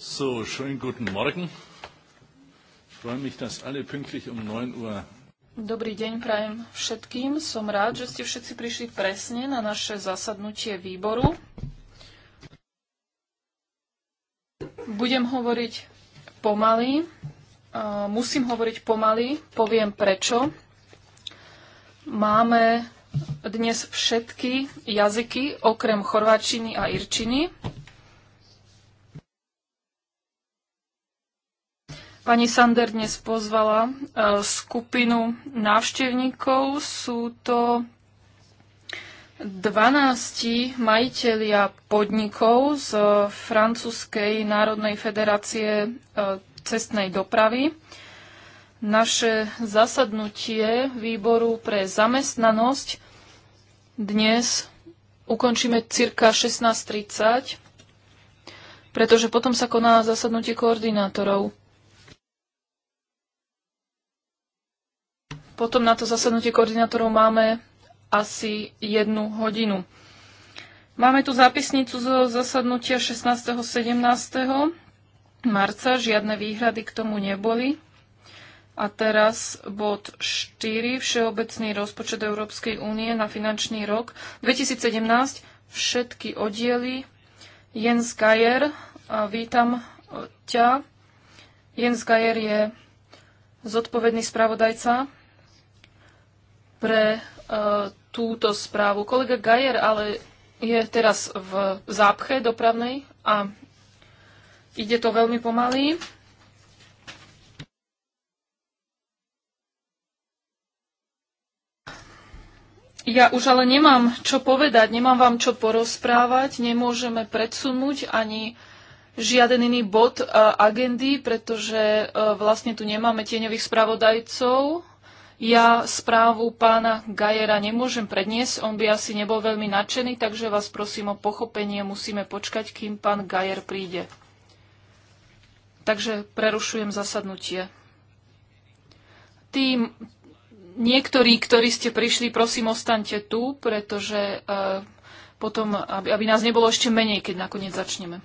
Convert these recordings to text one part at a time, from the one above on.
So, schönen guten Morgen. Ich freue mich, dass alle pünktlich um 9 Uhr Dobrý deň prajem všetkým. Som rád, že ste všetci prišli presne na naše zasadnutie výboru. Budem hovoriť pomaly. Musím hovoriť pomaly. Poviem prečo. Máme dnes všetky jazyky okrem chorváčiny a irčiny. Pani Sander dnes pozvala e, skupinu návštevníkov. Sú to 12 majiteľia podnikov z Francúzskej národnej federácie e, cestnej dopravy. Naše zasadnutie výboru pre zamestnanosť dnes ukončíme cirka 16.30, pretože potom sa koná zasadnutie koordinátorov. Potom na to zasadnutie koordinátorov máme asi jednu hodinu. Máme tu zápisnicu zo zasadnutia 16. 17. marca. Žiadne výhrady k tomu neboli. A teraz bod 4, Všeobecný rozpočet Európskej únie na finančný rok 2017, všetky oddiely. Jens Geier, vítam ťa. Jens Geier je zodpovedný spravodajca pre uh, túto správu. Kolega Gajer ale je teraz v zápche dopravnej a ide to veľmi pomaly. Ja už ale nemám čo povedať, nemám vám čo porozprávať, nemôžeme predsunúť ani žiaden iný bod e, agendy, pretože e, vlastne tu nemáme tieňových spravodajcov ja správu pána Gajera nemôžem predniesť, on by asi nebol veľmi nadšený, takže vás prosím o pochopenie, musíme počkať, kým pán Gajer príde. Takže prerušujem zasadnutie. Tým niektorí, ktorí ste prišli, prosím, ostaňte tu, pretože e, potom, aby, aby nás nebolo ešte menej, keď nakoniec začneme.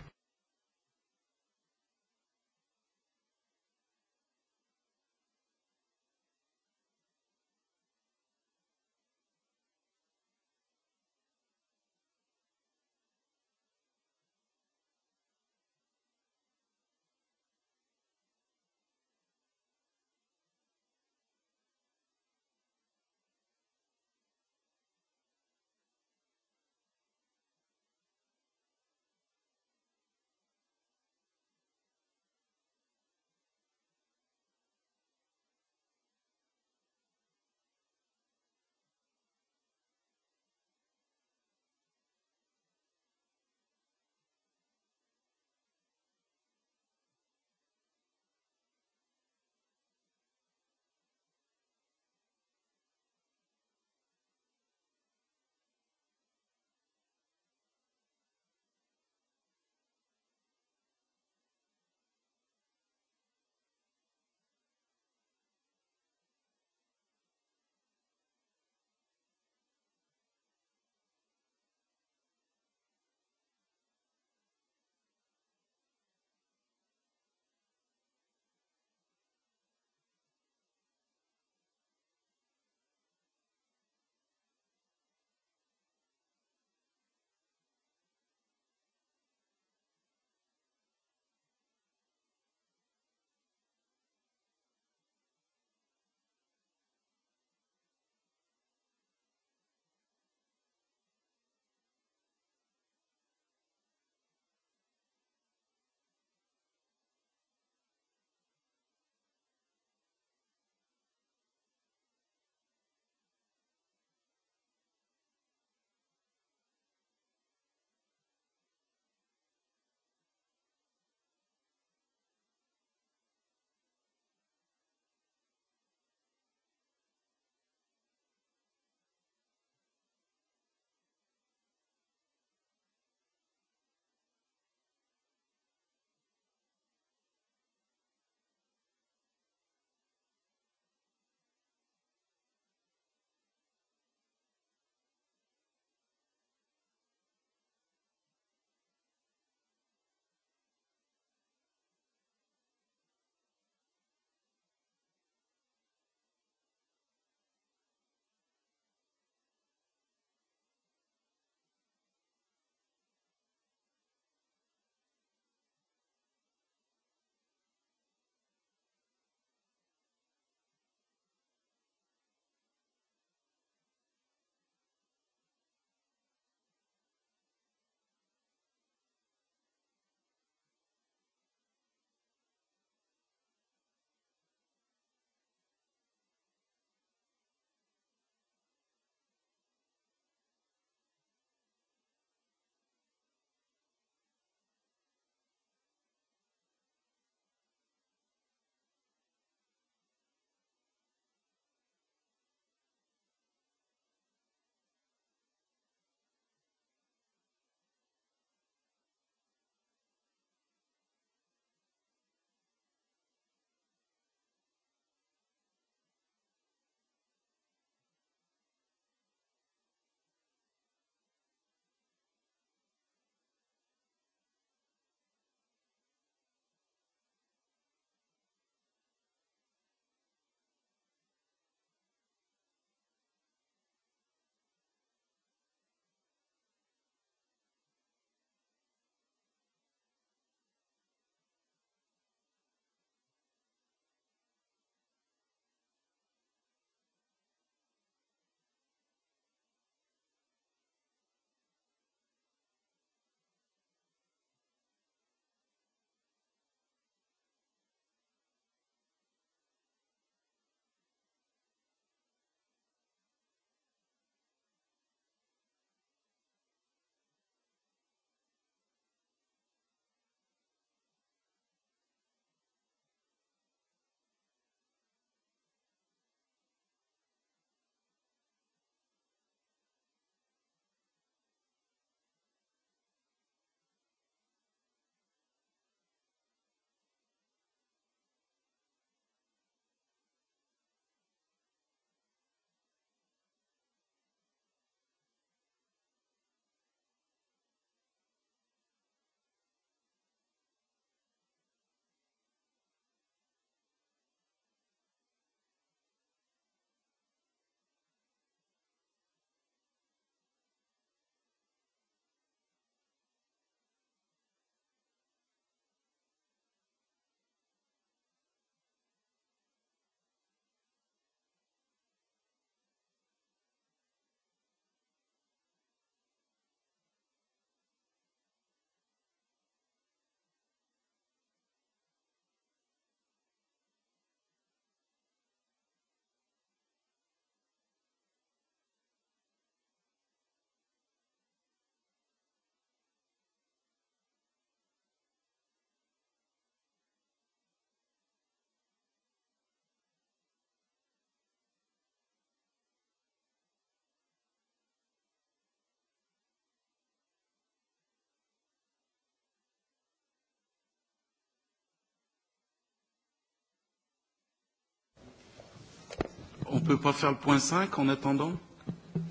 ne peut pas faire le point 5 en attendant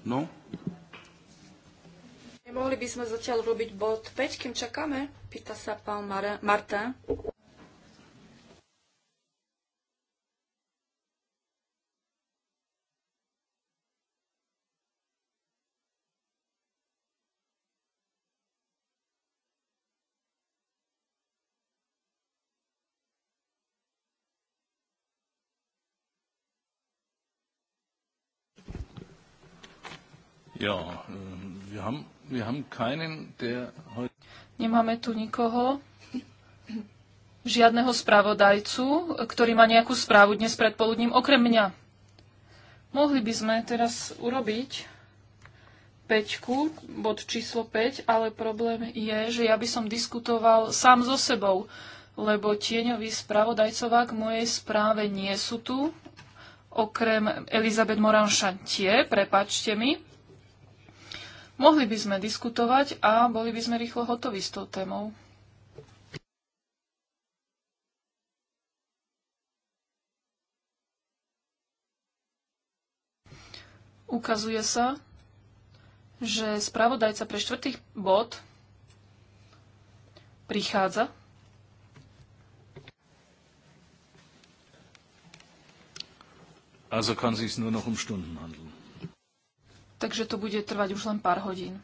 Non Mohli by sme zatiaľ robiť bod 5, kým čakáme? Pýta sa pán Martin. Ja, wir haben, wir haben keinen, der heute... Nemáme tu nikoho, žiadneho spravodajcu, ktorý má nejakú správu dnes predpoludním, okrem mňa. Mohli by sme teraz urobiť peťku, bod číslo 5, ale problém je, že ja by som diskutoval sám so sebou, lebo tieňoví spravodajcová k mojej správe nie sú tu, okrem Elizabet tie prepačte mi, Mohli by sme diskutovať a boli by sme rýchlo hotoví s tou témou. Ukazuje sa, že spravodajca pre štvrtý bod prichádza. Also kann es sich nur noch um Stunden handeln takže to bude trvať už len pár hodín.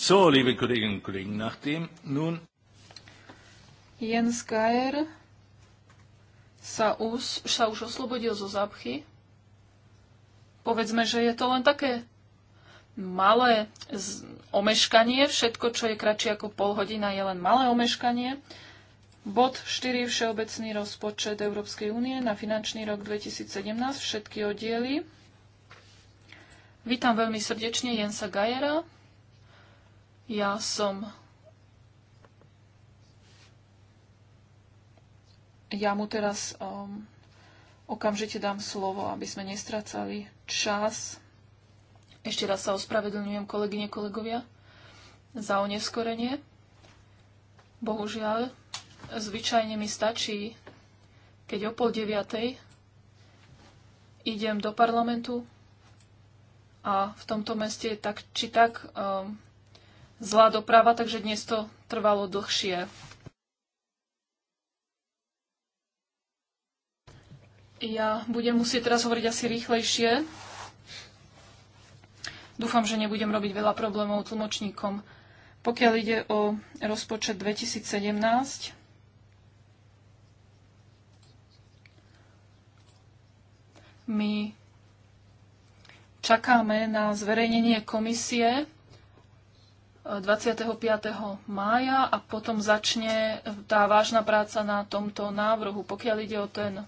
So, liebe Kolleginnen und Kollegen, nachdem nun Jens Geier sa, us, sa už oslobodil zo zápchy. Povedzme, že je to len také malé z, omeškanie. Všetko, čo je kratšie ako pol hodina, je len malé omeškanie. Bod 4. Všeobecný rozpočet Európskej únie na finančný rok 2017. Všetky oddiely. Vítam veľmi srdečne Jensa Gajera, ja som ja mu teraz um, okamžite dám slovo, aby sme nestracali čas. Ešte raz sa ospravedlňujem, kolegyne, kolegovia, za oneskorenie. Bohužiaľ, zvyčajne mi stačí, keď o pol deviatej idem do parlamentu a v tomto meste tak či tak um, zlá doprava, takže dnes to trvalo dlhšie. Ja budem musieť teraz hovoriť asi rýchlejšie. Dúfam, že nebudem robiť veľa problémov tlmočníkom. Pokiaľ ide o rozpočet 2017, my čakáme na zverejnenie komisie 25. mája a potom začne tá vážna práca na tomto návrhu. Pokiaľ ide o ten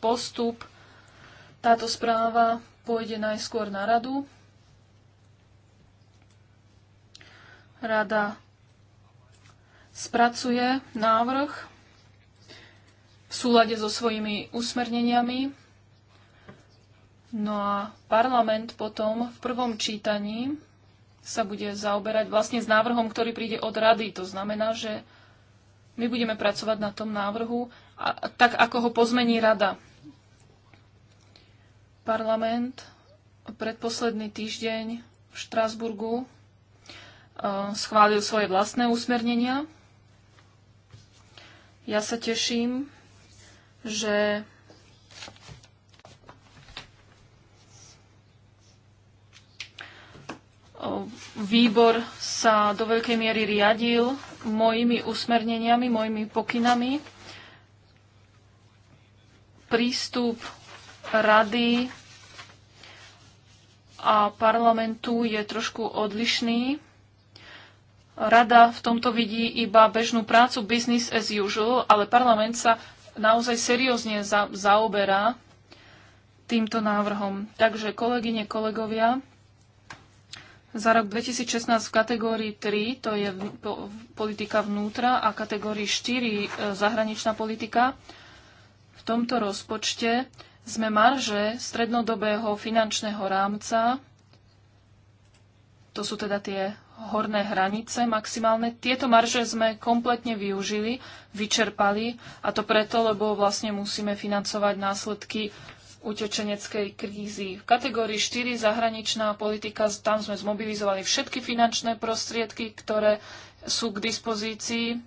postup, táto správa pôjde najskôr na radu. Rada spracuje návrh v súlade so svojimi usmerneniami. No a parlament potom v prvom čítaní sa bude zaoberať vlastne s návrhom, ktorý príde od rady. To znamená, že my budeme pracovať na tom návrhu a, tak, ako ho pozmení rada. Parlament predposledný týždeň v Štrásburgu e, schválil svoje vlastné usmernenia. Ja sa teším, že Výbor sa do veľkej miery riadil mojimi usmerneniami, mojimi pokynami. Prístup rady a parlamentu je trošku odlišný. Rada v tomto vidí iba bežnú prácu business as usual, ale parlament sa naozaj seriózne za- zaoberá týmto návrhom. Takže kolegyne, kolegovia, za rok 2016 v kategórii 3, to je politika vnútra, a kategórii 4, e, zahraničná politika. V tomto rozpočte sme marže strednodobého finančného rámca, to sú teda tie horné hranice maximálne. Tieto marže sme kompletne využili, vyčerpali a to preto, lebo vlastne musíme financovať následky utečeneckej krízy. V kategórii 4 zahraničná politika, tam sme zmobilizovali všetky finančné prostriedky, ktoré sú k dispozícii,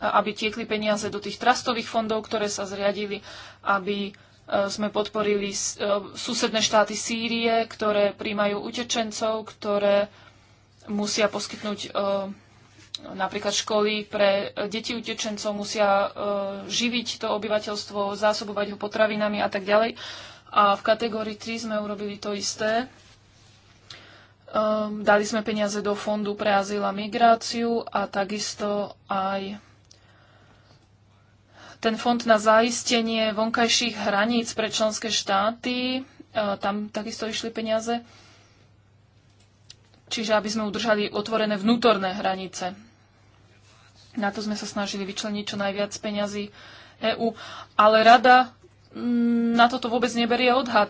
aby tiekli peniaze do tých trastových fondov, ktoré sa zriadili, aby e, sme podporili e, susedné štáty Sýrie, ktoré príjmajú utečencov, ktoré musia poskytnúť e, napríklad školy pre deti utečencov musia e, živiť to obyvateľstvo, zásobovať ho potravinami a tak ďalej. A v kategórii 3 sme urobili to isté. Ehm, dali sme peniaze do Fondu pre azyl a migráciu a takisto aj ten fond na zaistenie vonkajších hraníc pre členské štáty. E, tam takisto išli peniaze. Čiže aby sme udržali otvorené vnútorné hranice. Na to sme sa snažili vyčleniť čo najviac peňazí EÚ. Ale rada mm, na toto vôbec neberie odhad.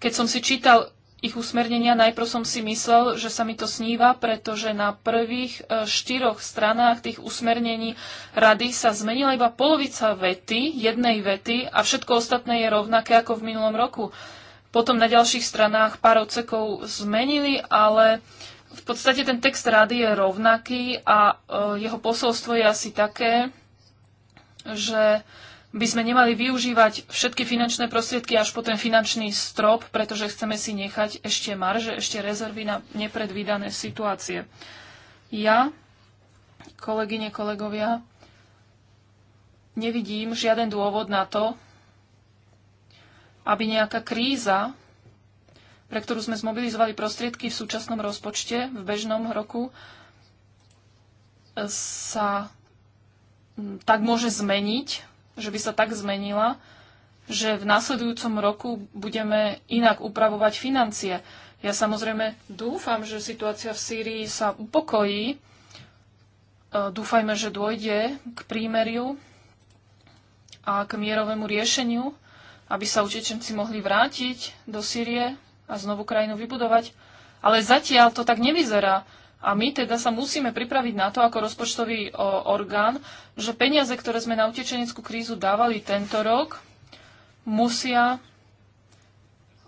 Keď som si čítal ich usmernenia, najprv som si myslel, že sa mi to sníva, pretože na prvých e, štyroch stranách tých usmernení rady sa zmenila iba polovica vety, jednej vety a všetko ostatné je rovnaké ako v minulom roku. Potom na ďalších stranách pár odsekov zmenili, ale v podstate ten text rady je rovnaký a e, jeho posolstvo je asi také, že by sme nemali využívať všetky finančné prostriedky až po ten finančný strop, pretože chceme si nechať ešte marže, ešte rezervy na nepredvídané situácie. Ja, kolegyne, kolegovia, nevidím žiaden dôvod na to, aby nejaká kríza pre ktorú sme zmobilizovali prostriedky v súčasnom rozpočte v bežnom roku, e, sa tak môže zmeniť, že by sa tak zmenila, že v nasledujúcom roku budeme inak upravovať financie. Ja samozrejme dúfam, že situácia v Sýrii sa upokojí. E, dúfajme, že dôjde k prímeriu a k mierovému riešeniu, aby sa utečenci mohli vrátiť do Sýrie a znovu krajinu vybudovať. Ale zatiaľ to tak nevyzerá. A my teda sa musíme pripraviť na to, ako rozpočtový orgán, že peniaze, ktoré sme na utečeneckú krízu dávali tento rok, musia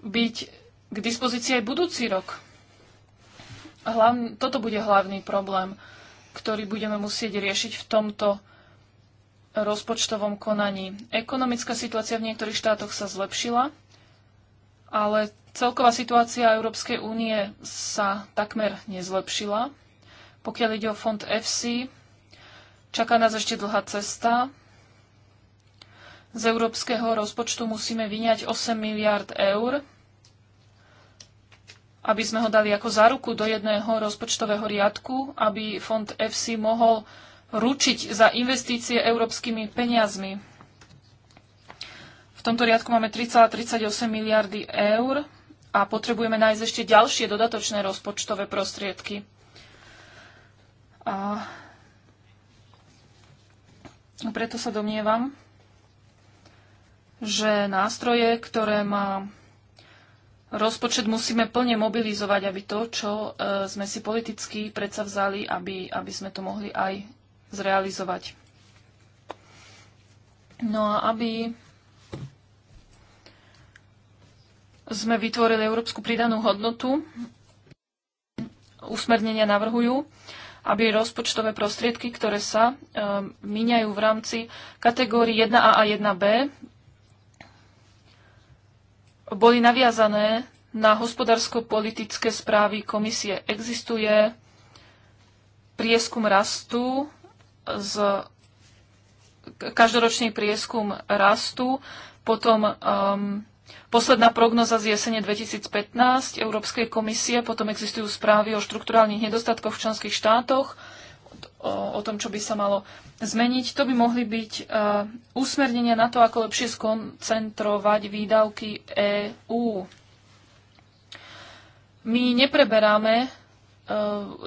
byť k dispozícii aj budúci rok. Hlavný, toto bude hlavný problém, ktorý budeme musieť riešiť v tomto rozpočtovom konaní. Ekonomická situácia v niektorých štátoch sa zlepšila, ale Celková situácia Európskej únie sa takmer nezlepšila. Pokiaľ ide o fond FC, čaká nás ešte dlhá cesta. Z európskeho rozpočtu musíme vyňať 8 miliard eur, aby sme ho dali ako záruku do jedného rozpočtového riadku, aby fond FC mohol ručiť za investície európskymi peniazmi. V tomto riadku máme 3,38 miliardy eur a potrebujeme nájsť ešte ďalšie dodatočné rozpočtové prostriedky. A preto sa domnievam, že nástroje, ktoré má rozpočet, musíme plne mobilizovať, aby to, čo e, sme si politicky predsa vzali, aby, aby sme to mohli aj zrealizovať. No a aby sme vytvorili európsku pridanú hodnotu. Usmernenia navrhujú, aby rozpočtové prostriedky, ktoré sa e, míňajú v rámci kategórií 1A a 1B, boli naviazané na hospodársko-politické správy komisie. Existuje prieskum rastu z každoročný prieskum rastu, potom um, Posledná prognoza z jesene 2015 Európskej komisie, potom existujú správy o štrukturálnych nedostatkoch v členských štátoch, o, o tom, čo by sa malo zmeniť. To by mohli byť uh, usmernenia na to, ako lepšie skoncentrovať výdavky EÚ. My nepreberáme uh,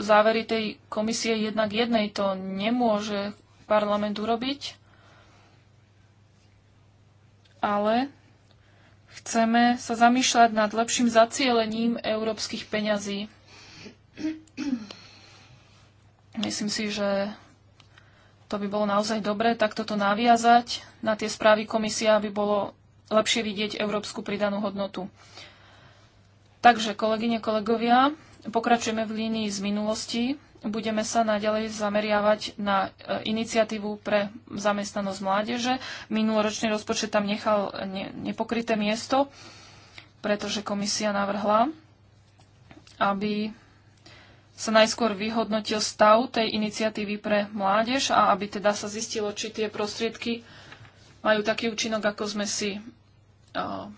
závery tej komisie jednak jednej, to nemôže parlament urobiť, ale Chceme sa zamýšľať nad lepším zacielením európskych peňazí. Myslím si, že to by bolo naozaj dobré takto to naviazať na tie správy komisia, aby bolo lepšie vidieť európsku pridanú hodnotu. Takže, kolegyne, kolegovia, pokračujeme v línii z minulosti budeme sa naďalej zameriavať na e, iniciatívu pre zamestnanosť mládeže. Minuloročný rozpočet tam nechal ne, nepokryté miesto, pretože komisia navrhla, aby sa najskôr vyhodnotil stav tej iniciatívy pre mládež a aby teda sa zistilo, či tie prostriedky majú taký účinok, ako sme si uh,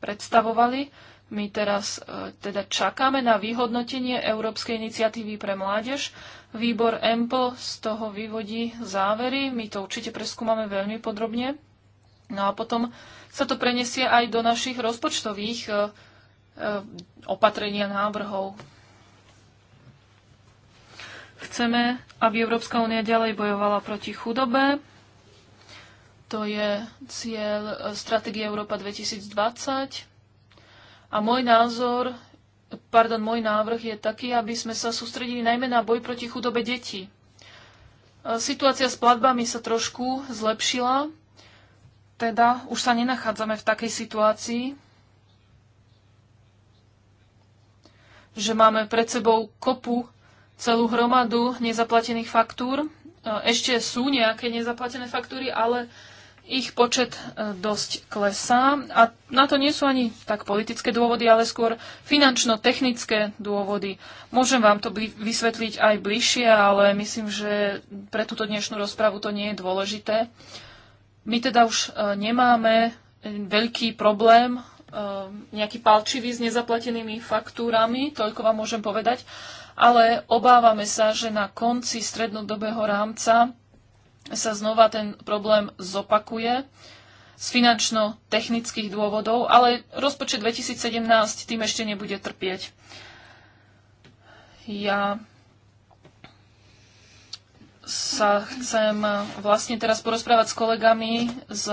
predstavovali my teraz e, teda čakáme na vyhodnotenie Európskej iniciatívy pre mládež. Výbor EMPL z toho vyvodí závery. My to určite preskúmame veľmi podrobne. No a potom sa to prenesie aj do našich rozpočtových e, e opatrenia návrhov. Chceme, aby Európska únia ďalej bojovala proti chudobe. To je cieľ e, stratégie Európa 2020. A môj názor, pardon, môj návrh je taký, aby sme sa sústredili najmä na boj proti chudobe detí. E, situácia s platbami sa trošku zlepšila, teda už sa nenachádzame v takej situácii, že máme pred sebou kopu, celú hromadu nezaplatených faktúr. E, ešte sú nejaké nezaplatené faktúry, ale ich počet e, dosť klesá. A na to nie sú ani tak politické dôvody, ale skôr finančno-technické dôvody. Môžem vám to vysvetliť aj bližšie, ale myslím, že pre túto dnešnú rozpravu to nie je dôležité. My teda už e, nemáme e, veľký problém nejaký palčivý s nezaplatenými faktúrami, toľko vám môžem povedať, ale obávame sa, že na konci strednodobého rámca sa znova ten problém zopakuje z finančno-technických dôvodov, ale rozpočet 2017 tým ešte nebude trpieť. Ja sa chcem vlastne teraz porozprávať s kolegami z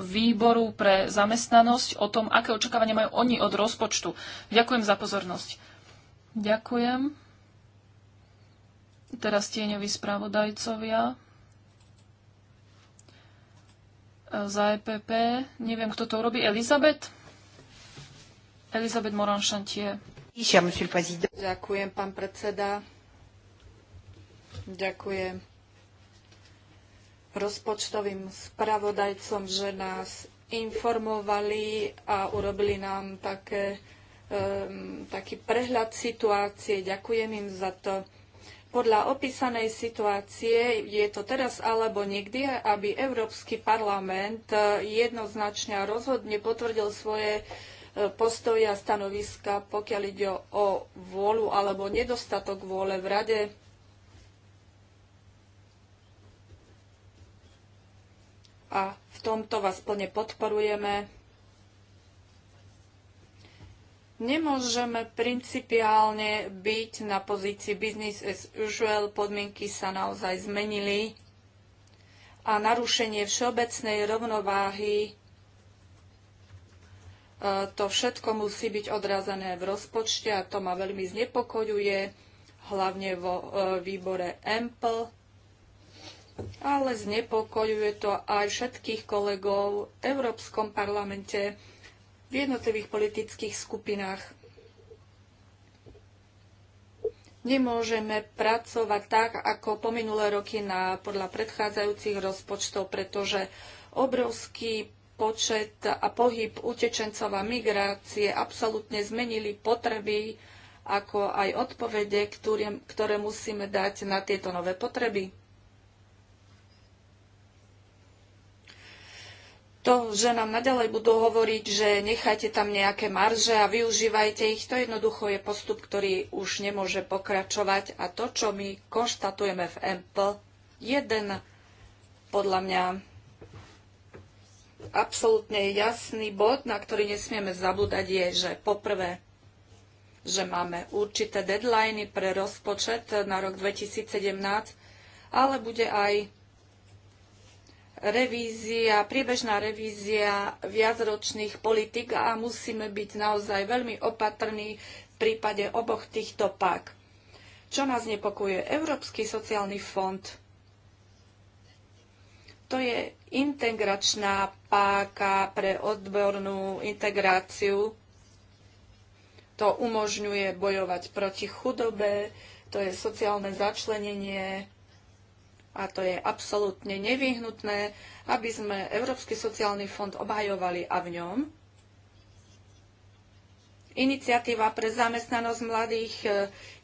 výboru pre zamestnanosť o tom, aké očakávania majú oni od rozpočtu. Ďakujem za pozornosť. Ďakujem. Teraz tieňoví spravodajcovia za EPP. Neviem, kto to urobí. Elizabet? Elizabet Moranšantie. Ďakujem, pán predseda. Ďakujem rozpočtovým spravodajcom, že nás informovali a urobili nám také, um, taký prehľad situácie. Ďakujem im za to podľa opísanej situácie je to teraz alebo nikdy, aby Európsky parlament e, jednoznačne a rozhodne potvrdil svoje e, postoje a stanoviska, pokiaľ ide o vôľu alebo nedostatok vôle v rade. A v tomto vás plne podporujeme. Nemôžeme principiálne byť na pozícii business as usual, podmienky sa naozaj zmenili a narušenie všeobecnej rovnováhy e, to všetko musí byť odrazené v rozpočte a to ma veľmi znepokojuje, hlavne vo e, výbore EMPL. Ale znepokojuje to aj všetkých kolegov v Európskom parlamente, v jednotlivých politických skupinách. Nemôžeme pracovať tak, ako po minulé roky na, podľa predchádzajúcich rozpočtov, pretože obrovský počet a pohyb utečencov a migrácie absolútne zmenili potreby, ako aj odpovede, ktoré, ktoré musíme dať na tieto nové potreby. to, že nám naďalej budú hovoriť, že nechajte tam nejaké marže a využívajte ich, to jednoducho je postup, ktorý už nemôže pokračovať. A to, čo my konštatujeme v MP, jeden podľa mňa absolútne jasný bod, na ktorý nesmieme zabúdať, je, že poprvé, že máme určité deadliny pre rozpočet na rok 2017, ale bude aj revízia, priebežná revízia viacročných politik a musíme byť naozaj veľmi opatrní v prípade oboch týchto pak. Čo nás nepokuje? Európsky sociálny fond. To je integračná páka pre odbornú integráciu. To umožňuje bojovať proti chudobe, to je sociálne začlenenie, a to je absolútne nevyhnutné, aby sme Európsky sociálny fond obhajovali a v ňom. Iniciatíva pre zamestnanosť mladých e,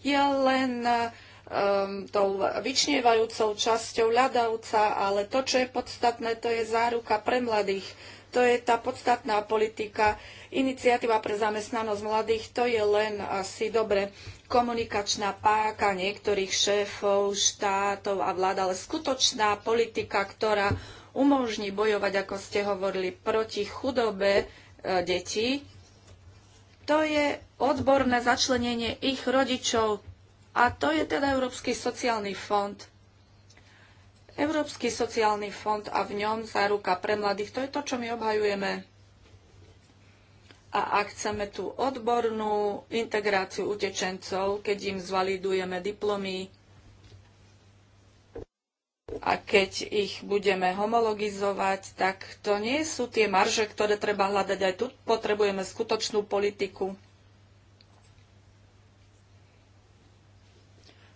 je len um, tou vyčnievajúcou časťou ľadavca, ale to, čo je podstatné, to je záruka pre mladých. To je tá podstatná politika, Iniciatíva pre zamestnanosť mladých to je len asi dobre komunikačná páka niektorých šéfov, štátov a vlád, ale skutočná politika, ktorá umožní bojovať, ako ste hovorili, proti chudobe e, detí, to je odborné začlenenie ich rodičov. A to je teda Európsky sociálny fond. Európsky sociálny fond a v ňom záruka pre mladých, to je to, čo my obhajujeme. A ak chceme tú odbornú integráciu utečencov, keď im zvalidujeme diplomy a keď ich budeme homologizovať, tak to nie sú tie marže, ktoré treba hľadať. Aj tu potrebujeme skutočnú politiku.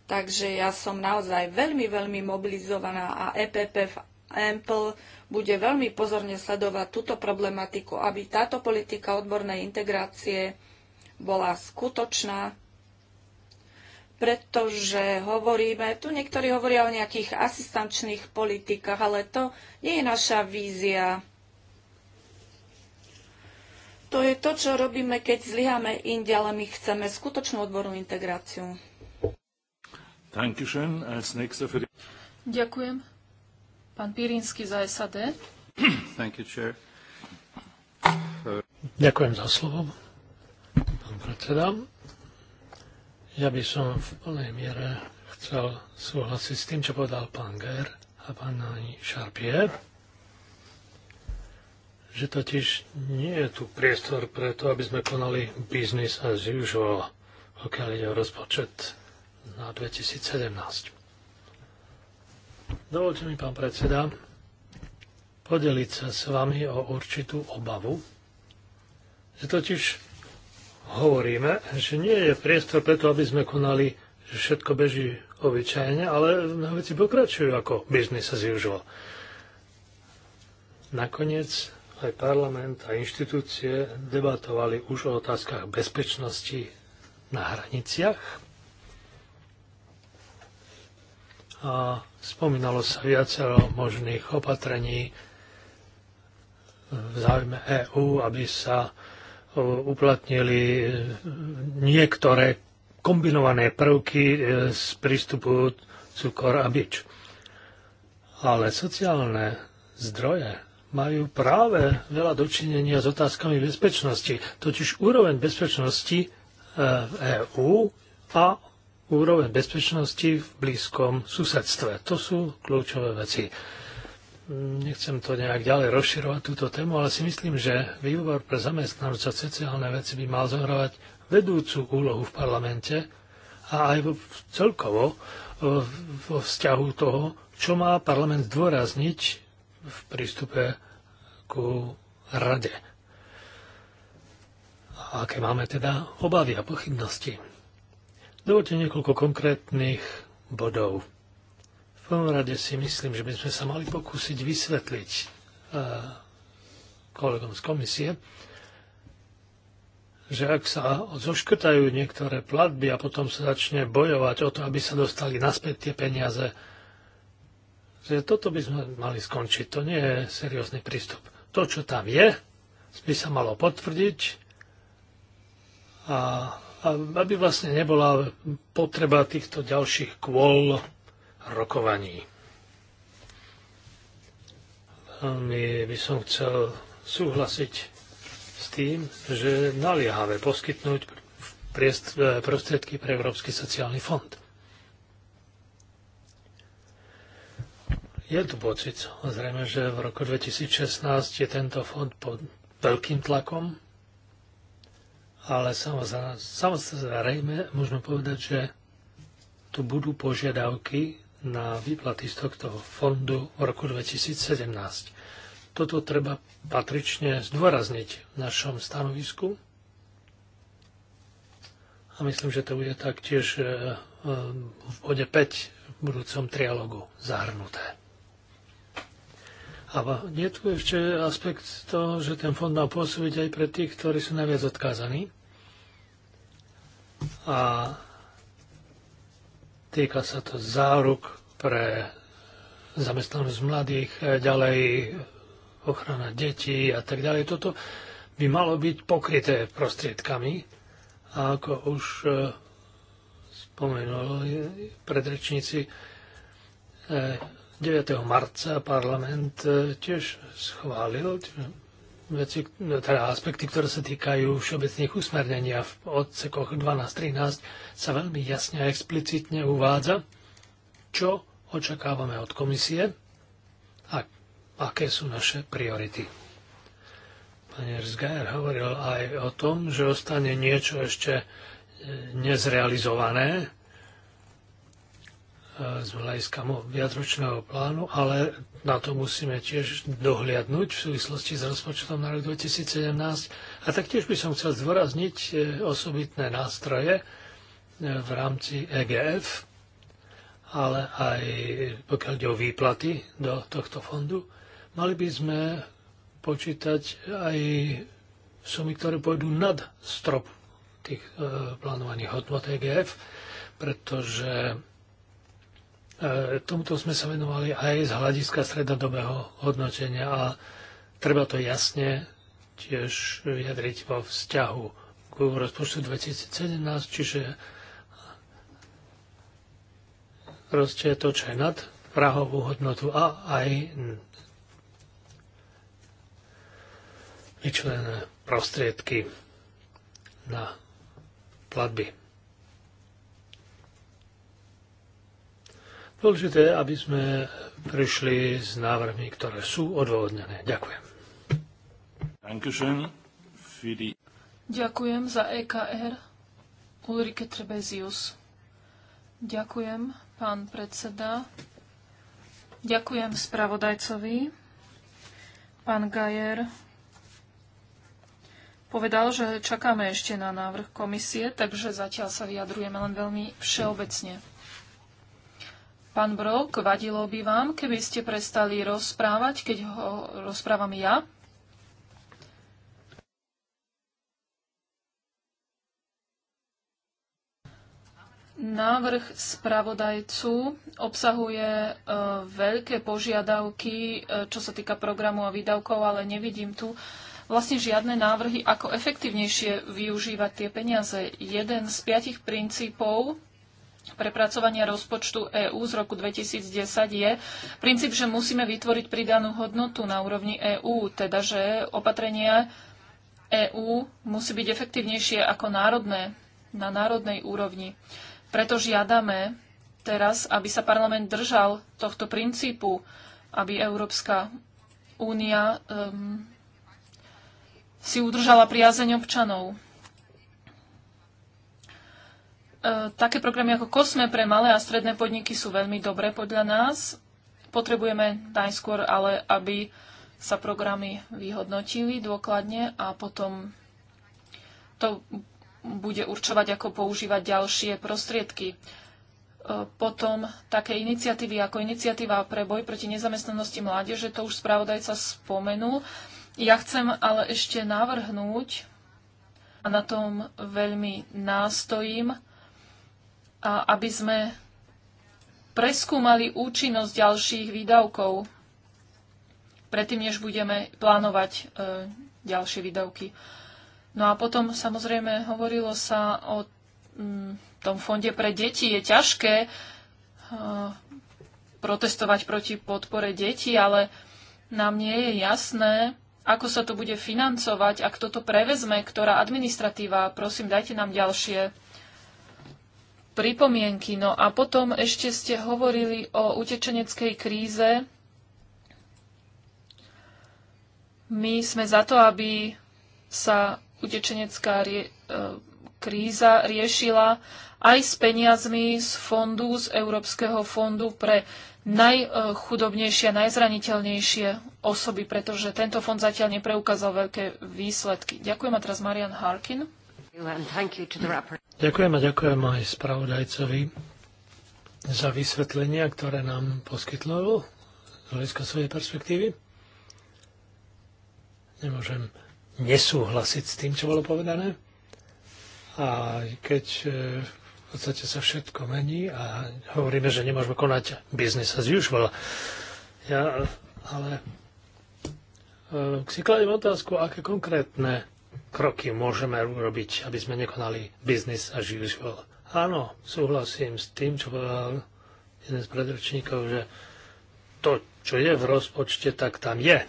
Takže ja som naozaj veľmi, veľmi mobilizovaná a EPP v Ample bude veľmi pozorne sledovať túto problematiku, aby táto politika odbornej integrácie bola skutočná, pretože hovoríme, tu niektorí hovoria o nejakých asistančných politikách, ale to nie je naša vízia. To je to, čo robíme, keď zlyháme inde, ale my chceme skutočnú odbornú integráciu. Ďakujem. Pán Pirinsky za SAD. Thank you, chair. Ďakujem za slovo, pán predseda. Ja by som v plnej miere chcel súhlasiť s tým, čo povedal pán Ger a pán Šarpier, že totiž nie je tu priestor pre to, aby sme konali business as usual, pokiaľ ide o rozpočet na 2017. Dovolte mi, pán predseda, podeliť sa s vami o určitú obavu. Že totiž hovoríme, že nie je priestor preto, aby sme konali, že všetko beží obyčajne, ale veci pokračujú ako business as usual. Nakoniec aj parlament a inštitúcie debatovali už o otázkach bezpečnosti na hraniciach a spomínalo sa viacero možných opatrení v záujme EÚ, aby sa e, uplatnili e, niektoré kombinované prvky e, z prístupu cukor a bič. Ale sociálne zdroje majú práve veľa dočinenia s otázkami bezpečnosti, totiž úroveň bezpečnosti v EÚ a úroveň bezpečnosti v blízkom susedstve. To sú kľúčové veci. Nechcem to nejak ďalej rozširovať túto tému, ale si myslím, že výbor pre zamestnanosť a sociálne veci by mal zohrávať vedúcu úlohu v parlamente a aj celkovo e, vo vzťahu toho, čo má parlament zdôrazniť v prístupe ku rade. A aké máme teda obavy a pochybnosti. Dovolte niekoľko konkrétnych bodov. V prvom rade si myslím, že by sme sa mali pokúsiť vysvetliť eh, kolegom z komisie, že ak sa zoškrtajú niektoré platby a potom sa začne bojovať o to, aby sa dostali naspäť tie peniaze, že toto by sme mali skončiť. To nie je seriózny prístup. To, čo tam je, by sa malo potvrdiť a aby vlastne nebola potreba týchto ďalších kôl rokovaní. Veľmi by som chcel súhlasiť s tým, že naliehavé poskytnúť prostriedky pre Európsky sociálny fond. Je tu pocit, zrejme, že v roku 2016 je tento fond pod veľkým tlakom ale samozrejme, samozrejme môžeme povedať, že tu budú požiadavky na výplaty z tohto fondu v roku 2017. Toto treba patrične zdôrazniť v našom stanovisku a myslím, že to bude taktiež e, e, v bode 5 v budúcom trialogu zahrnuté. A je tu ešte aspekt toho, že ten fond má pôsobiť aj pre tých, ktorí sú najviac odkázaní a týka sa to záruk pre zamestnanosť mladých, e, ďalej ochrana detí a tak ďalej. Toto by malo byť pokryté prostriedkami a ako už e, spomenuli predrečníci, 9. E, marca parlament tiež schválil veci, teda aspekty, ktoré sa týkajú všeobecných usmernenia v odsekoch 12-13, sa veľmi jasne a explicitne uvádza, čo očakávame od komisie a aké sú naše priority. Pani Erzgeier hovoril aj o tom, že ostane niečo ešte e, nezrealizované E, z hľadiska viacročného plánu, ale na to musíme tiež dohliadnúť v súvislosti s rozpočtom na rok 2017. A taktiež by som chcel zdôrazniť e, osobitné nástroje e, v rámci EGF, ale aj pokiaľ ide o výplaty do tohto fondu, mali by sme počítať aj sumy, ktoré pôjdu nad strop tých plánovaných hodnot EGF, pretože E, tomuto sme sa venovali aj z hľadiska stredodobého hodnotenia a treba to jasne tiež vyjadriť vo vzťahu k rozpočtu 2017, čiže rozčie to, čo je nad prahovú hodnotu a aj vyčlené prostriedky na platby. Dôležité, aby sme prišli s návrhmi, ktoré sú odôvodnené. Ďakujem. Ďakujem za EKR Ulrike Trebezius. Ďakujem, pán predseda. Ďakujem spravodajcovi. Pán Gajer povedal, že čakáme ešte na návrh komisie, takže zatiaľ sa vyjadrujeme len veľmi všeobecne. Pán Brok, vadilo by vám, keby ste prestali rozprávať, keď ho rozprávam ja? Návrh spravodajcu obsahuje e, veľké požiadavky, e, čo sa týka programu a výdavkov, ale nevidím tu vlastne žiadne návrhy, ako efektívnejšie využívať tie peniaze. Jeden z piatich princípov prepracovania rozpočtu EÚ z roku 2010 je princíp, že musíme vytvoriť pridanú hodnotu na úrovni EÚ, teda že opatrenia EÚ musí byť efektívnejšie ako národné, na národnej úrovni. Preto žiadame teraz, aby sa parlament držal tohto princípu, aby Európska únia um, si udržala priazeň občanov. E, také programy ako Kosme pre malé a stredné podniky sú veľmi dobré podľa nás. Potrebujeme najskôr ale, aby sa programy vyhodnotili dôkladne a potom to bude určovať, ako používať ďalšie prostriedky. E, potom také iniciatívy ako iniciatíva pre boj proti nezamestnanosti mládeže, to už spravodajca spomenul. Ja chcem ale ešte navrhnúť, a na tom veľmi nástojím, aby sme preskúmali účinnosť ďalších výdavkov, predtým, než budeme plánovať e, ďalšie výdavky. No a potom samozrejme hovorilo sa o mm, tom fonde pre deti. Je ťažké e, protestovať proti podpore detí, ale nám nie je jasné, ako sa to bude financovať a kto to prevezme, ktorá administratíva. Prosím, dajte nám ďalšie pripomienky. No a potom ešte ste hovorili o utečeneckej kríze. My sme za to, aby sa utečenecká rie- e, kríza riešila aj s peniazmi z fondu, z Európskeho fondu pre najchudobnejšie a najzraniteľnejšie osoby, pretože tento fond zatiaľ nepreukázal veľké výsledky. Ďakujem a teraz Marian Harkin. Ďakujem a ďakujem aj spravodajcovi za vysvetlenia, ktoré nám poskytlo z hľadiska svojej perspektívy. Nemôžem nesúhlasiť s tým, čo bolo povedané. A keď e, v podstate sa všetko mení a hovoríme, že nemôžeme konať business as usual. Ja ale e, si kladiem otázku, aké konkrétne kroky môžeme urobiť, aby sme nekonali business as usual. Áno, súhlasím s tým, čo povedal jeden z predročníkov, že to, čo je v rozpočte, tak tam je.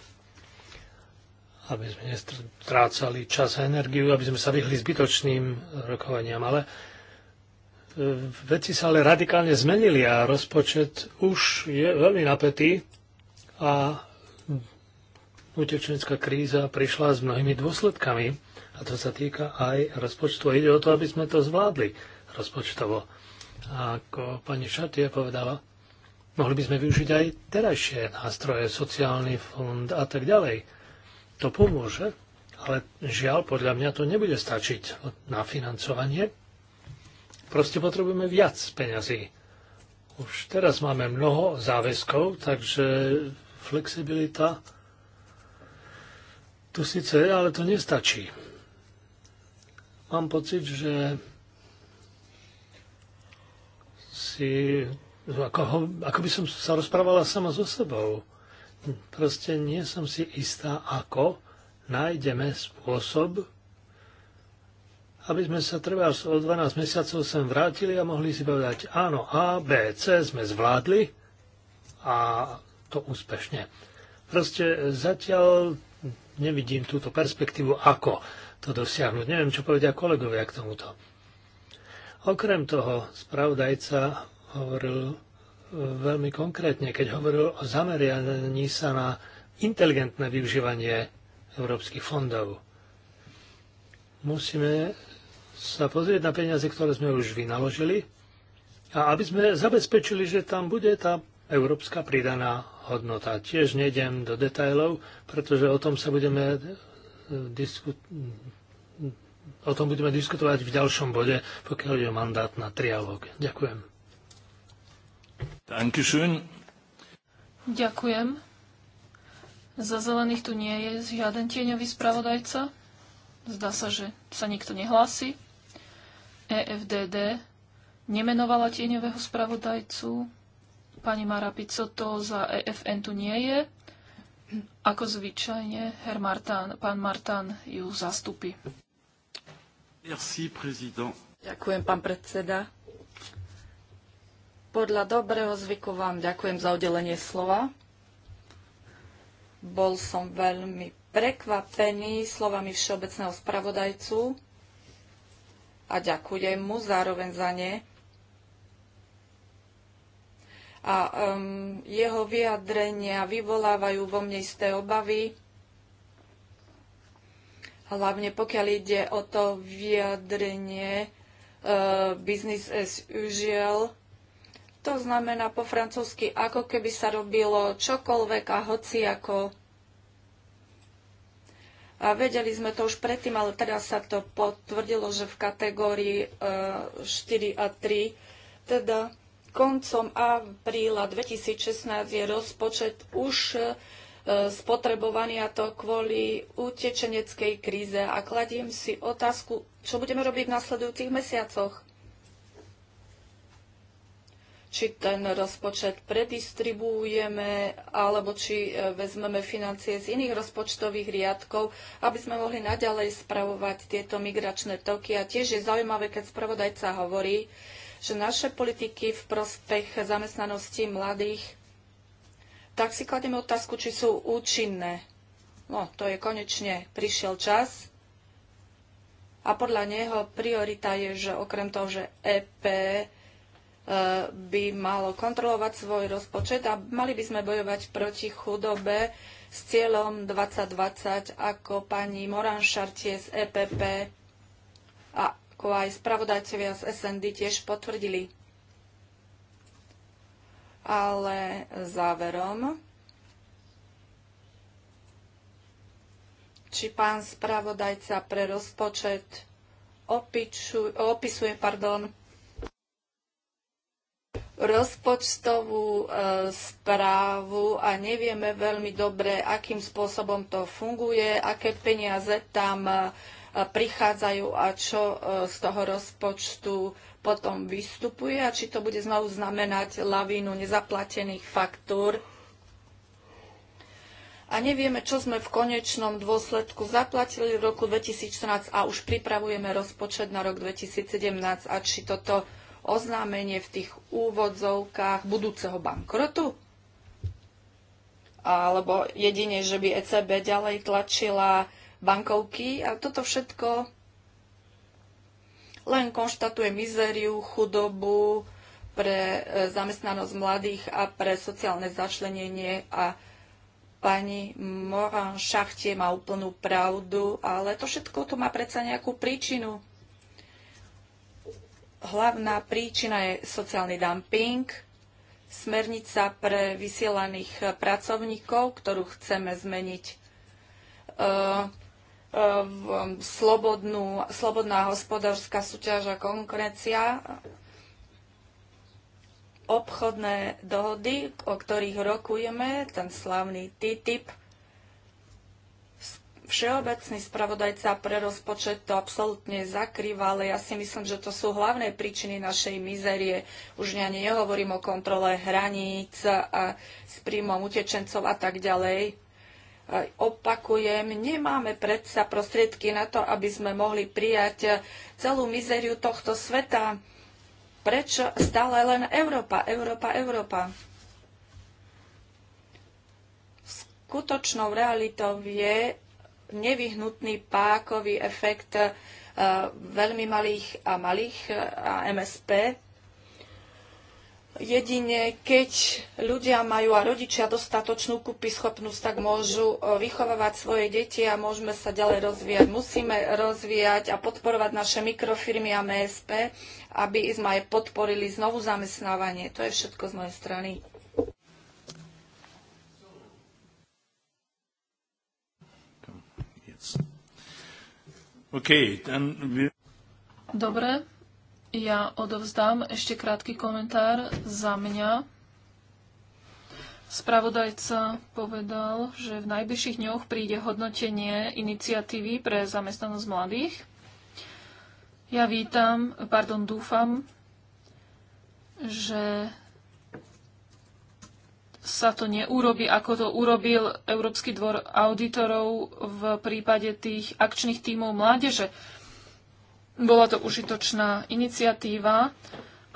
Aby sme nestrácali čas a energiu, aby sme sa vyhli zbytočným rokovaniam. Ale e, veci sa ale radikálne zmenili a rozpočet už je veľmi napätý a utečenská kríza prišla s mnohými dôsledkami a to sa týka aj rozpočtu. Ide o to, aby sme to zvládli rozpočtovo. A ako pani Šatia povedala, mohli by sme využiť aj terajšie nástroje, sociálny fond a tak ďalej. To pomôže, ale žiaľ, podľa mňa to nebude stačiť na financovanie. Proste potrebujeme viac peňazí. Už teraz máme mnoho záväzkov, takže flexibilita to síce je, ale to nestačí. Mám pocit, že si, ako, ako by som sa rozprávala sama so sebou. Proste nie som si istá, ako nájdeme spôsob, aby sme sa treba o 12 mesiacov sem vrátili a mohli si povedať, áno, A, B, C sme zvládli a to úspešne. Proste zatiaľ nevidím túto perspektívu, ako to dosiahnuť. Neviem, čo povedia kolegovia k tomuto. Okrem toho, spravodajca hovoril e, veľmi konkrétne, keď hovoril o zamerianí sa na inteligentné využívanie európskych fondov. Musíme sa pozrieť na peniaze, ktoré sme už vynaložili a aby sme zabezpečili, že tam bude tá európska pridaná hodnota. Tiež nejdem do detajlov, pretože o tom sa budeme eh, disku- o tom budeme diskutovať v ďalšom bode, pokiaľ je mandát na trialóg. Ďakujem. Dankeschön. Ďakujem. Za zelených tu nie je žiaden tieňový spravodajca. Zdá sa, že sa nikto nehlási. EFDD nemenovala tieňového spravodajcu. Pani Mara to za EFN tu nie je. Ako zvyčajne, her Martán, pán Martán ju zastupí. Merci, prezident. Ďakujem, pán predseda. Podľa dobrého zvyku vám ďakujem za udelenie slova. Bol som veľmi prekvapený slovami všeobecného spravodajcu a ďakujem mu zároveň za ne, a um, jeho vyjadrenia vyvolávajú vo mne isté obavy, hlavne pokiaľ ide o to vyjadrenie uh, business as usual. To znamená po francúzsky, ako keby sa robilo čokoľvek a hoci ako. A vedeli sme to už predtým, ale teraz sa to potvrdilo, že v kategórii uh, 4 a 3, teda koncom apríla 2016 je rozpočet už e, spotrebovaný a to kvôli utečeneckej kríze. A kladím si otázku, čo budeme robiť v nasledujúcich mesiacoch. Či ten rozpočet predistribuujeme, alebo či e, vezmeme financie z iných rozpočtových riadkov, aby sme mohli naďalej spravovať tieto migračné toky. A tiež je zaujímavé, keď spravodajca hovorí, že naše politiky v prospech zamestnanosti mladých, tak si klademe otázku, či sú účinné. No, to je konečne prišiel čas. A podľa neho priorita je, že okrem toho, že EP e, by malo kontrolovať svoj rozpočet a mali by sme bojovať proti chudobe s cieľom 2020, ako pani Moran Šartie z EPP a ako aj spravodajcovia z SND tiež potvrdili. Ale záverom, či pán spravodajca pre rozpočet opiču, opisuje pardon, rozpočtovú e, správu a nevieme veľmi dobre, akým spôsobom to funguje, aké peniaze tam e, prichádzajú a čo e, z toho rozpočtu potom vystupuje a či to bude znovu znamenať lavínu nezaplatených faktúr. A nevieme, čo sme v konečnom dôsledku zaplatili v roku 2014 a už pripravujeme rozpočet na rok 2017 a či toto oznámenie v tých úvodzovkách budúceho bankrotu? Alebo jedine, že by ECB ďalej tlačila bankovky a toto všetko len konštatuje mizériu, chudobu pre e, zamestnanosť mladých a pre sociálne začlenenie a pani Moran Šachtie má úplnú pravdu, ale to všetko to má predsa nejakú príčinu. Hlavná príčina je sociálny dumping, smernica pre vysielaných pracovníkov, ktorú chceme zmeniť. E, Um, slobodnú, slobodná hospodárska súťaž a konkurencia, obchodné dohody, o ktorých rokujeme, ten slavný TTIP, Všeobecný spravodajca pre rozpočet to absolútne zakrýva, ale ja si myslím, že to sú hlavné príčiny našej mizerie. Už ja nehovorím o kontrole hraníc a s príjmom utečencov a tak ďalej Opakujem, nemáme predsa prostriedky na to, aby sme mohli prijať celú mizeriu tohto sveta. Prečo stále len Európa, Európa, Európa? Skutočnou realitou je nevyhnutný pákový efekt eh, veľmi malých a malých eh, a MSP, Jedine keď ľudia majú a rodičia dostatočnú kúpy schopnosť, tak môžu e, vychovávať svoje deti a môžeme sa ďalej rozvíjať. Musíme rozvíjať a podporovať naše mikrofirmy a MSP, aby sme aj podporili znovu zamestnávanie. To je všetko z mojej strany. Dobre, ja odovzdám ešte krátky komentár za mňa. Spravodajca povedal, že v najbližších dňoch príde hodnotenie iniciatívy pre zamestnanosť mladých. Ja vítam, pardon, dúfam, že sa to neurobi, ako to urobil Európsky dvor auditorov v prípade tých akčných tímov mládeže. Bola to užitočná iniciatíva,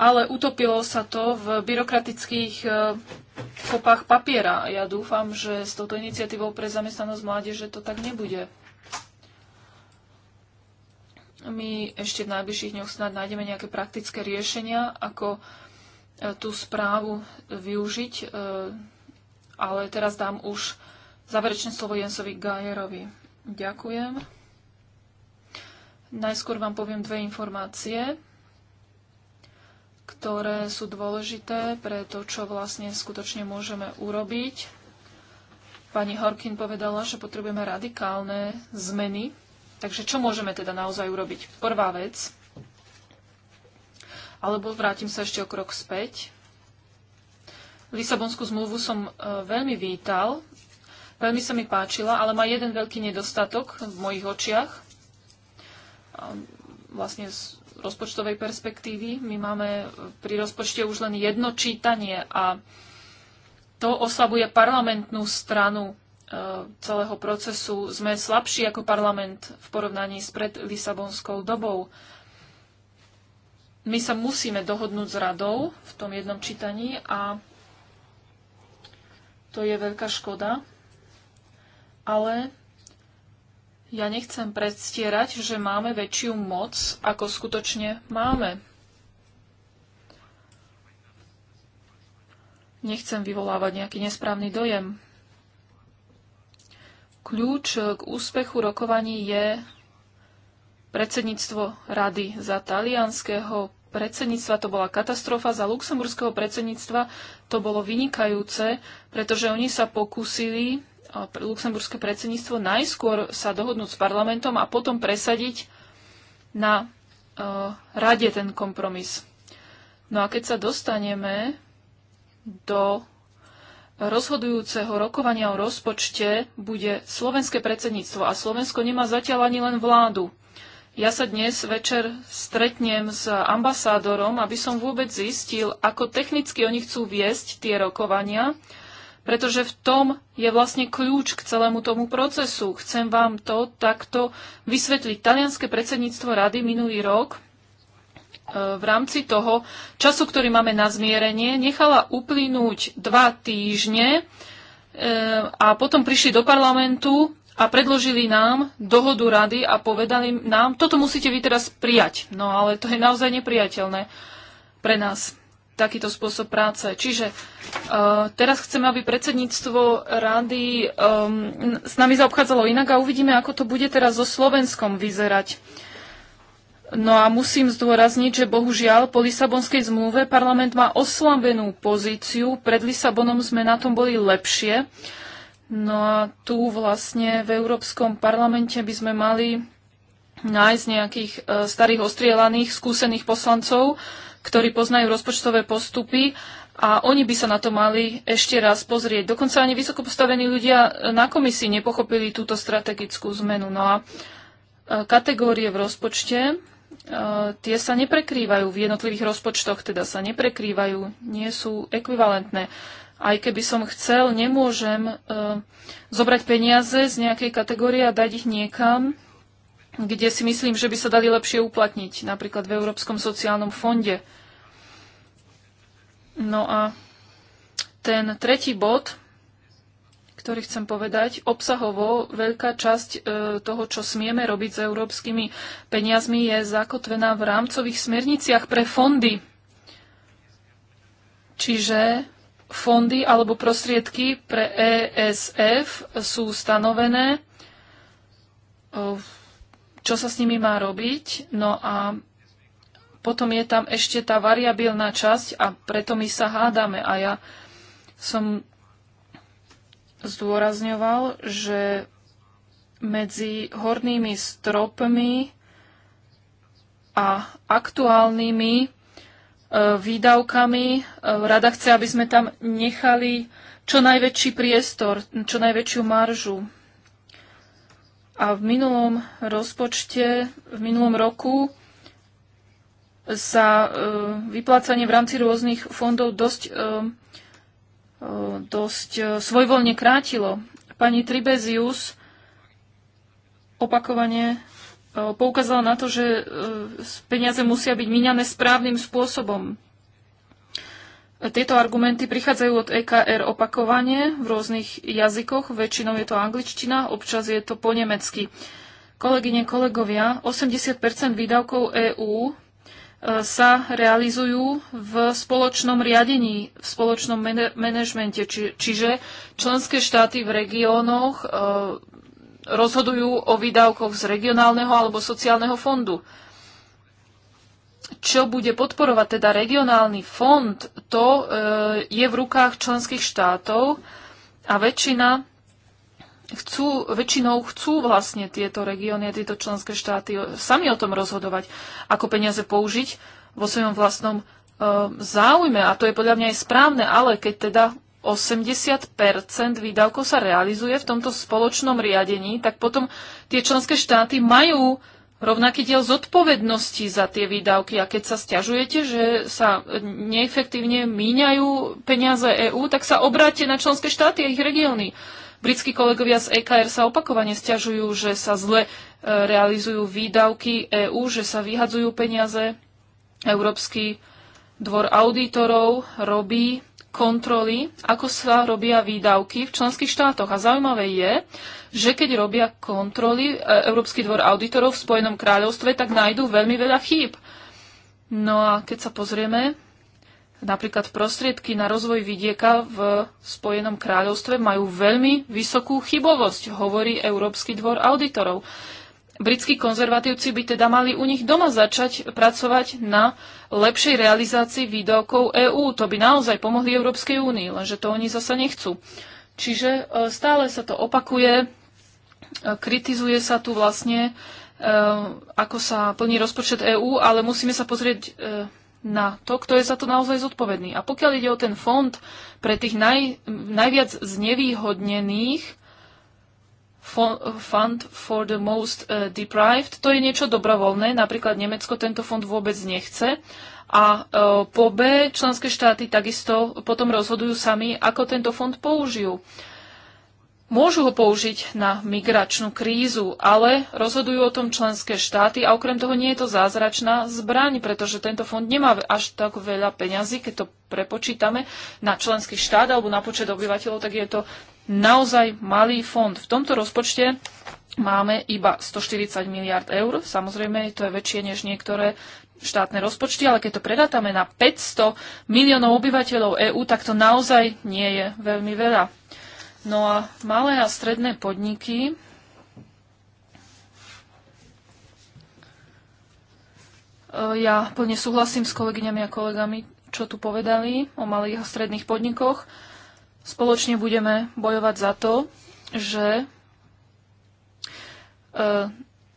ale utopilo sa to v byrokratických e, kopách papiera. Ja dúfam, že s touto iniciatívou pre zamestnanosť mládeže to tak nebude. My ešte v najbližších dňoch snad nájdeme nejaké praktické riešenia, ako e, tú správu využiť, e, ale teraz dám už záverečné slovo Jensovi Gajerovi. Ďakujem. Najskôr vám poviem dve informácie, ktoré sú dôležité pre to, čo vlastne skutočne môžeme urobiť. Pani Horkin povedala, že potrebujeme radikálne zmeny. Takže čo môžeme teda naozaj urobiť? Prvá vec, alebo vrátim sa ešte o krok späť. Lisabonskú zmluvu som e, veľmi vítal, veľmi sa mi páčila, ale má jeden veľký nedostatok v mojich očiach. Um, vlastne z rozpočtovej perspektívy. My máme pri rozpočte už len jedno čítanie a to oslabuje parlamentnú stranu uh, celého procesu. Sme slabší ako parlament v porovnaní s pred Lisabonskou dobou. My sa musíme dohodnúť s radou v tom jednom čítaní a to je veľká škoda. Ale ja nechcem predstierať, že máme väčšiu moc, ako skutočne máme. Nechcem vyvolávať nejaký nesprávny dojem. Kľúč k úspechu rokovaní je predsedníctvo rady za talianského predsedníctva to bola katastrofa, za luxemburského predsedníctva to bolo vynikajúce, pretože oni sa pokúsili luxemburské predsedníctvo najskôr sa dohodnúť s parlamentom a potom presadiť na e, rade ten kompromis. No a keď sa dostaneme do rozhodujúceho rokovania o rozpočte, bude slovenské predsedníctvo a Slovensko nemá zatiaľ ani len vládu. Ja sa dnes večer stretnem s ambasádorom, aby som vôbec zistil, ako technicky oni chcú viesť tie rokovania pretože v tom je vlastne kľúč k celému tomu procesu. Chcem vám to takto vysvetliť. Talianské predsedníctvo rady minulý rok e, v rámci toho času, ktorý máme na zmierenie, nechala uplynúť dva týždne e, a potom prišli do parlamentu a predložili nám dohodu rady a povedali nám, toto musíte vy teraz prijať. No ale to je naozaj nepriateľné pre nás takýto spôsob práce. Čiže uh, teraz chceme, aby predsedníctvo rady um, ehm, s nami zaobchádzalo inak a uvidíme, ako to bude teraz so Slovenskom vyzerať. No a musím zdôrazniť, že bohužiaľ po Lisabonskej zmluve parlament má oslabenú pozíciu. Pred Lisabonom sme na tom boli lepšie. No a tu vlastne v Európskom parlamente by sme mali nájsť nejakých eh, starých ostrielaných, skúsených poslancov, ktorí poznajú rozpočtové postupy a oni by sa na to mali ešte raz pozrieť. Dokonca ani vysoko postavení ľudia na komisii nepochopili túto strategickú zmenu. No a e, kategórie v rozpočte, e, tie sa neprekrývajú v jednotlivých rozpočtoch, teda sa neprekrývajú, nie sú ekvivalentné aj keby som chcel, nemôžem e, zobrať peniaze z nejakej kategórie a dať ich niekam, kde si myslím, že by sa dali lepšie uplatniť, napríklad v Európskom sociálnom fonde. No a ten tretí bod, ktorý chcem povedať, obsahovo veľká časť e, toho, čo smieme robiť s európskymi peniazmi, je zakotvená v rámcových smerniciach pre fondy. Čiže fondy alebo prostriedky pre ESF sú stanovené e, v čo sa s nimi má robiť. No a potom je tam ešte tá variabilná časť a preto my sa hádame. A ja som zdôrazňoval, že medzi hornými stropmi a aktuálnymi e, výdavkami e, rada chce, aby sme tam nechali čo najväčší priestor, čo najväčšiu maržu. A v minulom rozpočte, v minulom roku sa e, vyplácanie v rámci rôznych fondov dosť, e, e, dosť svojvoľne krátilo. Pani Tribezius opakovane poukázala na to, že peniaze musia byť míňané správnym spôsobom. Tieto argumenty prichádzajú od EKR opakovane v rôznych jazykoch, väčšinou je to angličtina, občas je to po nemecky. Kolegyne, kolegovia, 80 výdavkov EÚ e, sa realizujú v spoločnom riadení, v spoločnom manažmente, či, čiže členské štáty v regiónoch e, rozhodujú o výdavkoch z regionálneho alebo sociálneho fondu čo bude podporovať teda regionálny fond, to e, je v rukách členských štátov a väčšina chcú, väčšinou chcú vlastne tieto regióny a tieto členské štáty sami o tom rozhodovať, ako peniaze použiť vo svojom vlastnom e, záujme. A to je podľa mňa aj správne, ale keď teda 80 výdavkov sa realizuje v tomto spoločnom riadení, tak potom tie členské štáty majú rovnaký diel zodpovednosti za tie výdavky. A keď sa stiažujete, že sa neefektívne míňajú peniaze EÚ, tak sa obráte na členské štáty a ich regióny. Britskí kolegovia z EKR sa opakovane stiažujú, že sa zle e, realizujú výdavky EÚ, že sa vyhadzujú peniaze. Európsky dvor auditorov robí kontroly, ako sa robia výdavky v členských štátoch. A zaujímavé je, že keď robia kontroly e, Európsky dvor auditorov v Spojenom kráľovstve, tak nájdú veľmi veľa chýb. No a keď sa pozrieme, napríklad prostriedky na rozvoj vidieka v Spojenom kráľovstve majú veľmi vysokú chybovosť, hovorí Európsky dvor auditorov. Britskí konzervatívci by teda mali u nich doma začať pracovať na lepšej realizácii výdavkov EÚ. To by naozaj pomohli Európskej únii, lenže to oni zasa nechcú. Čiže e, stále sa to opakuje, kritizuje sa tu vlastne, e, ako sa plní rozpočet EÚ, ale musíme sa pozrieť e, na to, kto je za to naozaj zodpovedný. A pokiaľ ide o ten fond pre tých naj, najviac znevýhodnených, Fund for the Most e, Deprived, to je niečo dobrovoľné, napríklad Nemecko tento fond vôbec nechce. A po B členské štáty takisto potom rozhodujú sami, ako tento fond použijú. Môžu ho použiť na migračnú krízu, ale rozhodujú o tom členské štáty a okrem toho nie je to zázračná zbraň, pretože tento fond nemá až tak veľa peňazí, keď to prepočítame na členský štát alebo na počet obyvateľov, tak je to naozaj malý fond. V tomto rozpočte máme iba 140 miliard eur, samozrejme to je väčšie než niektoré štátne rozpočty, ale keď to predátame na 500 miliónov obyvateľov EÚ, tak to naozaj nie je veľmi veľa. No a malé a stredné podniky e, Ja plne súhlasím s kolegyňami a kolegami, čo tu povedali o malých a stredných podnikoch. Spoločne budeme bojovať za to, že e,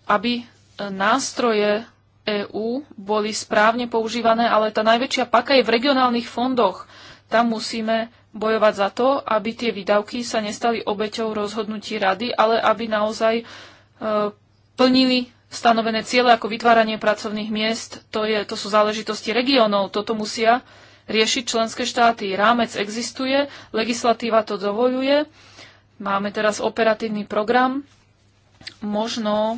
aby nástroje EÚ boli správne používané, ale tá najväčšia paka je v regionálnych fondoch. Tam musíme bojovať za to, aby tie výdavky sa nestali obeťou rozhodnutí rady, ale aby naozaj e, plnili stanovené ciele ako vytváranie pracovných miest. To, je, to sú záležitosti regiónov, toto musia riešiť členské štáty. Rámec existuje, legislatíva to dovoluje. Máme teraz operatívny program. Možno e,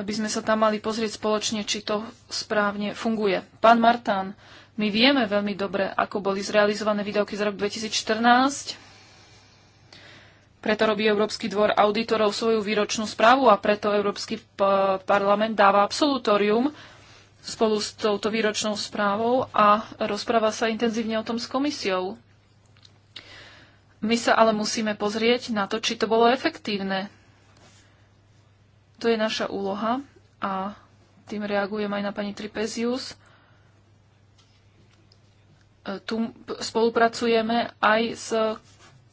by sme sa tam mali pozrieť spoločne, či to správne funguje. Pán Martán, my vieme veľmi dobre, ako boli zrealizované výdavky za rok 2014. Preto robí Európsky dvor auditorov svoju výročnú správu a preto Európsky parlament dáva absolutórium spolu s touto výročnou správou a rozpráva sa intenzívne o tom s komisiou. My sa ale musíme pozrieť na to, či to bolo efektívne. To je naša úloha a tým reagujem aj na pani Tripezius tu spolupracujeme aj s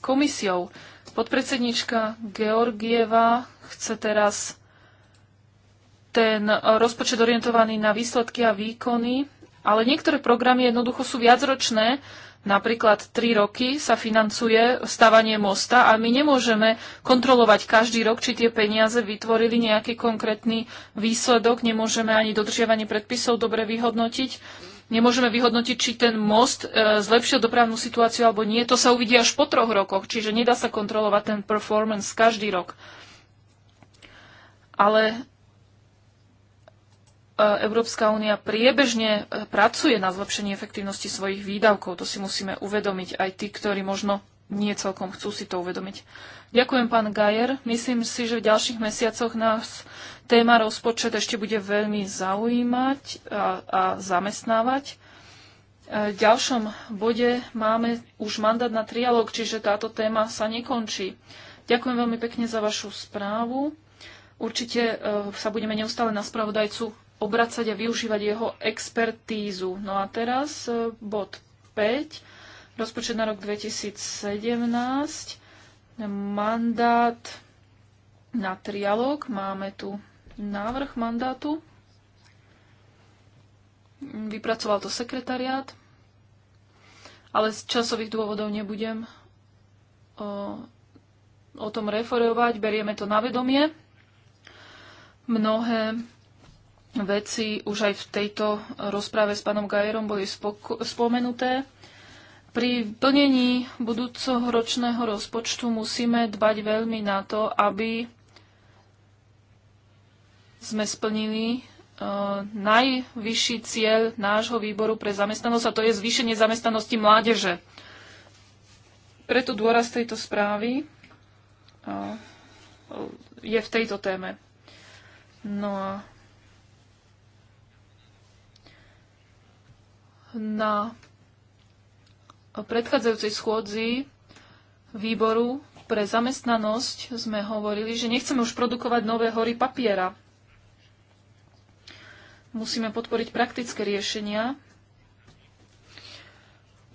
komisiou. Podpredsednička Georgieva chce teraz ten rozpočet orientovaný na výsledky a výkony, ale niektoré programy jednoducho sú viacročné, napríklad tri roky sa financuje stavanie mosta a my nemôžeme kontrolovať každý rok, či tie peniaze vytvorili nejaký konkrétny výsledok, nemôžeme ani dodržiavanie predpisov dobre vyhodnotiť nemôžeme vyhodnotiť, či ten most e, zlepšil dopravnú situáciu alebo nie. To sa uvidí až po troch rokoch, čiže nedá sa kontrolovať ten performance každý rok. Ale e, Európska únia priebežne e, pracuje na zlepšení efektívnosti svojich výdavkov. To si musíme uvedomiť aj tí, ktorí možno nie celkom chcú si to uvedomiť. Ďakujem, pán Gajer. Myslím si, že v ďalších mesiacoch nás téma rozpočet ešte bude veľmi zaujímať a, a zamestnávať. E, v ďalšom bode máme už mandát na trialog, čiže táto téma sa nekončí. Ďakujem veľmi pekne za vašu správu. Určite e, sa budeme neustále na spravodajcu obracať a využívať jeho expertízu. No a teraz e, bod 5, rozpočet na rok 2017, mandát na trialog. Máme tu návrh mandátu. Vypracoval to sekretariát, ale z časových dôvodov nebudem o, o tom referovať. Berieme to na vedomie. Mnohé veci už aj v tejto rozpráve s pánom Gajerom boli spomenuté. Pri plnení budúcoho ročného rozpočtu musíme dbať veľmi na to, aby sme splnili uh, najvyšší cieľ nášho výboru pre zamestnanosť a to je zvýšenie zamestnanosti mládeže. Preto dôraz tejto správy uh, je v tejto téme. No a na predchádzajúcej schôdzi výboru pre zamestnanosť sme hovorili, že nechceme už produkovať nové hory papiera. Musíme podporiť praktické riešenia,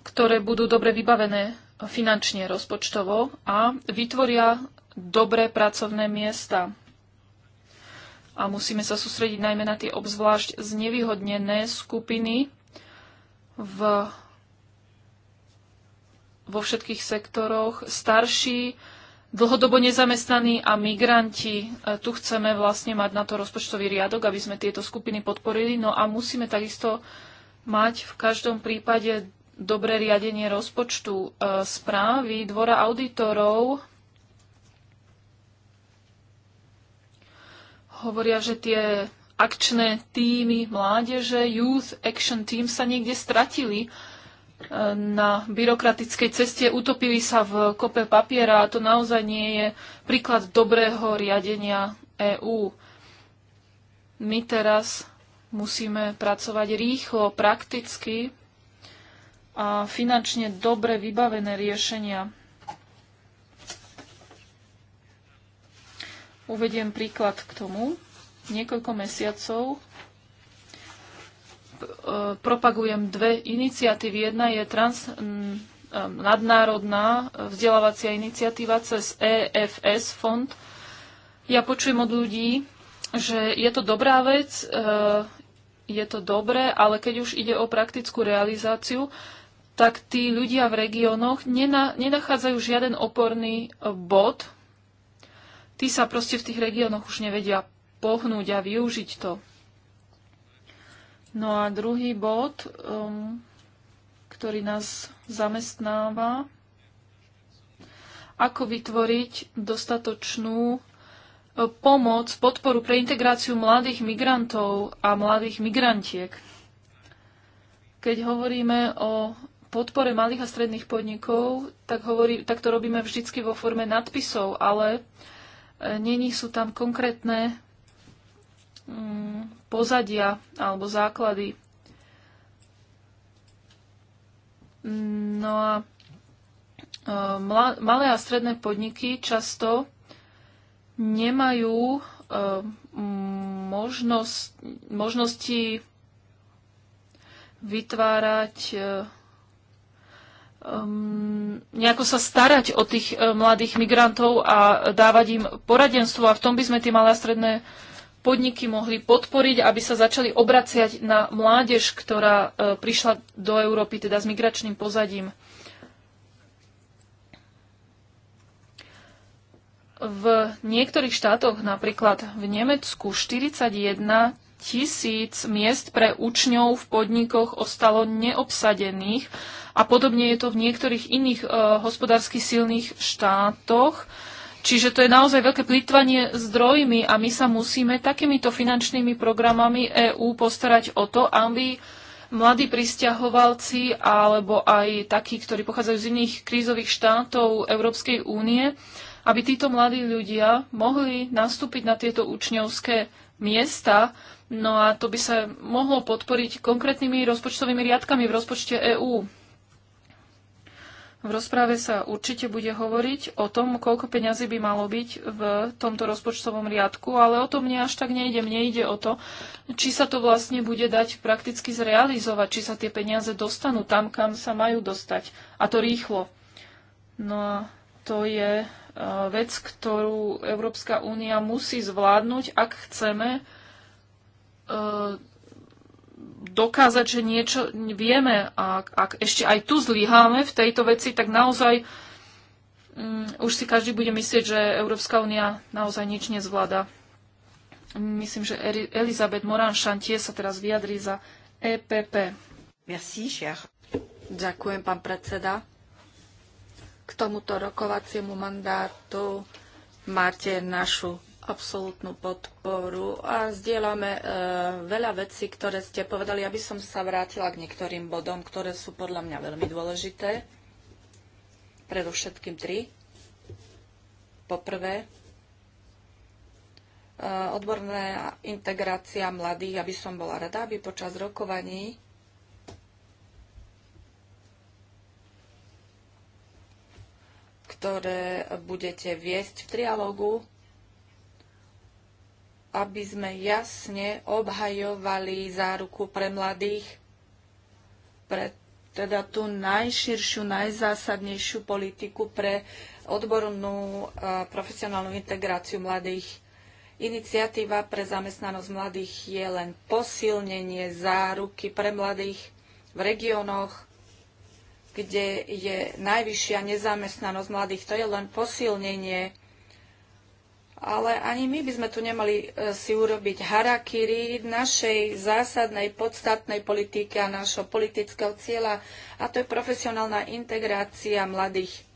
ktoré budú dobre vybavené finančne, rozpočtovo a vytvoria dobré pracovné miesta. A musíme sa sústrediť najmä na tie obzvlášť znevýhodnené skupiny v, vo všetkých sektoroch. Starší, dlhodobo nezamestnaní a migranti. E, tu chceme vlastne mať na to rozpočtový riadok, aby sme tieto skupiny podporili. No a musíme takisto mať v každom prípade dobré riadenie rozpočtu e, správy dvora auditorov. Hovoria, že tie akčné týmy mládeže, Youth Action Team sa niekde stratili na byrokratickej ceste, utopili sa v kope papiera a to naozaj nie je príklad dobrého riadenia EÚ. My teraz musíme pracovať rýchlo, prakticky a finančne dobre vybavené riešenia. Uvediem príklad k tomu. Niekoľko mesiacov propagujem dve iniciatívy. Jedna je trans, nadnárodná vzdelávacia iniciatíva cez EFS fond. Ja počujem od ľudí, že je to dobrá vec, e, je to dobré, ale keď už ide o praktickú realizáciu, tak tí ľudia v regiónoch nenachádzajú žiaden oporný e, bod. Tí sa proste v tých regiónoch už nevedia pohnúť a využiť to. No a druhý bod, um, ktorý nás zamestnáva, ako vytvoriť dostatočnú uh, pomoc, podporu pre integráciu mladých migrantov a mladých migrantiek. Keď hovoríme o podpore malých a stredných podnikov, tak, hovorí, tak to robíme vždycky vo forme nadpisov, ale e, není sú tam konkrétne Mm, pozadia alebo základy. No a e, malé a stredné podniky často nemajú e, možnosť, možnosti vytvárať e, nejako sa starať o tých mladých migrantov a dávať im poradenstvo. A v tom by sme tie malé a stredné podniky mohli podporiť, aby sa začali obraciať na mládež, ktorá e, prišla do Európy teda s migračným pozadím. V niektorých štátoch, napríklad v Nemecku, 41 tisíc miest pre učňov v podnikoch ostalo neobsadených a podobne je to v niektorých iných e, hospodársky silných štátoch Čiže to je naozaj veľké plýtvanie zdrojmi a my sa musíme takýmito finančnými programami EÚ postarať o to, aby mladí pristahovalci alebo aj takí, ktorí pochádzajú z iných krízových štátov Európskej únie, aby títo mladí ľudia mohli nastúpiť na tieto učňovské miesta. No a to by sa mohlo podporiť konkrétnymi rozpočtovými riadkami v rozpočte EÚ. V rozpráve sa určite bude hovoriť o tom, koľko peňazí by malo byť v tomto rozpočtovom riadku, ale o to mne až tak nejde. Mne ide o to, či sa to vlastne bude dať prakticky zrealizovať, či sa tie peniaze dostanú tam, kam sa majú dostať. A to rýchlo. No a to je e, vec, ktorú Európska únia musí zvládnuť, ak chceme e, dokázať, že niečo vieme a ak ešte aj tu zlyháme v tejto veci, tak naozaj um, už si každý bude myslieť, že Európska únia naozaj nič nezvláda. Myslím, že Elizabeth Morán chantier sa teraz vyjadrí za EPP. Merci, cher. Ďakujem, pán predseda. K tomuto rokovaciemu mandátu máte našu absolútnu podporu a zdieľame e, veľa vecí, ktoré ste povedali. Aby som sa vrátila k niektorým bodom, ktoré sú podľa mňa veľmi dôležité. Predovšetkým tri. Poprvé, e, odborná integrácia mladých, aby som bola rada, aby počas rokovaní ktoré budete viesť v trialógu aby sme jasne obhajovali záruku pre mladých, pre teda tú najširšiu, najzásadnejšiu politiku pre odbornú a e, profesionálnu integráciu mladých. Iniciatíva pre zamestnanosť mladých je len posilnenie záruky pre mladých v regiónoch, kde je najvyššia nezamestnanosť mladých. To je len posilnenie ale ani my by sme tu nemali e, si urobiť harakiri našej zásadnej, podstatnej politiky a našho politického cieľa, a to je profesionálna integrácia mladých.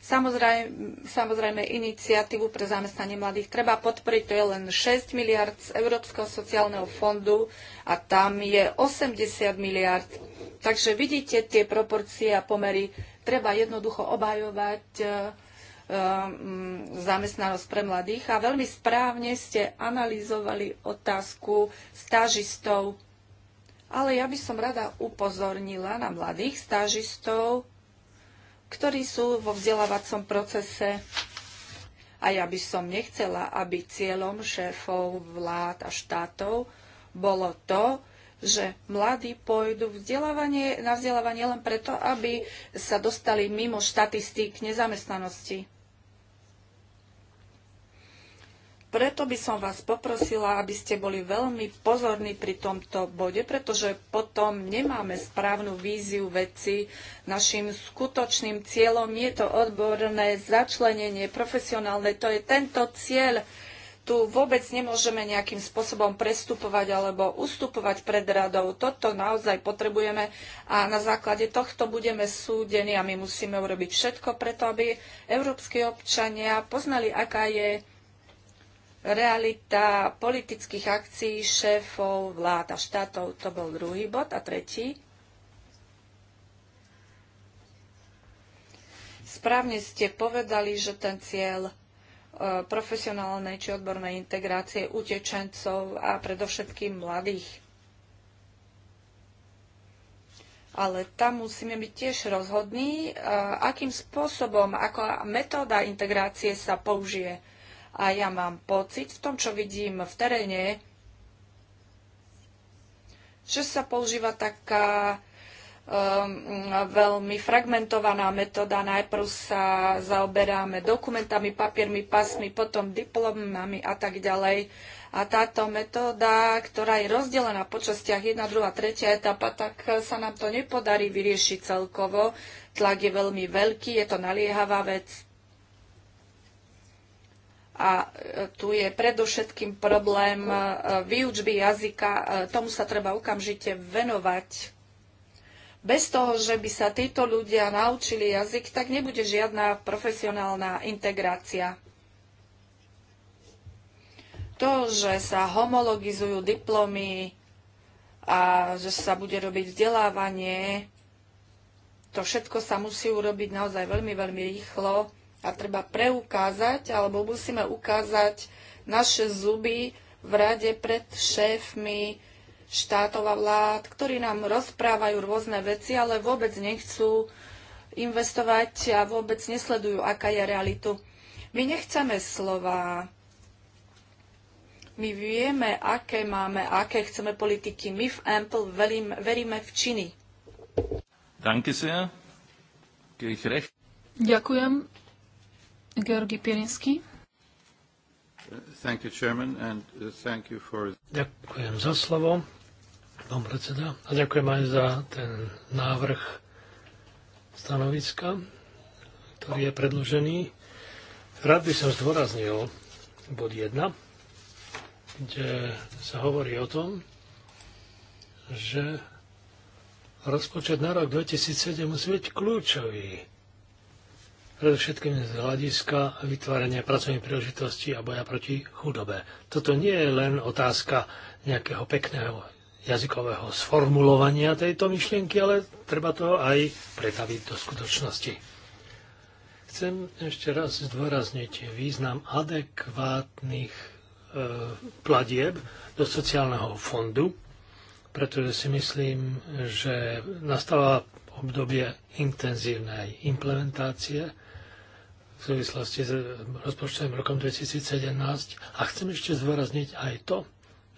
Samozrejme, samozrejme iniciatívu pre zamestnanie mladých treba podporiť, to je len 6 miliard z Európskeho sociálneho fondu a tam je 80 miliard. Takže vidíte tie proporcie a pomery, treba jednoducho obhajovať e, Um, zamestnanosť pre mladých a veľmi správne ste analyzovali otázku stážistov. Ale ja by som rada upozornila na mladých stážistov, ktorí sú vo vzdelávacom procese a ja by som nechcela, aby cieľom šéfov vlád a štátov bolo to, že mladí pôjdu vzdelávanie, na vzdelávanie len preto, aby sa dostali mimo štatistík nezamestnanosti. Preto by som vás poprosila, aby ste boli veľmi pozorní pri tomto bode, pretože potom nemáme správnu víziu veci. Našim skutočným cieľom je to odborné začlenenie, profesionálne. To je tento cieľ. Tu vôbec nemôžeme nejakým spôsobom prestupovať alebo ustupovať pred radou. Toto naozaj potrebujeme a na základe tohto budeme súdení a my musíme urobiť všetko preto, aby európsky občania poznali, aká je realita politických akcií šéfov vlád a štátov. To bol druhý bod. A tretí. Správne ste povedali, že ten cieľ e, profesionálnej či odbornej integrácie utečencov a predovšetkým mladých. Ale tam musíme byť tiež rozhodní, e, akým spôsobom, ako metóda integrácie sa použije a ja mám pocit v tom, čo vidím v teréne, že sa používa taká um, veľmi fragmentovaná metóda. Najprv sa zaoberáme dokumentami, papiermi, pasmi, potom diplomami a tak ďalej. A táto metóda, ktorá je rozdelená po častiach 1, 2, 3 etapa, tak sa nám to nepodarí vyriešiť celkovo. Tlak je veľmi veľký, je to naliehavá vec a e, tu je predovšetkým problém e, výučby jazyka. E, tomu sa treba okamžite venovať. Bez toho, že by sa títo ľudia naučili jazyk, tak nebude žiadna profesionálna integrácia. To, že sa homologizujú diplomy a že sa bude robiť vzdelávanie, to všetko sa musí urobiť naozaj veľmi, veľmi rýchlo a treba preukázať, alebo musíme ukázať naše zuby v rade pred šéfmi štátov a vlád, ktorí nám rozprávajú rôzne veci, ale vôbec nechcú investovať a vôbec nesledujú, aká je realitu. My nechceme slova. My vieme, aké máme, aké chceme politiky. My v Ample veríme, veríme v činy. Danke sehr. Ďakujem. Georgi Pirinsky. You, Chairman, uh, for... Ďakujem za slovo, pán predseda, a ďakujem aj za ten návrh stanoviska, ktorý je predložený. Rád by som zdôraznil bod 1, kde sa hovorí o tom, že rozpočet na rok 2007 musí byť kľúčový predovšetkým z hľadiska vytvárania pracovných príležitostí a boja proti chudobe. Toto nie je len otázka nejakého pekného jazykového sformulovania tejto myšlienky, ale treba to aj pretaviť do skutočnosti. Chcem ešte raz zdôrazniť význam adekvátnych e, platieb do sociálneho fondu, pretože si myslím, že nastáva obdobie intenzívnej implementácie súvislosti s rozpočtovým rokom 2017 a chcem ešte zvorazniť aj to,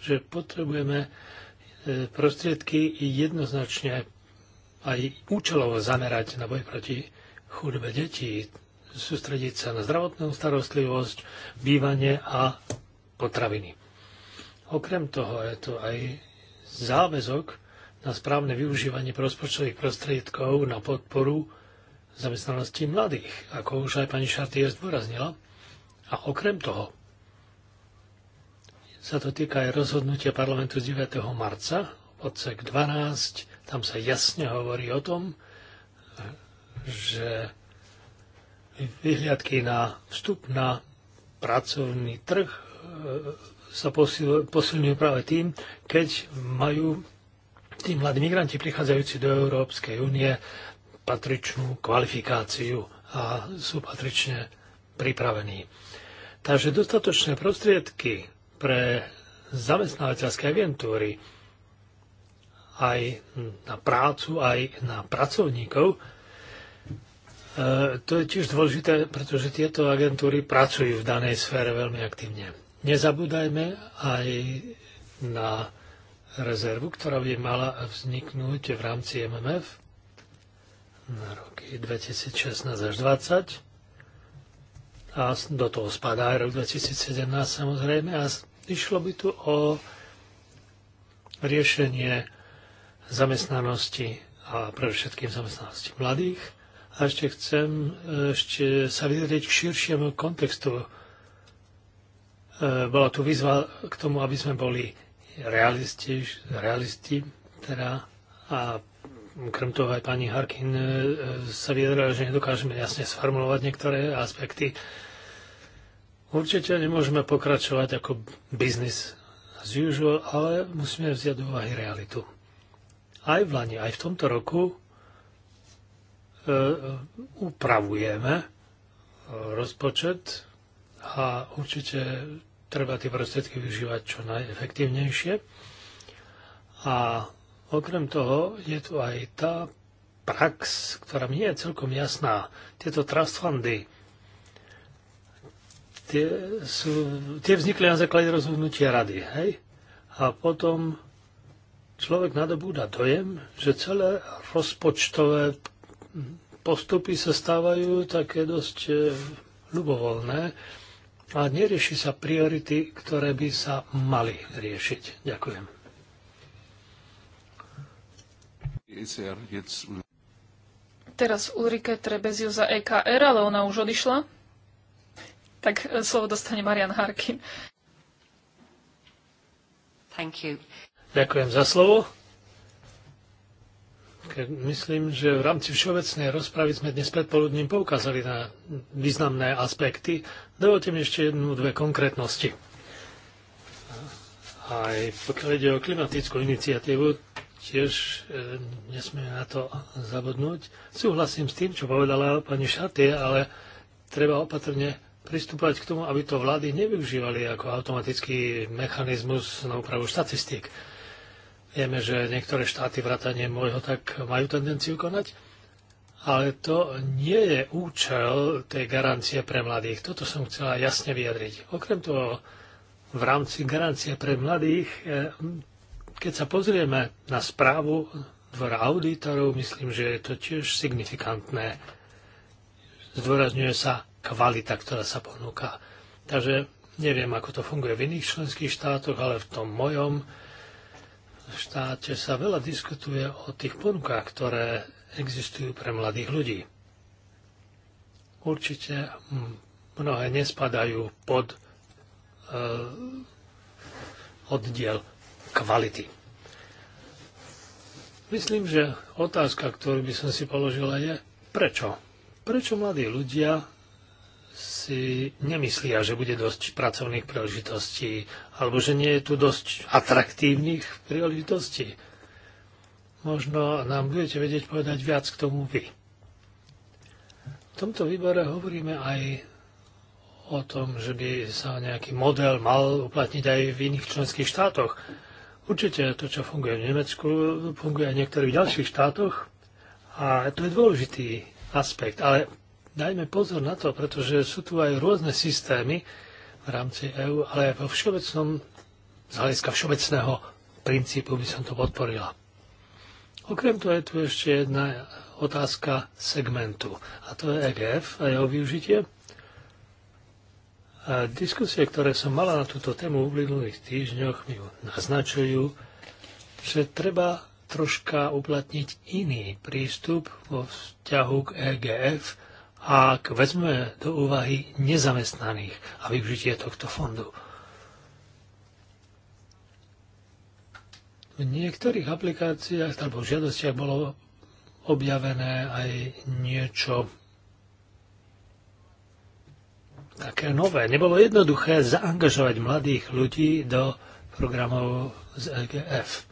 že potrebujeme e, prostriedky jednoznačne aj účelovo zamerať na boj proti chudobe detí, sústrediť sa na zdravotnú starostlivosť, bývanie a potraviny. Okrem toho je to aj záväzok na správne využívanie rozpočtových prostriedkov na podporu zamestnanosti mladých, ako už aj pani Šartier zdôraznila. A okrem toho sa to týka aj rozhodnutia parlamentu z 9. marca, odsek 12, tam sa jasne hovorí o tom, že vyhliadky na vstup na pracovný trh e, sa posilňujú práve tým, keď majú tí mladí migranti prichádzajúci do Európskej únie patričnú kvalifikáciu a sú patrične pripravení. Takže dostatočné prostriedky pre zamestnávateľské agentúry aj na prácu, aj na pracovníkov, e, to je tiež dôležité, pretože tieto agentúry pracujú v danej sfére veľmi aktívne. Nezabúdajme aj na rezervu, ktorá by mala vzniknúť v rámci MMF na roky 2016 až 2020 a do toho spadá aj rok 2017 samozrejme a išlo by tu o riešenie zamestnanosti a pre všetkým zamestnanosti mladých. A ešte chcem e, ešte sa vyzrieť k širšiemu kontextu. E, bola tu výzva k tomu, aby sme boli realisti, realisti teda, a Krem toho aj pani Harkin e, e, sa vyjadrila, že nedokážeme jasne sformulovať niektoré aspekty. Určite nemôžeme pokračovať ako business as usual, ale musíme vziať do úvahy realitu. Aj v Lani, aj v tomto roku e, upravujeme rozpočet a určite treba tie prostriedky využívať čo najefektívnejšie. A Okrem toho je tu aj tá prax, ktorá mi nie je celkom jasná. Tieto trust fundy, tie, sú, tie vznikli na základe rozhodnutia rady. Hej? A potom človek nadobúda dojem, že celé rozpočtové postupy sa stávajú také dosť e, ľubovoľné a nerieši sa priority, ktoré by sa mali riešiť. Ďakujem. Teraz Ulrike Trebezio za EKR, ale ona už odišla. Tak e, slovo dostane Marian Harkin. Thank you. Ďakujem za slovo. Keď myslím, že v rámci všeobecnej rozpravy sme dnes predpoludním poukázali na významné aspekty. Dovolte mi ešte jednu, dve konkrétnosti. Aj pokiaľ ide o klimatickú iniciatívu, tiež e, nesmieme na to zabudnúť. Súhlasím s tým, čo povedala pani Šatie, ale treba opatrne pristúpať k tomu, aby to vlády nevyužívali ako automatický mechanizmus na úpravu štatistík. Vieme, že niektoré štáty vrátanie môjho tak majú tendenciu konať, ale to nie je účel tej garancie pre mladých. Toto som chcela jasne vyjadriť. Okrem toho, v rámci garancie pre mladých e, keď sa pozrieme na správu dvora auditorov, myslím, že je to tiež signifikantné. Zdôrazňuje sa kvalita, ktorá sa ponúka. Takže neviem, ako to funguje v iných členských štátoch, ale v tom mojom štáte sa veľa diskutuje o tých ponukách, ktoré existujú pre mladých ľudí. Určite hm, mnohé nespadajú pod e, oddiel kvality. Myslím, že otázka, ktorú by som si položila, je prečo? Prečo mladí ľudia si nemyslia, že bude dosť pracovných príležitostí alebo že nie je tu dosť atraktívnych príležitostí? Možno nám budete vedieť povedať viac k tomu vy. V tomto výbore hovoríme aj o tom, že by sa nejaký model mal uplatniť aj v iných členských štátoch. Určite to, čo funguje v Nemecku, funguje aj v niektorých ďalších štátoch a to je dôležitý aspekt. Ale dajme pozor na to, pretože sú tu aj rôzne systémy v rámci EÚ, ale aj vo všeobecnom, z hľadiska všeobecného princípu by som to podporila. Okrem toho je tu ešte jedna otázka segmentu, a to je EGF a jeho využitie. A diskusie, ktoré som mala na túto tému v uplynulých týždňoch, mi naznačujú, že treba troška uplatniť iný prístup vo vzťahu k EGF, ak vezme do úvahy nezamestnaných a využitie tohto fondu. V niektorých aplikáciách alebo žiadostiach bolo objavené aj niečo také nové. Nebolo jednoduché zaangažovať mladých ľudí do programov z EGF.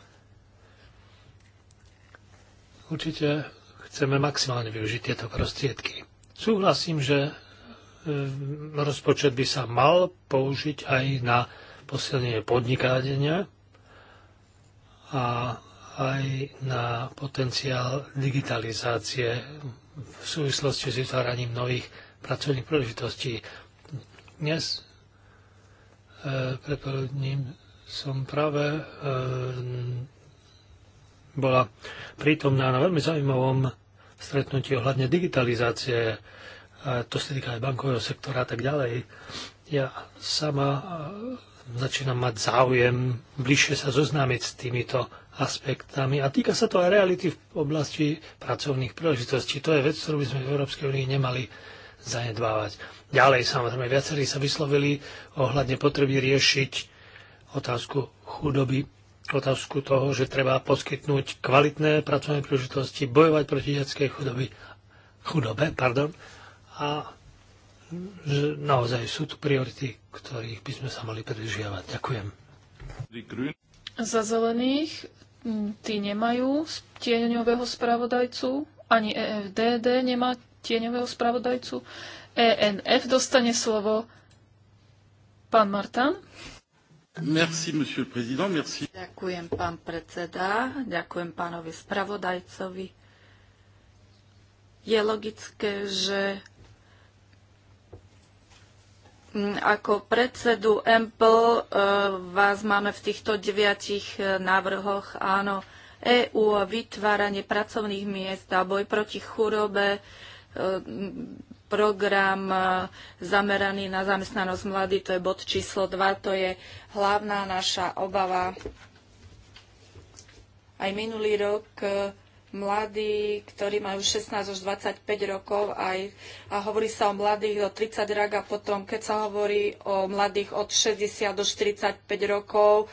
Určite chceme maximálne využiť tieto prostriedky. Súhlasím, že e, rozpočet by sa mal použiť aj na posilnenie podnikania a aj na potenciál digitalizácie v súvislosti s vytváraním nových pracovných príležitostí. Dnes e, predpoludním som práve e, bola prítomná na veľmi zaujímavom stretnutí ohľadne digitalizácie, e, to sa týka aj bankového sektora a tak ďalej. Ja sama e, začínam mať záujem bližšie sa zoznámiť s týmito aspektami. A týka sa to aj reality v oblasti pracovných príležitostí. To je vec, ktorú by sme v Európskej únii nemali zanedbávať. Ďalej samozrejme viacerí sa vyslovili ohľadne potreby riešiť otázku chudoby, otázku toho, že treba poskytnúť kvalitné pracovné príležitosti, bojovať proti detskej chudoby, chudobe pardon, a že naozaj sú tu priority, ktorých by sme sa mali pridržiavať. Ďakujem. Za zelených hm, tí nemajú tieňového spravodajcu, ani EFDD nemá tieňového spravodajcu. ENF dostane slovo pán Martin. Merci, monsieur le président, merci. Ďakujem, pán predseda, ďakujem pánovi spravodajcovi. Je logické, že mm, ako predsedu EMPL e, vás máme v týchto deviatich e, návrhoch, áno, EÚ, vytváranie pracovných miest a boj proti chorobe. E, program e, zameraný na zamestnanosť mladých, to je bod číslo 2, to je hlavná naša obava. Aj minulý rok e, mladí, ktorí majú 16 až 25 rokov aj, a hovorí sa o mladých do 30 rok a potom, keď sa hovorí o mladých od 60 do 45 rokov,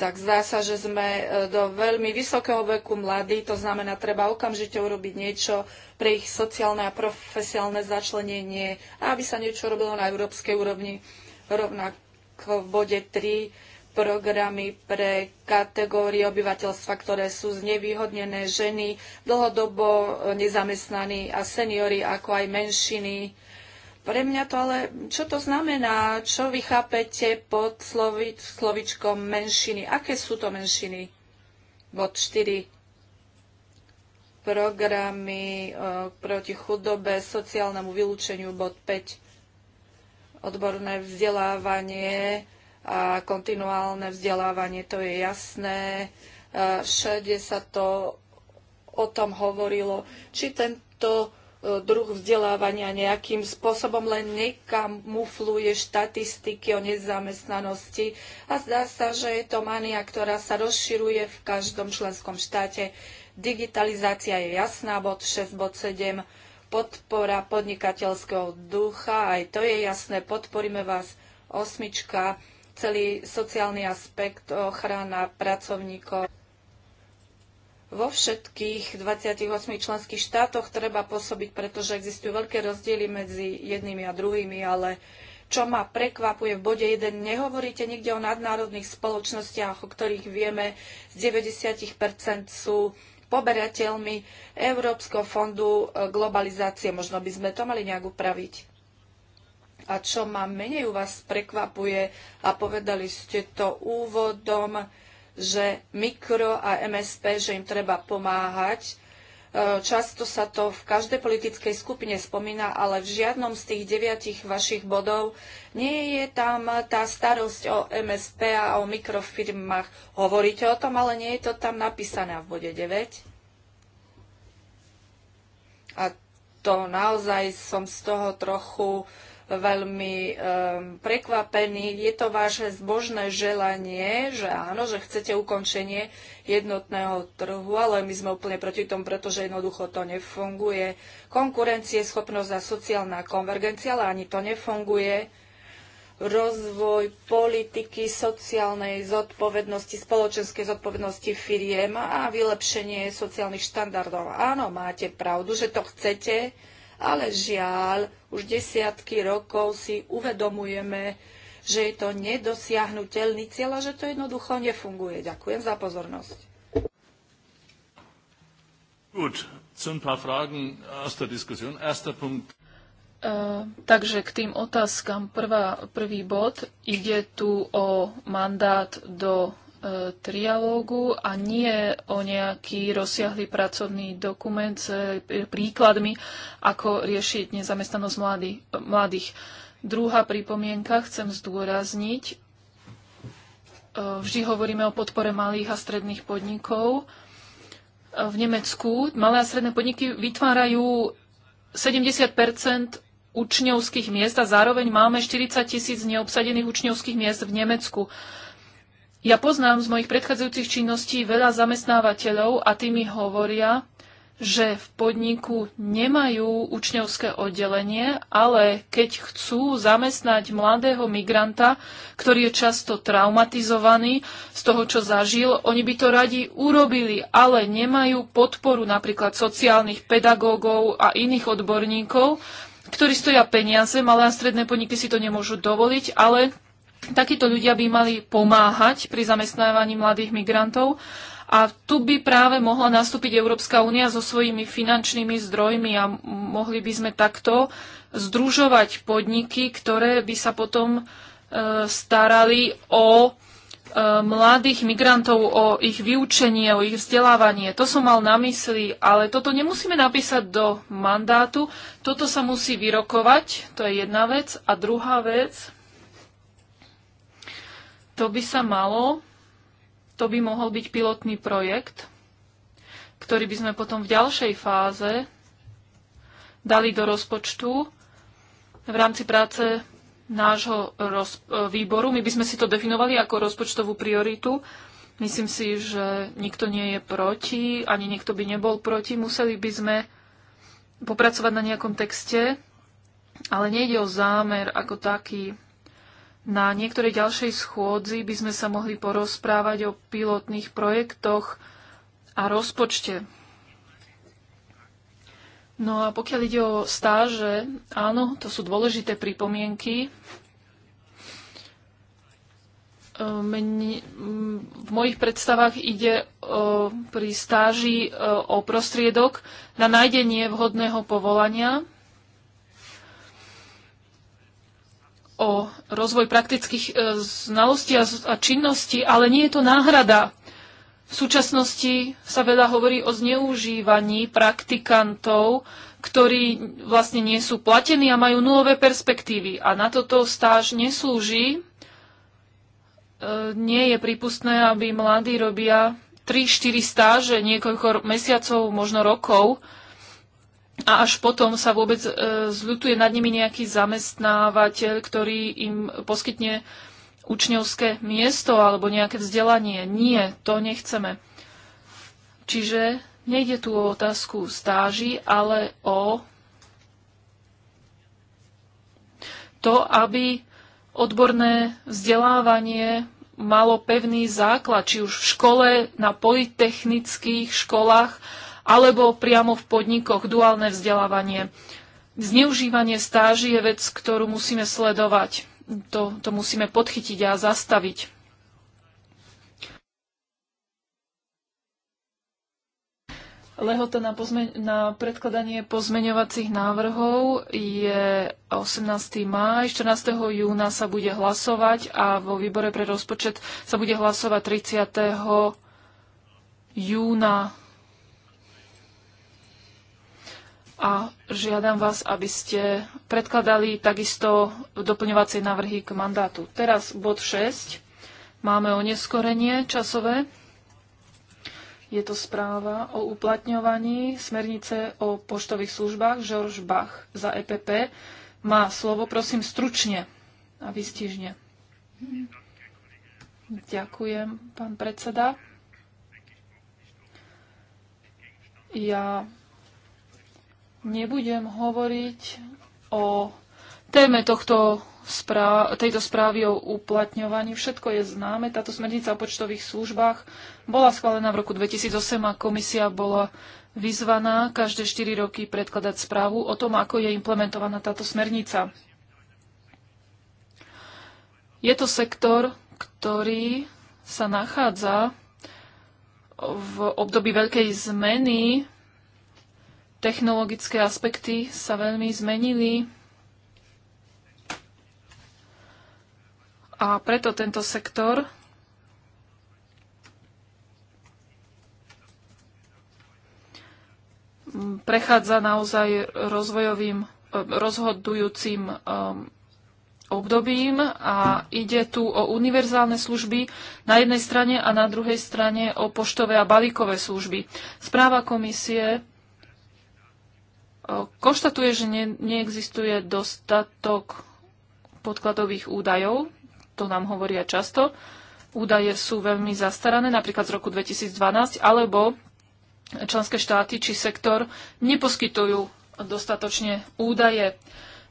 tak zdá sa, že sme e, do veľmi vysokého veku mladí, to znamená, treba okamžite urobiť niečo pre ich sociálne a profesionálne začlenenie, aby sa niečo robilo na európskej úrovni. Rovnako v bode 3 programy pre kategórie obyvateľstva, ktoré sú znevýhodnené ženy, dlhodobo nezamestnaní a seniory, ako aj menšiny, pre mňa to ale, čo to znamená? Čo vy chápete pod slovi, slovičkom menšiny? Aké sú to menšiny? Bod 4 programy e, proti chudobe, sociálnemu vylúčeniu, bod 5, odborné vzdelávanie a kontinuálne vzdelávanie, to je jasné. E, všade sa to o tom hovorilo, či tento druh vzdelávania nejakým spôsobom len nekamufluje štatistiky o nezamestnanosti a zdá sa, že je to mania, ktorá sa rozširuje v každom členskom štáte. Digitalizácia je jasná, bod 6, bod 7, podpora podnikateľského ducha, aj to je jasné, podporíme vás, osmička, celý sociálny aspekt, ochrana pracovníkov vo všetkých 28 členských štátoch treba pôsobiť, pretože existujú veľké rozdiely medzi jednými a druhými, ale čo ma prekvapuje v bode 1, nehovoríte nikde o nadnárodných spoločnostiach, o ktorých vieme z 90% sú poberateľmi Európskeho fondu e, globalizácie. Možno by sme to mali nejak upraviť. A čo ma menej u vás prekvapuje, a povedali ste to úvodom, že mikro a MSP, že im treba pomáhať. E, často sa to v každej politickej skupine spomína, ale v žiadnom z tých deviatich vašich bodov nie je tam tá starosť o MSP a o mikrofirmách. Hovoríte o tom, ale nie je to tam napísané v bode 9. A to naozaj som z toho trochu uh, veľmi um, prekvapení. Je to vaše zbožné želanie, že áno, že chcete ukončenie jednotného trhu, ale my sme úplne proti tomu, pretože jednoducho to nefunguje. Konkurencie, schopnosť a sociálna konvergencia, ale ani to nefunguje. Rozvoj politiky sociálnej zodpovednosti, spoločenskej zodpovednosti firiem a vylepšenie sociálnych štandardov. Áno, máte pravdu, že to chcete, ale žiaľ, už desiatky rokov si uvedomujeme, že je to nedosiahnutelný cieľ a že to jednoducho nefunguje. Ďakujem za pozornosť. Gut, zu paar Fragen aus der Diskussion. Erster Punkt. Uh, takže k tým otázkam. Prvá, prvý bod. Ide tu o mandát do trialógu a nie o nejaký rozsiahly pracovný dokument s e, príkladmi, ako riešiť nezamestnanosť mladý, mladých. Druhá pripomienka chcem zdôrazniť. E, vždy hovoríme o podpore malých a stredných podnikov. E, v Nemecku malé a stredné podniky vytvárajú 70 učňovských miest a zároveň máme 40 tisíc neobsadených učňovských miest v Nemecku. Ja poznám z mojich predchádzajúcich činností veľa zamestnávateľov a tí mi hovoria, že v podniku nemajú učňovské oddelenie, ale keď chcú zamestnať mladého migranta, ktorý je často traumatizovaný z toho, čo zažil, oni by to radi urobili, ale nemajú podporu napríklad sociálnych pedagógov a iných odborníkov, ktorí stoja peniaze, malé a stredné podniky si to nemôžu dovoliť, ale Takíto ľudia by mali pomáhať pri zamestnávaní mladých migrantov a tu by práve mohla nastúpiť Európska únia so svojimi finančnými zdrojmi a mohli by sme takto združovať podniky, ktoré by sa potom e, starali o e, mladých migrantov, o ich vyučenie, o ich vzdelávanie. To som mal na mysli, ale toto nemusíme napísať do mandátu. Toto sa musí vyrokovať, to je jedna vec. A druhá vec, to by sa malo, to by mohol byť pilotný projekt, ktorý by sme potom v ďalšej fáze dali do rozpočtu v rámci práce nášho roz, výboru. My by sme si to definovali ako rozpočtovú prioritu. Myslím si, že nikto nie je proti, ani niekto by nebol proti. Museli by sme popracovať na nejakom texte, ale nejde o zámer ako taký. Na niektorej ďalšej schôdzi by sme sa mohli porozprávať o pilotných projektoch a rozpočte. No a pokiaľ ide o stáže, áno, to sú dôležité pripomienky. Ehm, mne, v mojich predstavách ide o, e, pri stáži e, o prostriedok na nájdenie vhodného povolania o rozvoj praktických e, znalostí a činností, ale nie je to náhrada. V súčasnosti sa veľa hovorí o zneužívaní praktikantov, ktorí vlastne nie sú platení a majú nulové perspektívy. A na toto stáž neslúži. E, nie je prípustné, aby mladí robia 3-4 stáže niekoľko mesiacov, možno rokov, a až potom sa vôbec e, zľutuje nad nimi nejaký zamestnávateľ, ktorý im poskytne učňovské miesto alebo nejaké vzdelanie. Nie, to nechceme. Čiže nejde tu o otázku stáži, ale o to, aby odborné vzdelávanie malo pevný základ, či už v škole, na politechnických školách, alebo priamo v podnikoch duálne vzdelávanie. Zneužívanie stáži je vec, ktorú musíme sledovať. To, to musíme podchytiť a zastaviť. Lehota na, pozme- na predkladanie pozmeňovacích návrhov je 18. máj, 14. júna sa bude hlasovať a vo výbore pre rozpočet sa bude hlasovať 30. júna. a žiadam vás, aby ste predkladali takisto doplňovacie návrhy k mandátu. Teraz bod 6. Máme oneskorenie časové. Je to správa o uplatňovaní smernice o poštových službách. Žorž Bach za EPP má slovo, prosím, stručne a vystižne. Ďakujem, pán predseda. Ja Nebudem hovoriť o téme tohto správ, tejto správy o uplatňovaní. Všetko je známe. Táto smernica o počtových službách bola schválená v roku 2008 a komisia bola vyzvaná každé 4 roky predkladať správu o tom, ako je implementovaná táto smernica. Je to sektor, ktorý sa nachádza v období veľkej zmeny technologické aspekty sa veľmi zmenili a preto tento sektor prechádza naozaj rozvojovým, rozhodujúcim um, obdobím a ide tu o univerzálne služby na jednej strane a na druhej strane o poštové a balíkové služby. Správa komisie konštatuje, že ne, neexistuje dostatok podkladových údajov, to nám hovoria často. Údaje sú veľmi zastarané, napríklad z roku 2012, alebo členské štáty či sektor neposkytujú dostatočne údaje.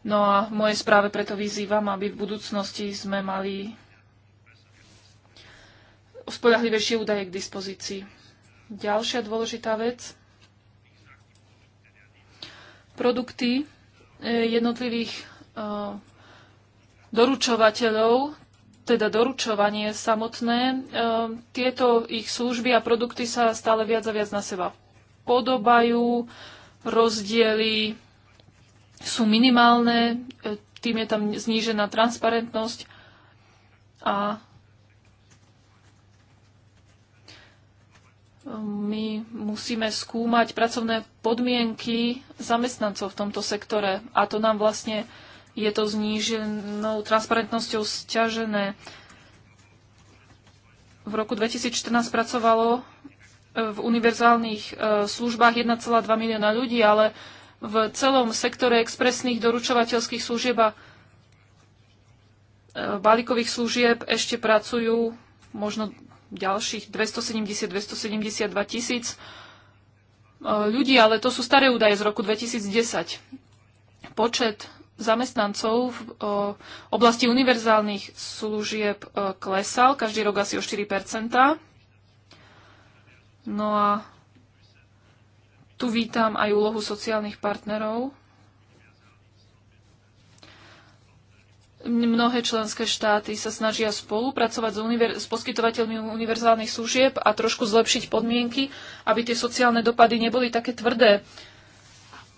No a v mojej správe preto vyzývam, aby v budúcnosti sme mali spolahlivejšie údaje k dispozícii. Ďalšia dôležitá vec produkty e, jednotlivých e, doručovateľov, teda doručovanie samotné. E, tieto ich služby a produkty sa stále viac a viac na seba podobajú, rozdiely sú minimálne, tým je tam znížená transparentnosť a my musíme skúmať pracovné podmienky zamestnancov v tomto sektore a to nám vlastne je to zníženou transparentnosťou sťažené. V roku 2014 pracovalo e, v univerzálnych e, službách 1,2 milióna ľudí, ale v celom sektore expresných doručovateľských služieb a e, balíkových služieb ešte pracujú možno ďalších 270-272 tisíc e, ľudí, ale to sú staré údaje z roku 2010. Počet zamestnancov v e, oblasti univerzálnych služieb e, klesal každý rok asi o 4 No a tu vítam aj úlohu sociálnych partnerov, Mnohé členské štáty sa snažia spolupracovať s, univer- s poskytovateľmi univerzálnych služieb a trošku zlepšiť podmienky, aby tie sociálne dopady neboli také tvrdé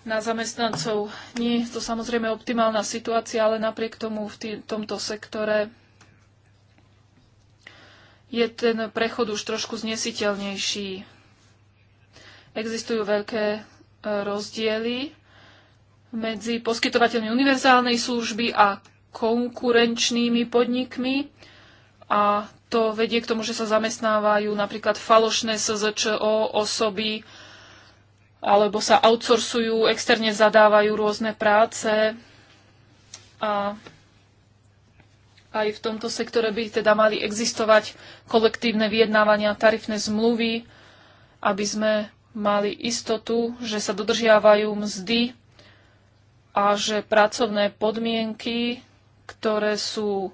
na zamestnancov. Nie je to samozrejme optimálna situácia, ale napriek tomu v tý- tomto sektore je ten prechod už trošku znesiteľnejší. Existujú veľké e, rozdiely medzi poskytovateľmi univerzálnej služby a konkurenčnými podnikmi a to vedie k tomu, že sa zamestnávajú napríklad falošné SZČO osoby alebo sa outsourcujú, externe zadávajú rôzne práce a aj v tomto sektore by teda mali existovať kolektívne vyjednávania, tarifné zmluvy, aby sme mali istotu, že sa dodržiavajú mzdy a že pracovné podmienky ktoré sú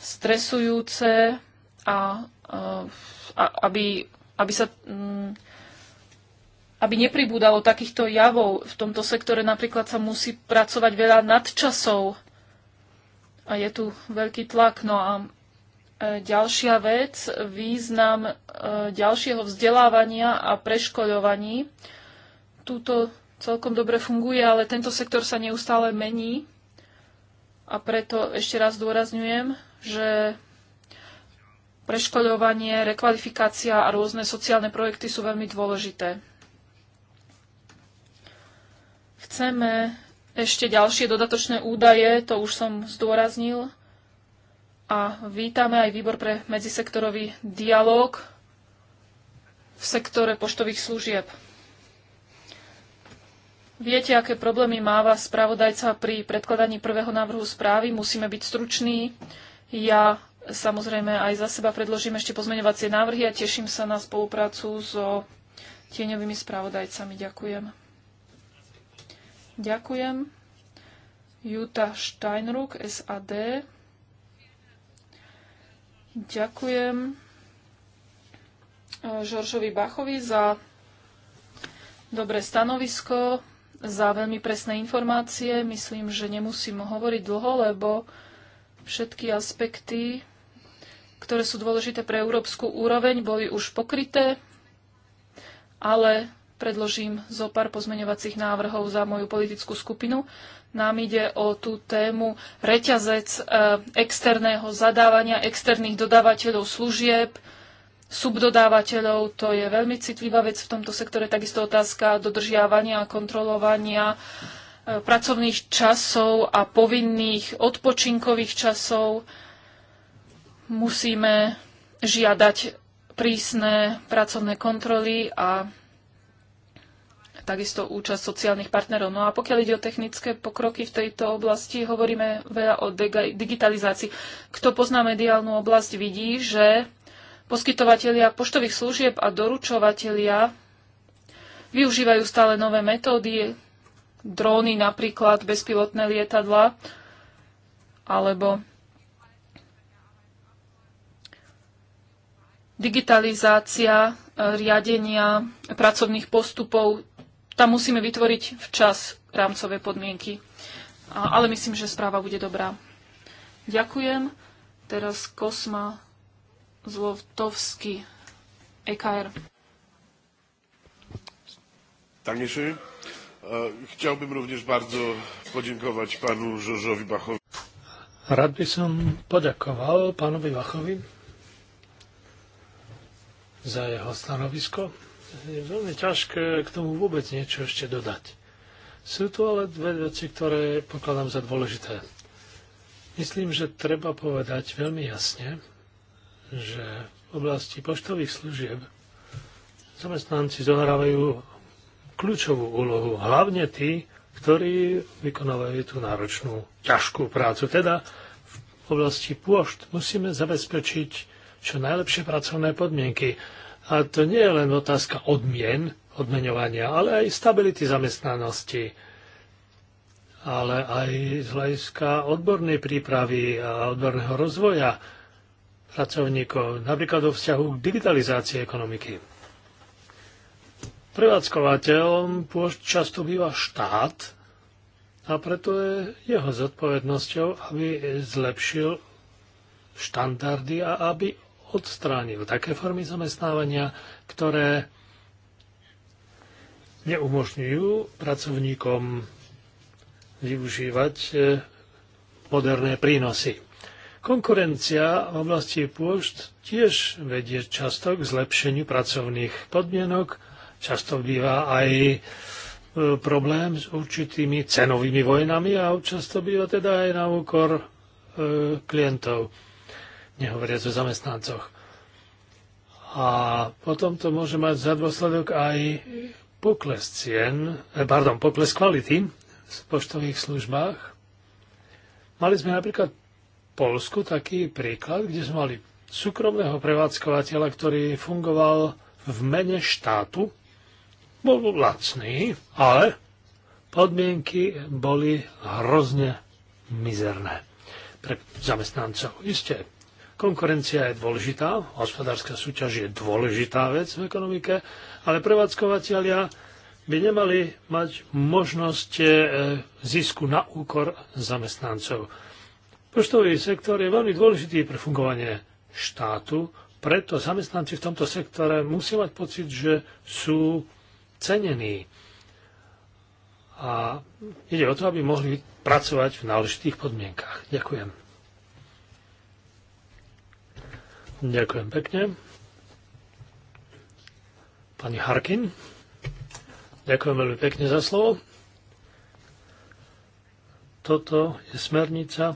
stresujúce a, eh, a aby, aby sa mm, aby nepribúdalo takýchto javov. V tomto sektore napríklad sa musí pracovať veľa nadčasov a je tu veľký tlak. No a eh, ďalšia vec, význam eh, ďalšieho vzdelávania a preškoľovaní. Tuto celkom dobre funguje, ale tento sektor sa neustále mení a preto ešte raz dôrazňujem, že preškoľovanie, rekvalifikácia a rôzne sociálne projekty sú veľmi dôležité. Chceme ešte ďalšie dodatočné údaje, to už som zdôraznil. A vítame aj výbor pre medzisektorový dialog v sektore poštových služieb. Viete, aké problémy máva spravodajca pri predkladaní prvého návrhu správy. Musíme byť struční. Ja samozrejme aj za seba predložím ešte pozmeňovacie návrhy a teším sa na spoluprácu so tieňovými spravodajcami. Ďakujem. Ďakujem. Juta Steinruck, SAD. Ďakujem e, Žoržovi Bachovi za dobré stanovisko za veľmi presné informácie. Myslím, že nemusím hovoriť dlho, lebo všetky aspekty, ktoré sú dôležité pre európsku úroveň, boli už pokryté, ale predložím zo pár pozmeňovacích návrhov za moju politickú skupinu. Nám ide o tú tému reťazec eh, externého zadávania externých dodávateľov služieb, subdodávateľov. To je veľmi citlivá vec v tomto sektore. Takisto otázka dodržiavania a kontrolovania e, pracovných časov a povinných odpočinkových časov. Musíme žiadať prísne pracovné kontroly a takisto účasť sociálnych partnerov. No a pokiaľ ide o technické pokroky v tejto oblasti, hovoríme veľa o digitalizácii. Kto pozná mediálnu oblasť, vidí, že Poskytovatelia poštových služieb a doručovatelia využívajú stále nové metódy, dróny napríklad, bezpilotné lietadla, alebo digitalizácia e, riadenia pracovných postupov. Tam musíme vytvoriť včas rámcové podmienky. Ale myslím, že správa bude dobrá. Ďakujem. Teraz Kosma Zlotovský, EKR. Tanieszy. E, chciałbym również bardzo podziękować panu Żorzowi Bachowi. Rad by som podakoval pánovi Bachovi za jeho stanovisko. Je veľmi ťažké k tomu vôbec niečo ešte dodať. Sú tu ale dve veci, ktoré pokladám za dôležité. Myslím, že treba povedať veľmi jasne, že v oblasti poštových služieb zamestnanci zohrávajú kľúčovú úlohu, hlavne tí, ktorí vykonávajú tú náročnú, ťažkú prácu. Teda v oblasti pôšt musíme zabezpečiť čo najlepšie pracovné podmienky. A to nie je len otázka odmien, odmenovania, ale aj stability zamestnanosti, ale aj z hľadiska odbornej prípravy a odborného rozvoja pracovníkov, napríklad vo vzťahu k digitalizácii ekonomiky. Prevádzkovateľom často býva štát a preto je jeho zodpovednosťou, aby zlepšil štandardy a aby odstránil také formy zamestnávania, ktoré neumožňujú pracovníkom využívať eh, moderné prínosy. Konkurencia v oblasti pôšt tiež vedie často k zlepšeniu pracovných podmienok, často býva aj e, problém s určitými cenovými vojnami a často býva teda aj na úkor e, klientov, nehovoriac o zamestnancoch. A potom to môže mať za dôsledok aj pokles cien, e, pardon, pokles kvality v poštových službách. Mali sme napríklad Polsku taký príklad, kde sme mali súkromného prevádzkovateľa, ktorý fungoval v mene štátu. Bol lacný, ale podmienky boli hrozne mizerné pre zamestnancov. Isté, konkurencia je dôležitá, hospodárska súťaž je dôležitá vec v ekonomike, ale prevádzkovateľia by nemali mať možnosť e, zisku na úkor zamestnancov. Poštový sektor je veľmi dôležitý pre fungovanie štátu, preto zamestnanci v tomto sektore musia mať pocit, že sú cenení. A ide o to, aby mohli pracovať v náležitých podmienkách. Ďakujem. Ďakujem pekne. Pani Harkin, ďakujem veľmi pekne za slovo. Toto je smernica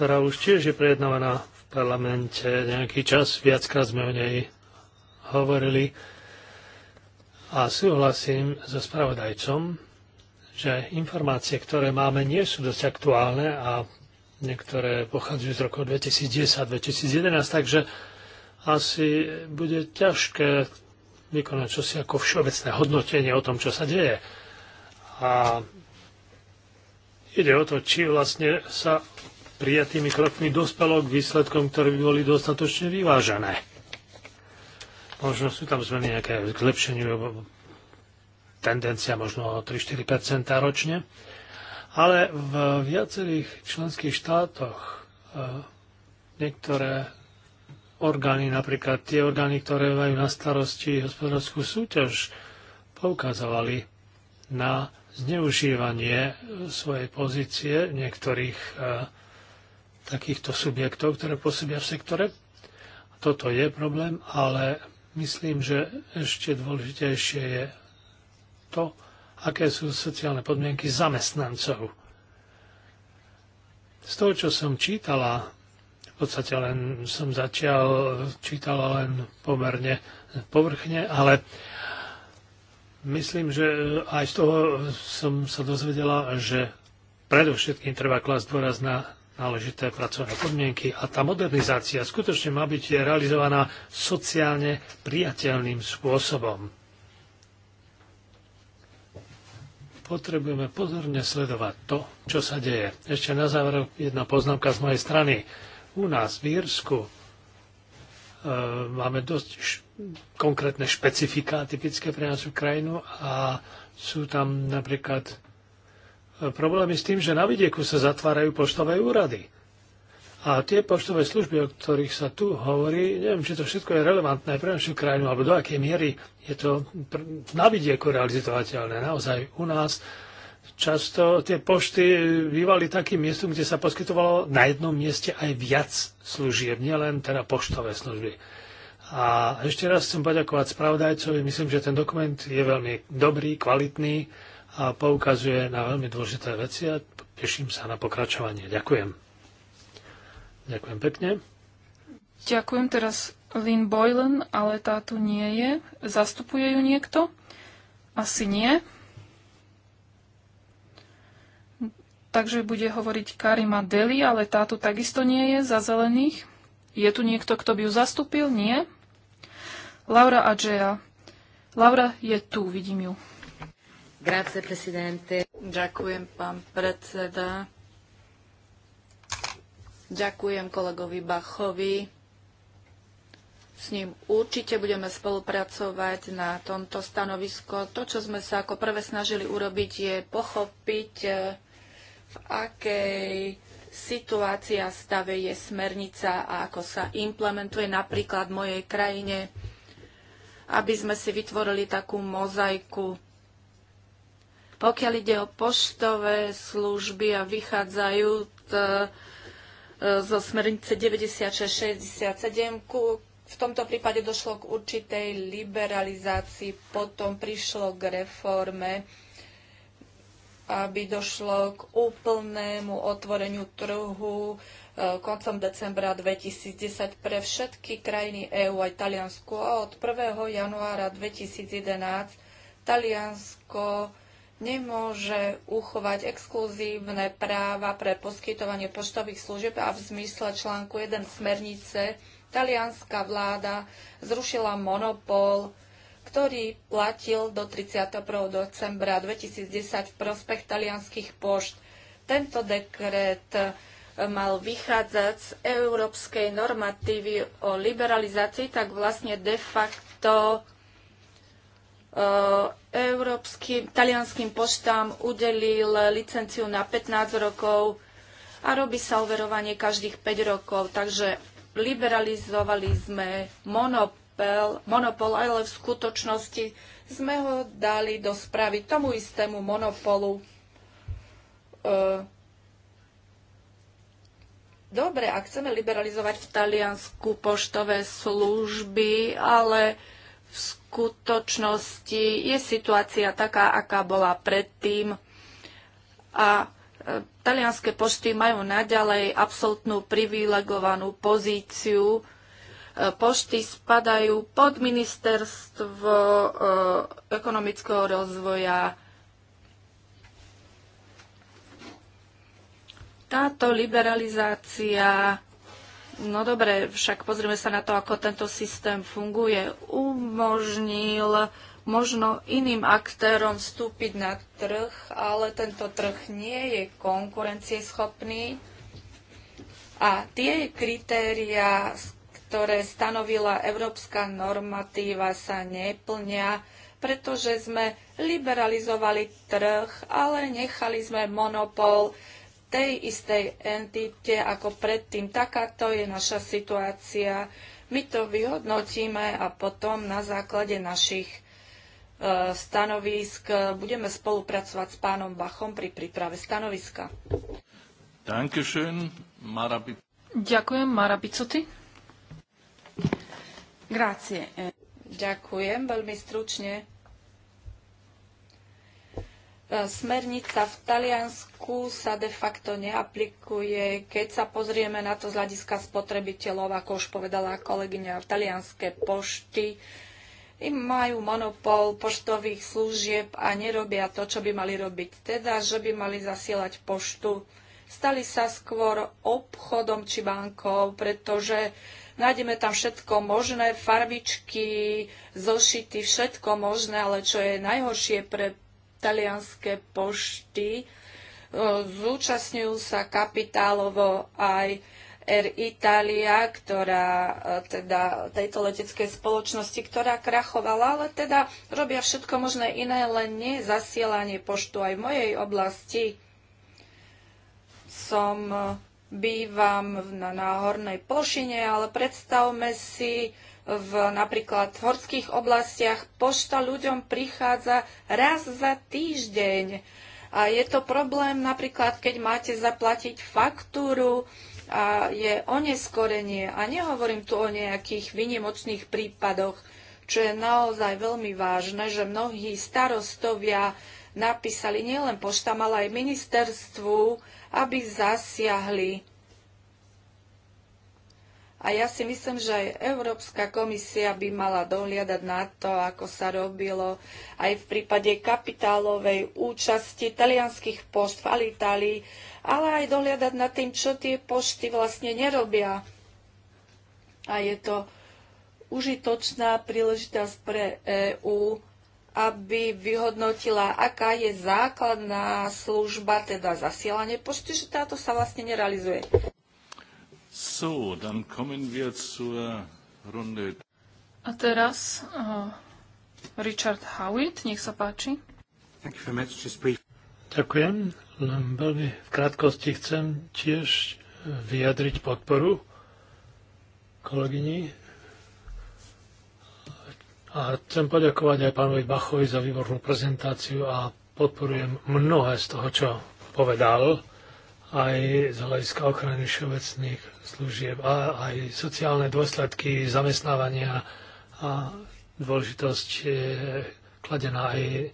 ktorá už tiež je prejednávaná v parlamente nejaký čas, viackrát sme o nej hovorili a súhlasím so spravodajcom, že informácie, ktoré máme, nie sú dosť aktuálne a niektoré pochádzajú z roku 2010-2011, takže asi bude ťažké vykonať čosi ako všeobecné hodnotenie o tom, čo sa deje. A ide o to, či vlastne sa prijatými krokmi dospelo k výsledkom, ktoré by boli dostatočne vyvážené. Možno sú tam zmeny nejaké k zlepšeniu, tendencia možno o 3-4 ročne, ale v viacerých členských štátoch eh, niektoré orgány, napríklad tie orgány, ktoré majú na starosti hospodárskú súťaž, poukazovali na zneužívanie eh, svojej pozície niektorých eh, takýchto subjektov, ktoré pôsobia v sektore. Toto je problém, ale myslím, že ešte dôležitejšie je to, aké sú sociálne podmienky zamestnancov. Z toho, čo som čítala, v podstate len som začal, čítala len pomerne povrchne, ale myslím, že aj z toho som sa dozvedela, že predovšetkým treba klasť dôraz na náležité pracovné podmienky a tá modernizácia skutočne má byť realizovaná sociálne priateľným spôsobom. potrebujeme pozorne sledovať to, čo sa deje. Ešte na záver jedna poznámka z mojej strany. U nás v Írsku e, máme dosť š- konkrétne špecifika typické pre našu krajinu a sú tam napríklad problémy s tým, že na vidieku sa zatvárajú poštové úrady. A tie poštové služby, o ktorých sa tu hovorí, neviem, či to všetko je relevantné pre našu krajinu, alebo do akej miery je to na vidieku realizovateľné. Naozaj u nás často tie pošty bývali takým miestom, kde sa poskytovalo na jednom mieste aj viac služieb, nielen teda poštové služby. A ešte raz chcem poďakovať spravodajcovi. Myslím, že ten dokument je veľmi dobrý, kvalitný a poukazuje na veľmi dôležité veci a teším sa na pokračovanie. Ďakujem. Ďakujem pekne. Ďakujem teraz Lynn Boylan, ale tá tu nie je. Zastupuje ju niekto? Asi nie. Takže bude hovoriť Karima Deli, ale táto takisto nie je za zelených. Je tu niekto, kto by ju zastúpil? Nie. Laura Adžea. Laura je tu, vidím ju. Ďakujem, pán predseda. Ďakujem kolegovi Bachovi. S ním určite budeme spolupracovať na tomto stanovisko. To, čo sme sa ako prvé snažili urobiť, je pochopiť, eh, v akej situácii a stave je smernica a ako sa implementuje napríklad v mojej krajine, aby sme si vytvorili takú mozaiku pokiaľ ide o poštové služby a vychádzajú e, e, zo smernice 9667, v tomto prípade došlo k určitej liberalizácii, potom prišlo k reforme, aby došlo k úplnému otvoreniu trhu e, koncom decembra 2010 pre všetky krajiny EÚ aj Taliansku a od 1. januára 2011 Taliansko nemôže uchovať exkluzívne práva pre poskytovanie poštových služieb a v zmysle článku 1 smernice talianská vláda zrušila monopol, ktorý platil do 31. decembra 2010 v prospech talianských pošt. Tento dekret eh, mal vychádzať z európskej normatívy o liberalizácii, tak vlastne de facto Eh, európskym, talianským poštám udelil licenciu na 15 rokov a robí sa overovanie každých 5 rokov. Takže liberalizovali sme monopol, monopol, ale v skutočnosti sme ho dali do správy tomu istému monopolu. Eh, dobre, ak chceme liberalizovať v Taliansku poštové služby, ale v skutočnosti je situácia taká, aká bola predtým a e, talianské pošty majú naďalej absolútnu privilegovanú pozíciu. E, pošty spadajú pod ministerstvo e, ekonomického rozvoja. Táto liberalizácia No dobre, však pozrieme sa na to, ako tento systém funguje. Umožnil možno iným aktérom vstúpiť na trh, ale tento trh nie je konkurencieschopný a tie kritéria, ktoré stanovila európska normatíva, sa neplnia, pretože sme liberalizovali trh, ale nechali sme monopol tej istej entite ako predtým. Takáto je naša situácia. My to vyhodnotíme a potom na základe našich e, stanovisk budeme spolupracovať s pánom Bachom pri príprave stanoviska. Ďakujem, Mara Bicoty. Grazie. Ďakujem, veľmi stručne. E, smernica v Taliansku sa de facto neaplikuje. Keď sa pozrieme na to z hľadiska spotrebiteľov, ako už povedala kolegyňa, v talianské pošty im majú monopol poštových služieb a nerobia to, čo by mali robiť. Teda, že by mali zasielať poštu. Stali sa skôr obchodom či bankou, pretože nájdeme tam všetko možné, farbičky, zošity, všetko možné, ale čo je najhoršie pre talianské pošty. E, zúčastňujú sa kapitálovo aj Air Italia, ktorá e, teda tejto leteckej spoločnosti, ktorá krachovala, ale teda robia všetko možné iné, len nie zasielanie poštu aj v mojej oblasti. Som e, bývam na náhornej plošine, ale predstavme si v napríklad horských oblastiach pošta ľuďom prichádza raz za týždeň. A je to problém napríklad, keď máte zaplatiť faktúru a je oneskorenie. A nehovorím tu o nejakých vynimočných prípadoch, čo je naozaj veľmi vážne, že mnohí starostovia napísali nielen poštám, ale aj ministerstvu, aby zasiahli a ja si myslím, že aj Európska komisia by mala dohliadať na to, ako sa robilo aj v prípade kapitálovej účasti talianských pošt v Alitalii, ale aj dohliadať nad tým, čo tie pošty vlastne nerobia. A je to užitočná príležitosť pre EÚ, aby vyhodnotila, aká je základná služba, teda zasielanie pošty, že táto sa vlastne nerealizuje. So, dann kommen wir zur Runde. A teraz uh, Richard Howitt, nech sa páči. Thank you very much. Just brief. Ďakujem. Len veľmi v krátkosti chcem tiež eh, vyjadriť podporu kolegyni. A chcem poďakovať aj pánovi Bachovi za výbornú prezentáciu a podporujem mnohé z toho, čo povedal, aj z hľadiska ochrany všeobecných služieb a aj sociálne dôsledky zamestnávania a dôležitosť je kladená aj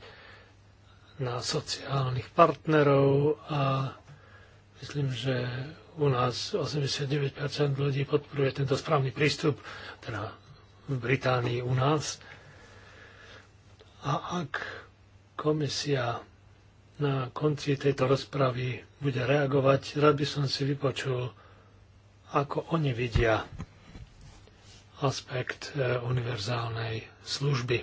na sociálnych partnerov a myslím, že u nás 89% ľudí podporuje tento správny prístup, teda v Británii u nás. A ak komisia na konci tejto rozpravy bude reagovať, rád by som si vypočul ako oni vidia aspekt e, univerzálnej služby.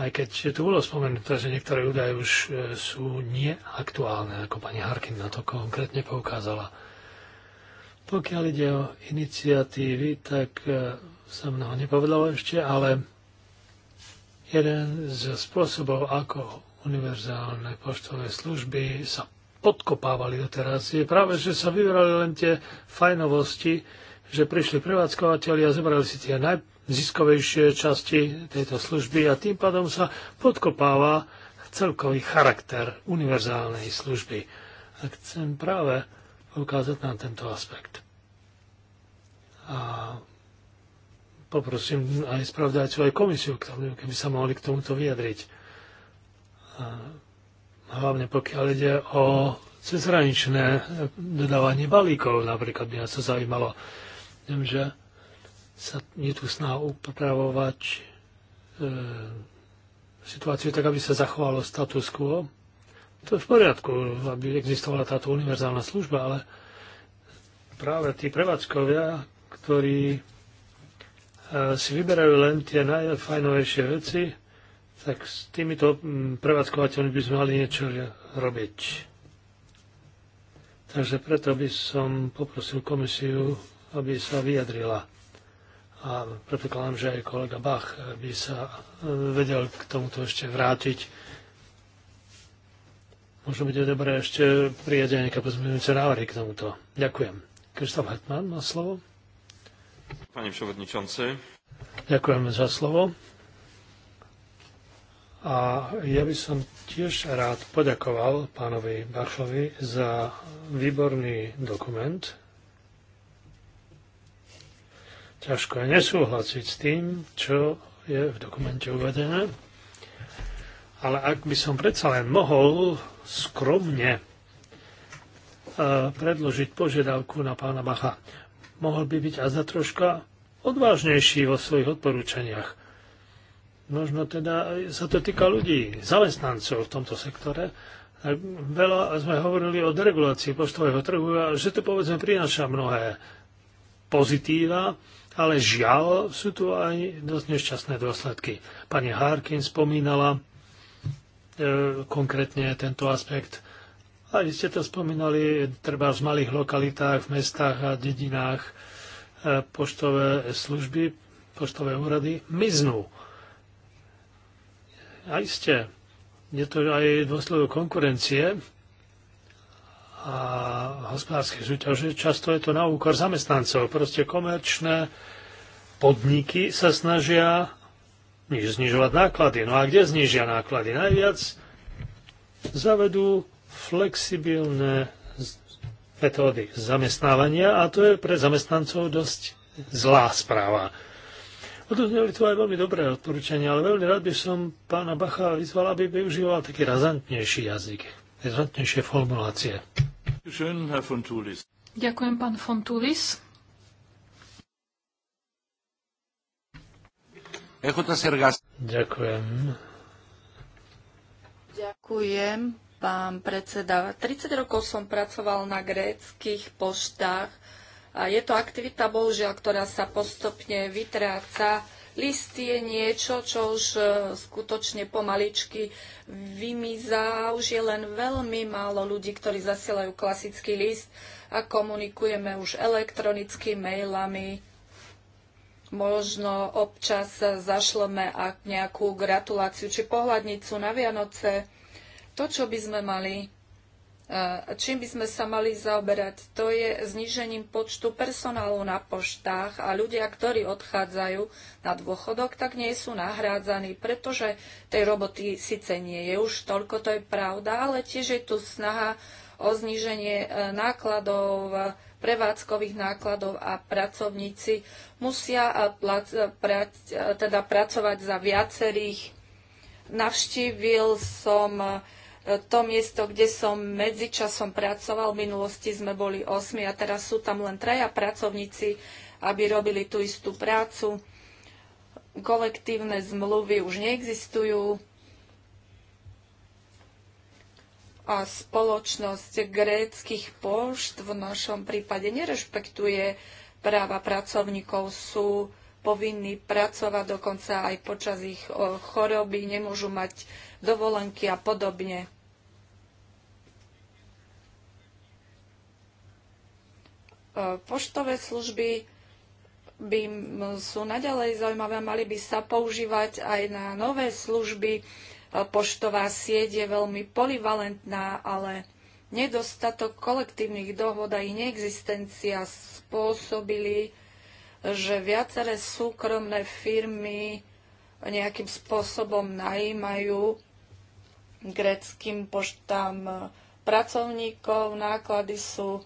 Aj keď tu bolo spomenuté, že niektoré údaje už e, sú neaktuálne, ako pani Harkin na to konkrétne poukázala. Pokiaľ ide o iniciatívy, tak e, sa mnoho nepovedalo ešte, ale jeden z spôsobov, ako univerzálne poštové služby sa podkopávali doteraz. Je práve, že sa vybrali len tie fajnovosti, že prišli prevádzkovateľi a zobrali si tie najziskovejšie časti tejto služby a tým pádom sa podkopáva celkový charakter univerzálnej služby. A chcem práve ukázať na tento aspekt. A poprosím aj spravdajcov, aj komisiu, keby sa mohli k tomuto vyjadriť. A hlavne pokiaľ ide o cezhraničné dodávanie balíkov, napríklad by nás to zaujímalo. Viem, že sa je tu snaha upravovať e, situáciu tak, aby sa zachovalo status quo. To je v poriadku, aby existovala táto univerzálna služba, ale práve tí prevádzkovia, ktorí e, si vyberajú len tie najfajnovejšie veci, tak s týmito mm, prevádzkovateľmi by sme mali niečo robiť. Takže preto by som poprosil komisiu, aby sa vyjadrila. A predpokladám, že aj kolega Bach by sa e, vedel k tomuto ešte vrátiť. Možno bude dobré ešte prijať aj nejaké pozmeňujúce návrhy k tomuto. Ďakujem. Kristof Hetman má slovo. Pani Ďakujem za slovo. A ja by som tiež rád poďakoval pánovi Bachovi za výborný dokument. Ťažko je nesúhlasiť s tým, čo je v dokumente uvedené. Ale ak by som predsa len mohol skromne e, predložiť požiadavku na pána Bacha, mohol by byť za troška odvážnejší vo svojich odporúčaniach možno teda sa to týka ľudí, zamestnancov v tomto sektore. Tak veľa sme hovorili o deregulácii poštového trhu a že to povedzme prináša mnohé pozitíva, ale žiaľ sú tu aj dosť nešťastné dôsledky. Pani Harkin spomínala e, konkrétne tento aspekt. A ste to spomínali, treba v malých lokalitách, v mestách a dedinách e, poštové služby, poštové úrady miznú. A iste, je to aj dôsledok konkurencie a hospodárske súťaže. Často je to na úkor zamestnancov. Proste komerčné podniky sa snažia znižovať náklady. No a kde znižia náklady? Najviac zavedú flexibilné metódy zamestnávania a to je pre zamestnancov dosť zlá správa. Odozneli tu aj veľmi dobré odporúčania, ale veľmi rád by som pána Bacha vyzval, aby využíval taký razantnejší jazyk, razantnejšie formulácie. Ďakujem, pán Fontulis. Ďakujem. Ďakujem, pán predseda. 30 rokov som pracoval na gréckých poštách a je to aktivita, bohužiaľ, ktorá sa postupne vytráca. List je niečo, čo už e, skutočne pomaličky vymizá. Už je len veľmi málo ľudí, ktorí zasielajú klasický list a komunikujeme už elektronicky, mailami. Možno občas zašleme nejakú gratuláciu či pohľadnicu na Vianoce. To, čo by sme mali čím by sme sa mali zaoberať, to je znížením počtu personálu na poštách a ľudia, ktorí odchádzajú na dôchodok, tak nie sú nahrádzaní, pretože tej roboty síce nie je už toľko, to je pravda, ale tiež je tu snaha o zníženie e, nákladov, e, prevádzkových nákladov a pracovníci musia e, plac, prať, teda pracovať za viacerých. Navštívil som to miesto, kde som medzičasom pracoval. V minulosti sme boli osmi a teraz sú tam len traja pracovníci, aby robili tú istú prácu. Kolektívne zmluvy už neexistujú a spoločnosť gréckých pošt v našom prípade nerešpektuje práva pracovníkov, sú povinní pracovať dokonca aj počas ich eh, choroby, nemôžu mať dovolenky a podobne. E, poštové služby by sú naďalej zaujímavé mali by sa používať aj na nové služby. E, poštová sieť je veľmi polivalentná, ale nedostatok kolektívnych dohod a ich neexistencia spôsobili, že viaceré súkromné firmy nejakým spôsobom najímajú greckým poštám pracovníkov, náklady sú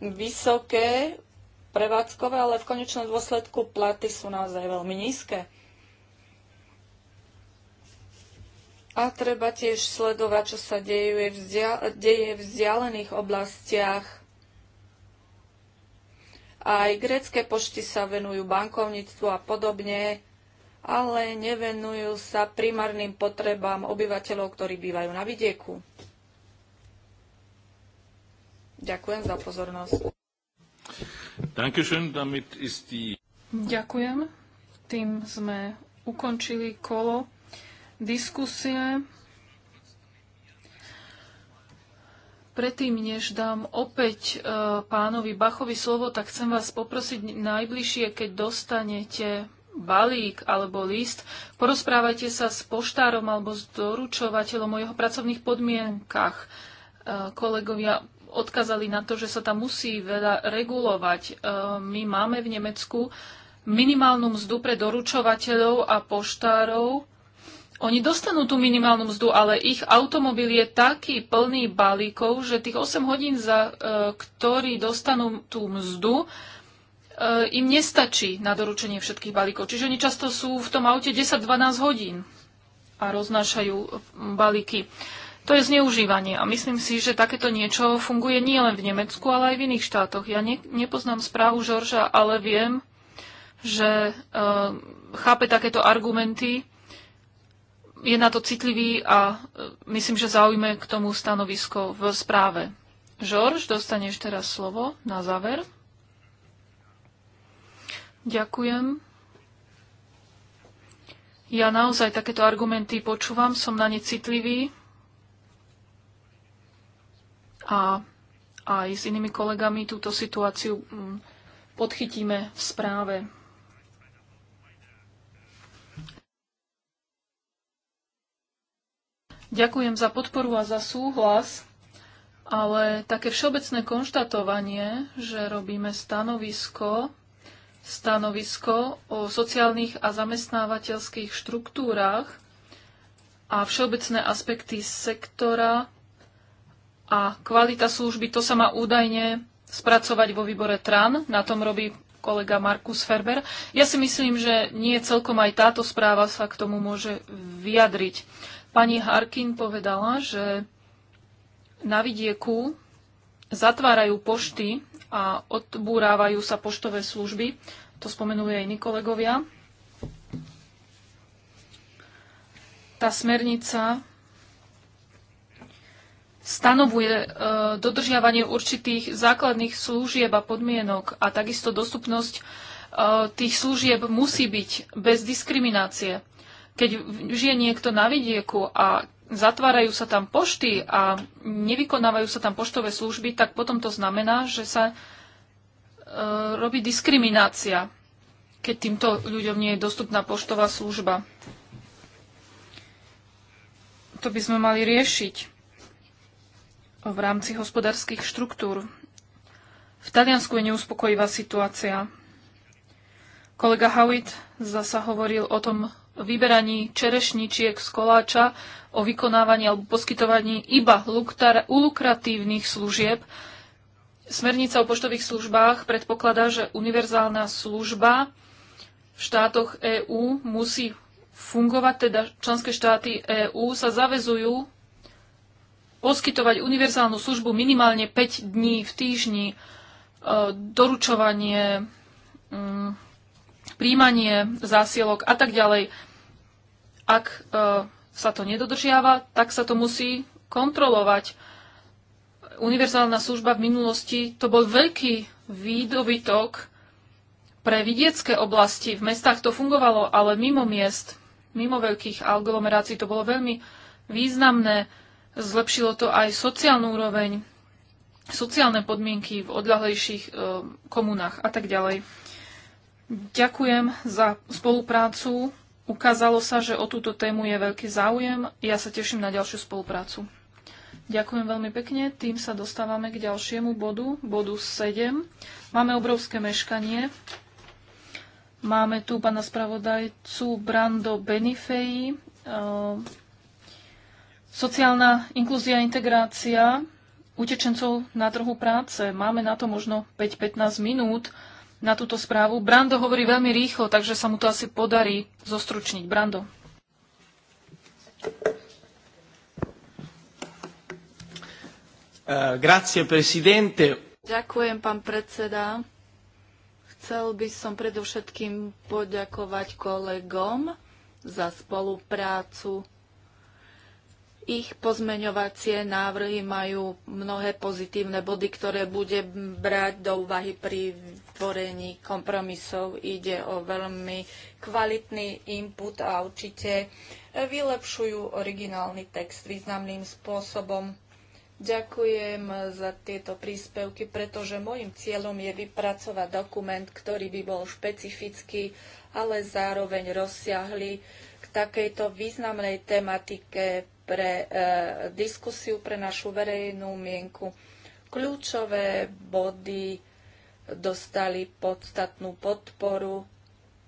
vysoké, prevádzkové, ale v konečnom dôsledku platy sú naozaj veľmi nízke. A treba tiež sledovať, čo sa deje v, vzdialených oblastiach. Aj grecké pošty sa venujú bankovníctvu a podobne ale nevenujú sa primárnym potrebám obyvateľov, ktorí bývajú na vidieku. Ďakujem za pozornosť. Ďakujem. Tým sme ukončili kolo diskusie. Predtým, než dám opäť e, pánovi Bachovi slovo, tak chcem vás poprosiť najbližšie, keď dostanete balík alebo list, porozprávajte sa s poštárom alebo s doručovateľom o jeho pracovných podmienkach. E, kolegovia odkazali na to, že sa tam musí veľa regulovať. E, my máme v Nemecku minimálnu mzdu pre doručovateľov a poštárov. Oni dostanú tú minimálnu mzdu, ale ich automobil je taký plný balíkov, že tých 8 hodín, za e, ktorý dostanú tú mzdu, E, im nestačí na doručenie všetkých balíkov. Čiže oni často sú v tom aute 10-12 hodín a roznášajú e, balíky. To je zneužívanie a myslím si, že takéto niečo funguje nielen v Nemecku, ale aj v iných štátoch. Ja ne, nepoznám správu Žorža, ale viem, že e, chápe takéto argumenty, je na to citlivý a e, myslím, že zaujme k tomu stanovisko v správe. Žorž, dostaneš teraz slovo na záver. Ďakujem. Ja naozaj takéto argumenty počúvam, som na ne citlivý. A aj s inými kolegami túto situáciu mm, podchytíme v správe. Ďakujem za podporu a za súhlas, ale také všeobecné konštatovanie, že robíme stanovisko stanovisko o sociálnych a zamestnávateľských štruktúrách a všeobecné aspekty sektora a kvalita služby. To sa má údajne spracovať vo výbore TRAN. Na tom robí kolega Markus Ferber. Ja si myslím, že nie celkom aj táto správa sa k tomu môže vyjadriť. Pani Harkin povedala, že na vidieku zatvárajú pošty a odbúrávajú sa poštové služby. To spomenuli aj iní kolegovia. Tá smernica stanovuje e, dodržiavanie určitých základných služieb a podmienok a takisto dostupnosť e, tých služieb musí byť bez diskriminácie. Keď žije niekto na vidieku a zatvárajú sa tam pošty a nevykonávajú sa tam poštové služby, tak potom to znamená, že sa e, robí diskriminácia, keď týmto ľuďom nie je dostupná poštová služba. To by sme mali riešiť v rámci hospodárskych štruktúr. V Taliansku je neuspokojivá situácia. Kolega Howitt zasa hovoril o tom, vyberaní čerešničiek z koláča, o vykonávaní alebo poskytovaní iba lukratívnych služieb. Smernica o poštových službách predpokladá, že univerzálna služba v štátoch EÚ musí fungovať, teda členské štáty EÚ sa zavezujú poskytovať univerzálnu službu minimálne 5 dní v týždni, e, doručovanie, mm, príjmanie zásielok a tak ďalej. Ak e, sa to nedodržiava, tak sa to musí kontrolovať. Univerzálna služba v minulosti to bol veľký výdobytok pre vidiecké oblasti. V mestách to fungovalo, ale mimo miest, mimo veľkých aglomerácií to bolo veľmi významné. Zlepšilo to aj sociálnu úroveň, sociálne podmienky v odľahlejších e, komunách a tak ďalej. Ďakujem za spoluprácu Ukázalo sa, že o túto tému je veľký záujem. Ja sa teším na ďalšiu spoluprácu. Ďakujem veľmi pekne. Tým sa dostávame k ďalšiemu bodu, bodu 7. Máme obrovské meškanie. Máme tu pána spravodajcu Brando Benifei. Ehm, sociálna inklúzia a integrácia utečencov na trhu práce. Máme na to možno 5-15 minút na túto správu. Brando hovorí veľmi rýchlo, takže sa mu to asi podarí zostručniť. Brando. Eh, grazie, presidente. Ďakujem, pán predseda. Chcel by som predovšetkým poďakovať kolegom za spoluprácu. Ich pozmeňovacie návrhy majú mnohé pozitívne body, ktoré bude brať do úvahy pri vytvorení kompromisov. Ide o veľmi kvalitný input a určite vylepšujú originálny text významným spôsobom. Ďakujem za tieto príspevky, pretože môjim cieľom je vypracovať dokument, ktorý by bol špecifický, ale zároveň rozsiahli k takejto významnej tematike pre e, diskusiu, pre našu verejnú mienku. Kľúčové body dostali podstatnú podporu.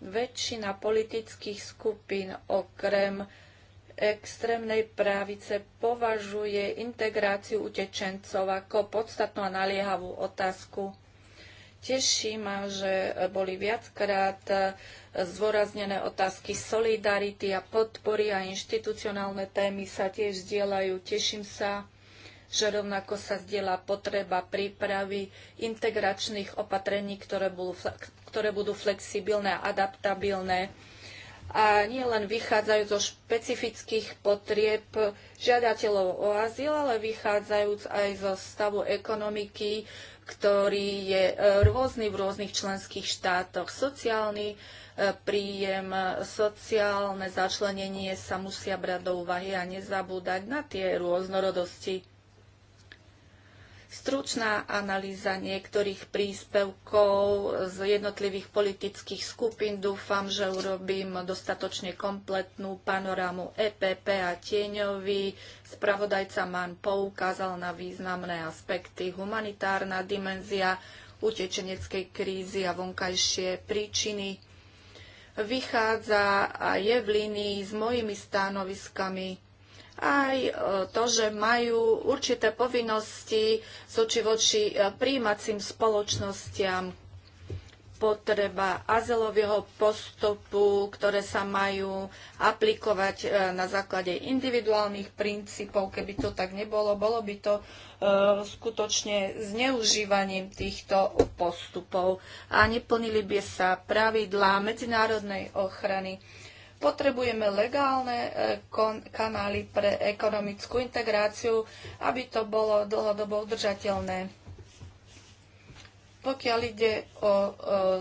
Väčšina politických skupín okrem extrémnej právice považuje integráciu utečencov ako podstatnú a naliehavú otázku. Teší ma, že boli viackrát zvoraznené otázky solidarity a podpory a inštitucionálne témy sa tiež zdieľajú. Teším sa, že rovnako sa zdieľa potreba prípravy integračných opatrení, ktoré budú, ktoré budú flexibilné a adaptabilné a nielen vychádzajú zo špecifických potrieb žiadateľov o azyl, ale vychádzajúc aj zo stavu ekonomiky, ktorý je e, rôzny v rôznych členských štátoch. Sociálny e, príjem, sociálne začlenenie sa musia brať do úvahy a nezabúdať na tie rôznorodosti stručná analýza niektorých príspevkov z jednotlivých politických skupín. Dúfam, že urobím dostatočne kompletnú panorámu EPP a tieňový. Spravodajca Mann poukázal na významné aspekty humanitárna dimenzia utečeneckej krízy a vonkajšie príčiny. Vychádza a je v línii s mojimi stanoviskami aj e, to, že majú určité povinnosti súči voči e, príjímacím spoločnostiam, potreba azylového postupu, ktoré sa majú aplikovať e, na základe individuálnych princípov. Keby to tak nebolo, bolo by to skutočne zneužívaním týchto postupov a neplnili by sa pravidlá medzinárodnej ochrany Potrebujeme legálne e, kanály pre ekonomickú integráciu, aby to bolo dlhodobo udržateľné. Pokiaľ ide o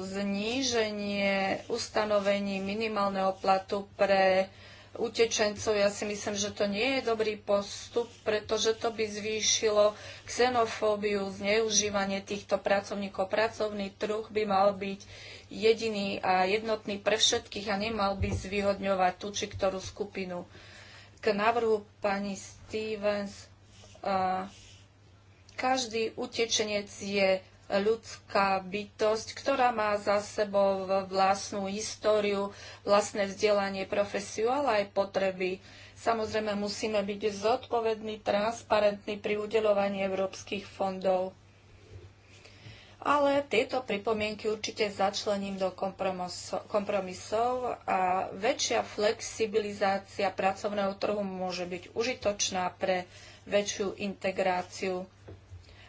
zníženie ustanovení minimálneho platu pre utečencov, ja si myslím, že to nie je dobrý postup, pretože to by zvýšilo xenofóbiu, zneužívanie týchto pracovníkov. Pracovný trh by mal byť jediný a jednotný pre všetkých a nemal by zvýhodňovať tú či ktorú skupinu. K návrhu pani Stevens, každý utečenec je ľudská bytosť, ktorá má za sebou vlastnú históriu, vlastné vzdelanie, profesiu, ale aj potreby. Samozrejme, musíme byť zodpovední, transparentní pri udelovaní európskych fondov ale tieto pripomienky určite začlením do kompromisov a väčšia flexibilizácia pracovného trhu môže byť užitočná pre väčšiu integráciu,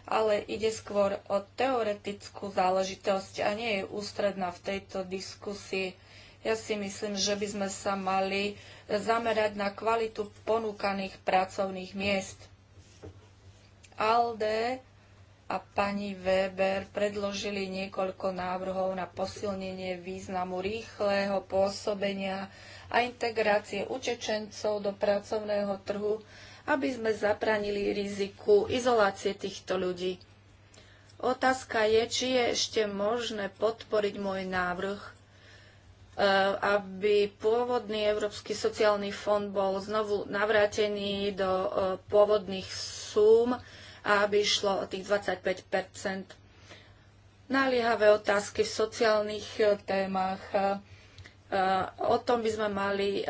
ale ide skôr o teoretickú záležitosť a nie je ústredná v tejto diskusii. Ja si myslím, že by sme sa mali zamerať na kvalitu ponúkaných pracovných miest. ALDE a pani Weber predložili niekoľko návrhov na posilnenie významu rýchleho pôsobenia a integrácie utečencov do pracovného trhu, aby sme zapranili riziku izolácie týchto ľudí. Otázka je, či je ešte možné podporiť môj návrh, eh, aby pôvodný Európsky sociálny fond bol znovu navrátený do eh, pôvodných súm, a aby išlo o tých 25 Naliehavé otázky v sociálnych eh, témach. Eh, eh, o tom by sme mali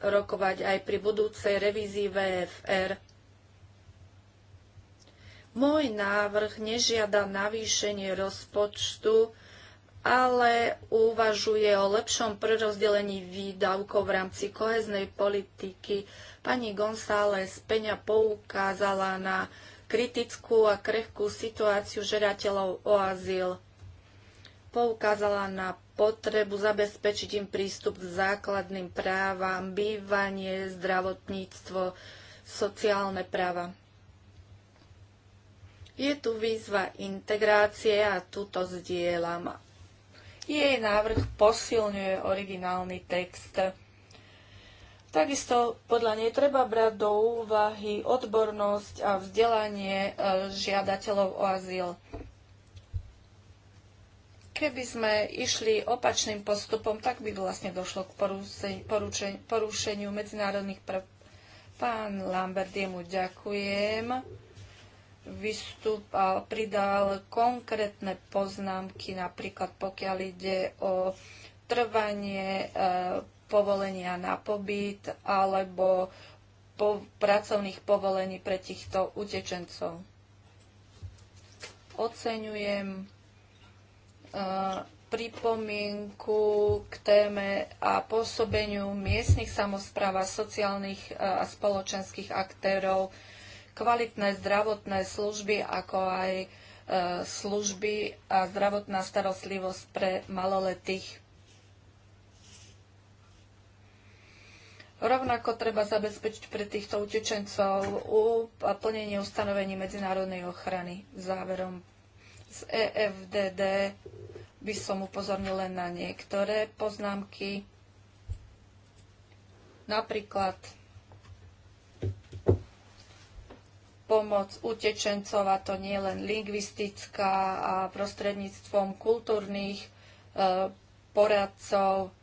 rokovať aj pri budúcej revízii VFR. Môj návrh nežiada navýšenie rozpočtu, ale uvažuje o lepšom prerozdelení výdavkov v rámci koheznej politiky. Pani González Peňa poukázala na kritickú a krehkú situáciu žiadateľov o azyl. Poukázala na potrebu zabezpečiť im prístup k základným právam, bývanie, zdravotníctvo, sociálne práva. Je tu výzva integrácie a túto zdieľam. Jej návrh posilňuje originálny text. Takisto podľa nej treba brať do úvahy odbornosť a vzdelanie e, žiadateľov o azyl. Keby sme išli opačným postupom, tak by vlastne došlo k porušeniu, medzinárodných práv. Pán Lambert, jemu ďakujem. Vystup a pridal konkrétne poznámky, napríklad pokiaľ ide o trvanie e, povolenia na pobyt alebo po pracovných povolení pre týchto utečencov. Oceňujem e, pripomienku k téme a pôsobeniu miestnych samozpráv a sociálnych e, a spoločenských aktérov, kvalitné zdravotné služby, ako aj e, služby a zdravotná starostlivosť pre maloletých. Rovnako treba zabezpečiť pre týchto utečencov a plnenie ustanovení medzinárodnej ochrany. Záverom z EFDD by som upozornil len na niektoré poznámky. Napríklad pomoc utečencov, a to nie len lingvistická, a prostredníctvom kultúrnych e, poradcov,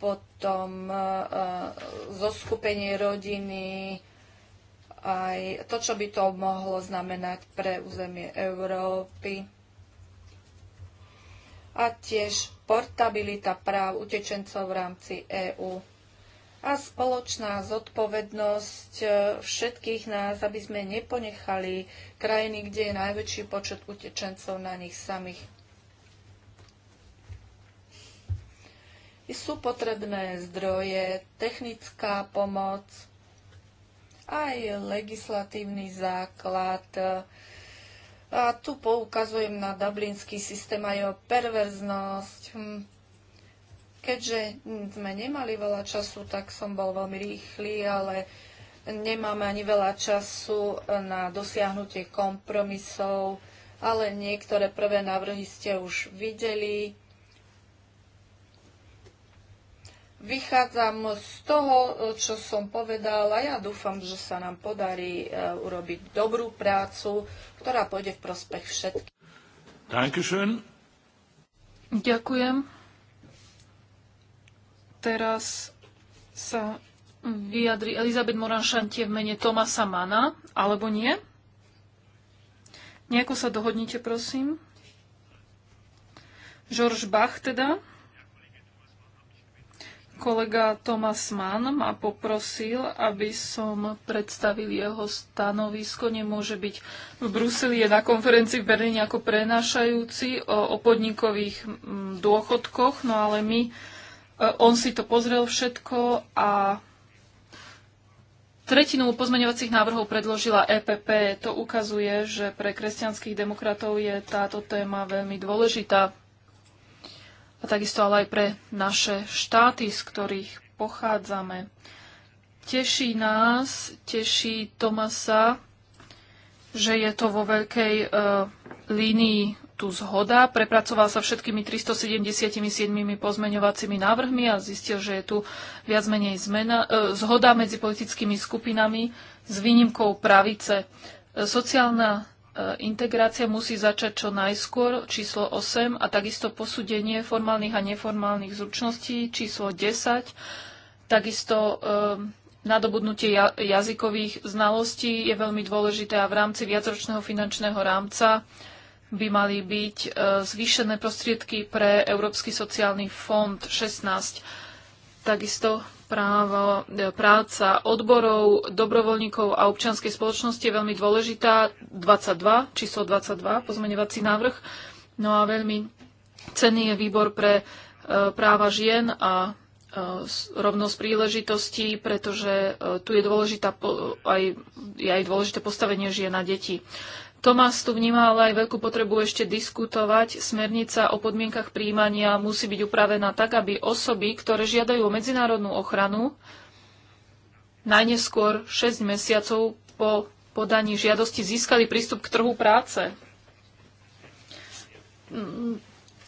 potom e, e, zoskupenie rodiny, aj to, čo by to mohlo znamenať pre územie Európy. A tiež portabilita práv utečencov v rámci EÚ a spoločná zodpovednosť e, všetkých nás, aby sme neponechali krajiny, kde je najväčší počet utečencov na nich samých. sú potrebné zdroje, technická pomoc, aj legislatívny základ. A tu poukazujem na dublinský systém a jeho perverznosť. Hm. Keďže sme nemali veľa času, tak som bol veľmi rýchly, ale nemáme ani veľa času na dosiahnutie kompromisov, ale niektoré prvé návrhy ste už videli Vychádzam z toho, čo som povedala. Ja dúfam, že sa nám podarí e, urobiť dobrú prácu, ktorá pôjde v prospech všetkých. Dankeschön. Ďakujem. Teraz sa vyjadri Elizabeth Moranšantie v mene Tomasa Mana, alebo nie? Nejako sa dohodnite, prosím. George Bach teda. Kolega Thomas Mann ma poprosil, aby som predstavil jeho stanovisko. Nemôže byť v Bruseli, je na konferencii v Berlíne ako prenášajúci o, o podnikových mm, dôchodkoch, no ale my, e, on si to pozrel všetko a tretinu pozmeňovacích návrhov predložila EPP. To ukazuje, že pre kresťanských demokratov je táto téma veľmi dôležitá a takisto ale aj pre naše štáty, z ktorých pochádzame. Teší nás, teší Tomasa, že je to vo veľkej e, línii tu zhoda. Prepracoval sa všetkými 377 pozmeňovacími návrhmi a zistil, že je tu viac menej zmena, e, zhoda medzi politickými skupinami s výnimkou pravice. E, sociálna E, integrácia musí začať čo najskôr, číslo 8, a takisto posúdenie formálnych a neformálnych zručností, číslo 10, takisto e, nadobudnutie jazykových znalostí je veľmi dôležité a v rámci viacročného finančného rámca by mali byť e, zvýšené prostriedky pre Európsky sociálny fond 16. Takisto práva, e, práca odborov, dobrovoľníkov a občianskej spoločnosti je veľmi dôležitá. 22, číslo 22, pozmeňovací návrh. No a veľmi cenný je výbor pre e, práva žien a e, rovnosť príležitostí, pretože tu je dôležitá aj, je aj dôležité postavenie žien a detí. Tomás tu vnímal aj veľkú potrebu ešte diskutovať. Smernica o podmienkach príjmania musí byť upravená tak, aby osoby, ktoré žiadajú o medzinárodnú ochranu, najneskôr 6 mesiacov po podaní žiadosti získali prístup k trhu práce.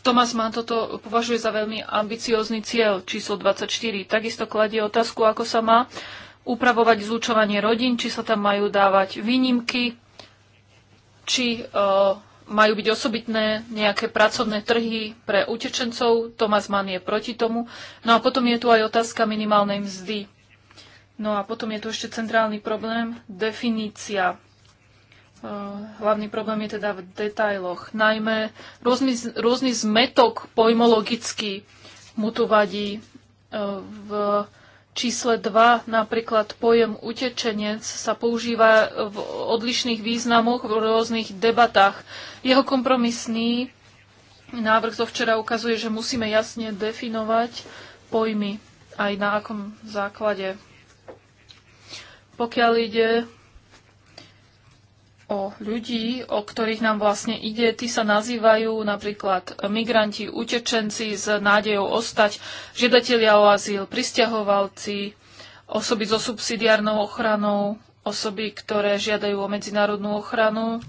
Tomás má toto považuje za veľmi ambiciózny cieľ číslo 24. Takisto kladie otázku, ako sa má upravovať zúčovanie rodín, či sa tam majú dávať výnimky, či e, majú byť osobitné nejaké pracovné trhy pre utečencov. Tomás Mann je proti tomu. No a potom je tu aj otázka minimálnej mzdy. No a potom je tu ešte centrálny problém, definícia. E, hlavný problém je teda v detailoch. Najmä rôzny, rôzny zmetok pojmologický mu tu vadí e, v čísle 2 napríklad pojem utečenec sa používa v odlišných významoch v rôznych debatách. Jeho kompromisný návrh zo včera ukazuje, že musíme jasne definovať pojmy aj na akom základe. Pokiaľ ide o ľudí, o ktorých nám vlastne ide. Tí sa nazývajú napríklad migranti, utečenci s nádejou ostať, žiadatelia o azyl, pristahovalci, osoby so subsidiárnou ochranou, osoby, ktoré žiadajú o medzinárodnú ochranu,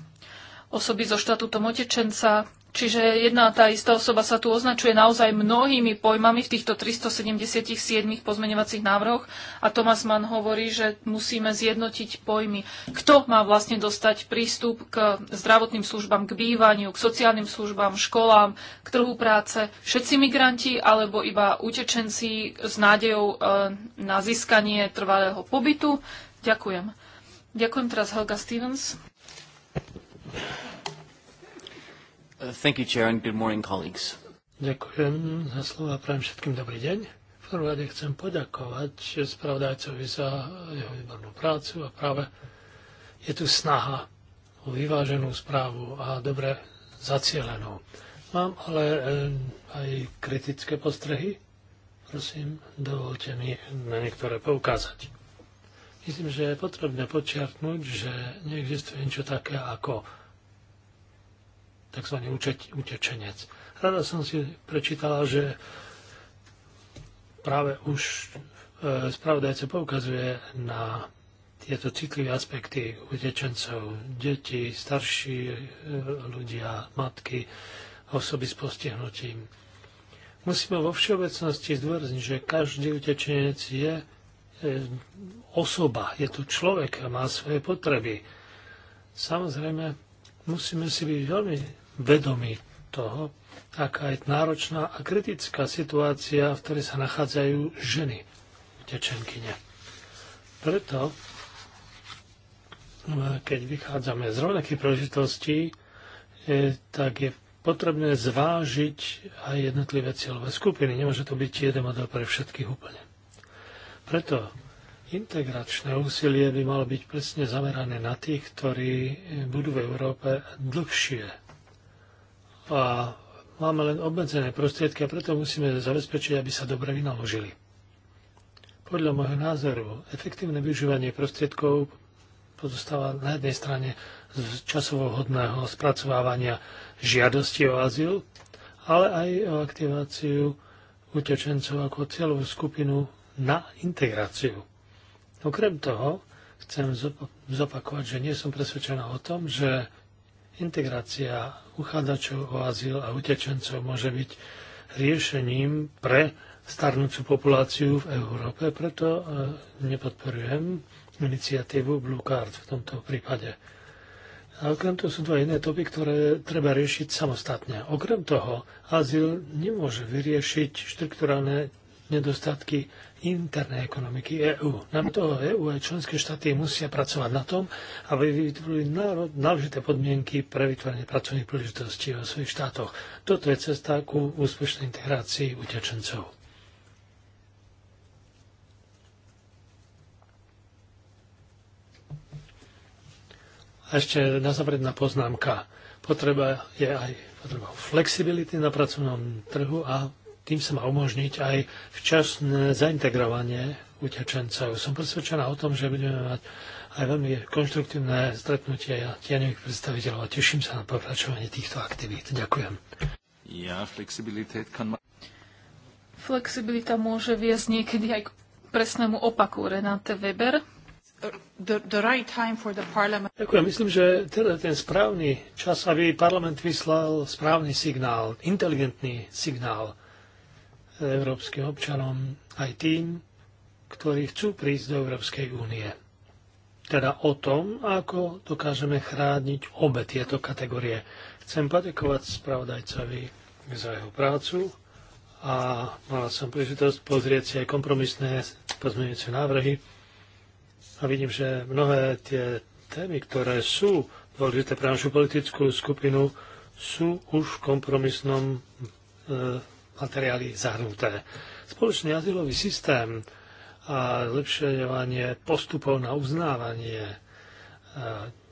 osoby so štatútom otečenca, Čiže jedna tá istá osoba sa tu označuje naozaj mnohými pojmami v týchto 377 pozmeňovacích návrhoch a Thomas Mann hovorí, že musíme zjednotiť pojmy. Kto má vlastne dostať prístup k zdravotným službám, k bývaniu, k sociálnym službám, školám, k trhu práce? Všetci migranti alebo iba utečenci s nádejou e, na získanie trvalého pobytu? Ďakujem. Ďakujem teraz Helga Stevens. Uh, thank you, Chair, and good morning, colleagues. Ďakujem za slova, prajem všetkým dobrý deň. V prvom rade chcem poďakovať spravodajcovi za jeho výbornú prácu a práve je tu snaha o vyváženú správu a dobre zacielenú. Mám ale eh, aj kritické postrehy. Prosím, dovolte mi na niektoré poukázať. Myslím, že je potrebné počiarknúť, že neexistuje niečo také ako tzv. utečenec. Rada som si prečítala, že práve už e, spravodajce poukazuje na tieto citlivé aspekty utečencov, deti, starší e, ľudia, matky, osoby s postihnutím. Musíme vo všeobecnosti zdôrazniť, že každý utečenec je e, osoba, je to človek a má svoje potreby. Samozrejme, musíme si byť veľmi Vedomí toho, aká je náročná a kritická situácia, v ktorej sa nachádzajú ženy v utečenkyne. Preto, e, keď vychádzame z rovnakých príležitostí, e, tak je potrebné zvážiť aj jednotlivé cieľové skupiny. Nemôže to byť jeden model pre všetkých úplne. Preto integračné úsilie by malo byť presne zamerané na tých, ktorí e, budú v Európe dlhšie a máme len obmedzené prostriedky a preto musíme zabezpečiť, aby sa dobre vynaložili. Podľa môjho názoru, efektívne využívanie prostriedkov pozostáva na jednej strane z časovohodného spracovávania žiadosti o azyl, ale aj o aktiváciu utečencov ako cieľovú skupinu na integráciu. Okrem toho, chcem zopakovať, že nie som presvedčená o tom, že Integrácia uchádzačov o azyl a utečencov môže byť riešením pre starnúcu populáciu v Európe, preto e, nepodporujem iniciatívu Blue Card v tomto prípade. A okrem toho sú dva iné topy, ktoré treba riešiť samostatne. Okrem toho, azyl nemôže vyriešiť štrukturálne nedostatky internej ekonomiky EÚ. Nám toho EÚ aj členské štáty musia pracovať na tom, aby vytvorili náležité podmienky pre vytvorenie pracovných príležitostí vo svojich štátoch. Toto je cesta ku úspešnej integrácii utečencov. A ešte nazapredná poznámka. Potreba je aj potreba flexibility na pracovnom trhu a tým sa má umožniť aj včasné zaintegrovanie utečencov. Som presvedčená o tom, že budeme mať aj veľmi konštruktívne stretnutie tieňových predstaviteľov a teším sa na pokračovanie týchto aktivít. Ďakujem. Ja, kan... Flexibilita môže viesť niekedy aj k presnému opaku. Renate Weber. The, the right time for the parliament. Ďakujem. Myslím, že teda ten správny čas, aby parlament vyslal správny signál, inteligentný signál európskym občanom, aj tým, ktorí chcú prísť do Európskej únie. Teda o tom, ako dokážeme chrániť obe tieto kategórie. Chcem poďakovať spravodajcovi za jeho prácu a mala som príležitosť pozrieť si aj kompromisné pozmeňujúce návrhy a vidím, že mnohé tie témy, ktoré sú dôležité pre našu politickú skupinu, sú už v kompromisnom e, materiály zahrnuté. Spoločný azylový systém a zlepšovanie postupov na uznávanie e,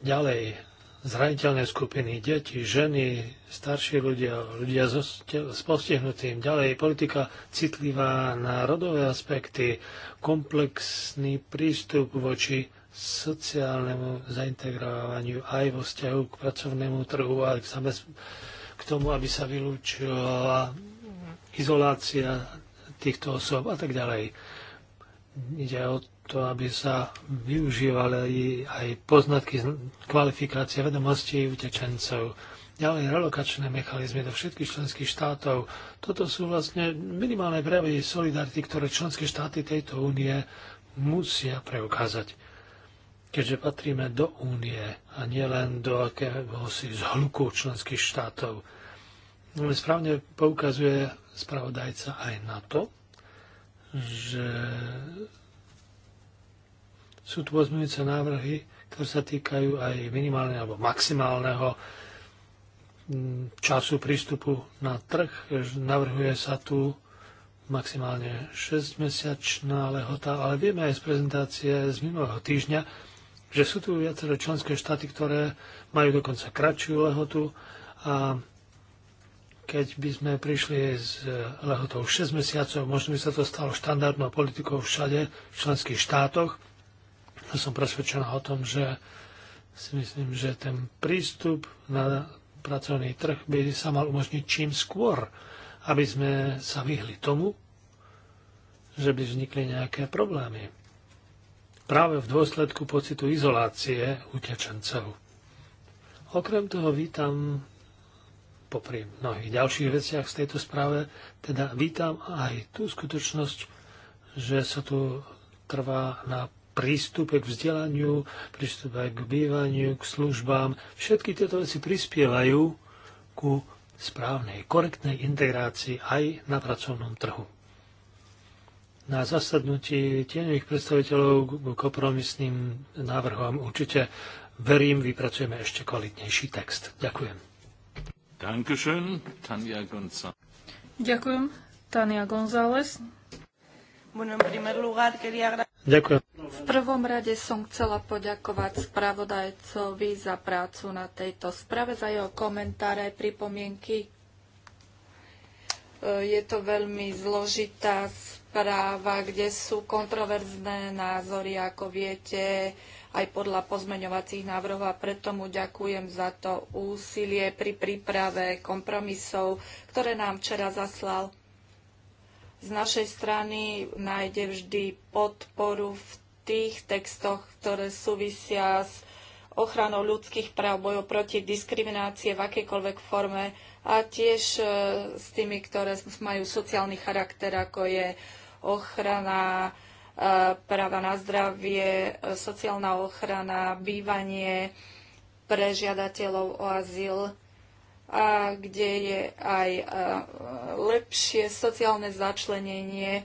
ďalej zraniteľné skupiny, deti, ženy, starší ľudia, ľudia s postihnutým, ďalej politika citlivá na rodové aspekty, komplexný prístup voči sociálnemu zaintegrovaniu aj vo vzťahu k pracovnému trhu a k, k tomu, aby sa vylúčila izolácia týchto osob a tak ďalej. Ide o to, aby sa využívali aj poznatky, kvalifikácie, vedomosti utečencov, ďalej relokačné mechanizmy do všetkých členských štátov. Toto sú vlastne minimálne prejavy solidarity, ktoré členské štáty tejto únie musia preukázať. Keďže patríme do únie a nielen do akéhosi zhluku členských štátov, ale správne poukazuje spravodajca aj na to, že sú tu pozmeňujúce návrhy, ktoré sa týkajú aj minimálneho alebo maximálneho mm, času prístupu na trh. Navrhuje sa tu maximálne 6 mesiačná lehota, ale vieme aj z prezentácie z minulého týždňa, že sú tu viaceré členské štáty, ktoré majú dokonca kratšiu lehotu a keď by sme prišli s lehotou 6 mesiacov, možno by sa to stalo štandardnou politikou všade v členských štátoch. Ja som presvedčená o tom, že si myslím, že ten prístup na pracovný trh by sa mal umožniť čím skôr, aby sme sa vyhli tomu, že by vznikli nejaké problémy. Práve v dôsledku pocitu izolácie utečencov. Okrem toho vítam popri mnohých ďalších veciach z tejto správe. Teda vítam aj tú skutočnosť, že sa tu trvá na prístupe k vzdelaniu, prístupe k bývaniu, k službám. Všetky tieto veci prispievajú ku správnej, korektnej integrácii aj na pracovnom trhu. Na zasadnutí tieňových predstaviteľov k kompromisným návrhom určite verím, vypracujeme ešte kvalitnejší text. Ďakujem. Dankeschön, Tania González. Ďakujem, Tania González. Ďakujem. V prvom rade som chcela poďakovať spravodajcovi za prácu na tejto sprave, za jeho komentáre a pripomienky. E, je to veľmi zložitá správa, kde sú kontroverzné názory, ako viete aj podľa pozmeňovacích návrhov a preto mu ďakujem za to úsilie pri príprave kompromisov, ktoré nám včera zaslal. Z našej strany nájde vždy podporu v tých textoch, ktoré súvisia s ochranou ľudských práv, bojov proti diskriminácie v akejkoľvek forme a tiež e, s tými, ktoré majú sociálny charakter, ako je ochrana práva na zdravie, sociálna ochrana, bývanie pre žiadateľov o azyl, a kde je aj e, lepšie sociálne začlenenie,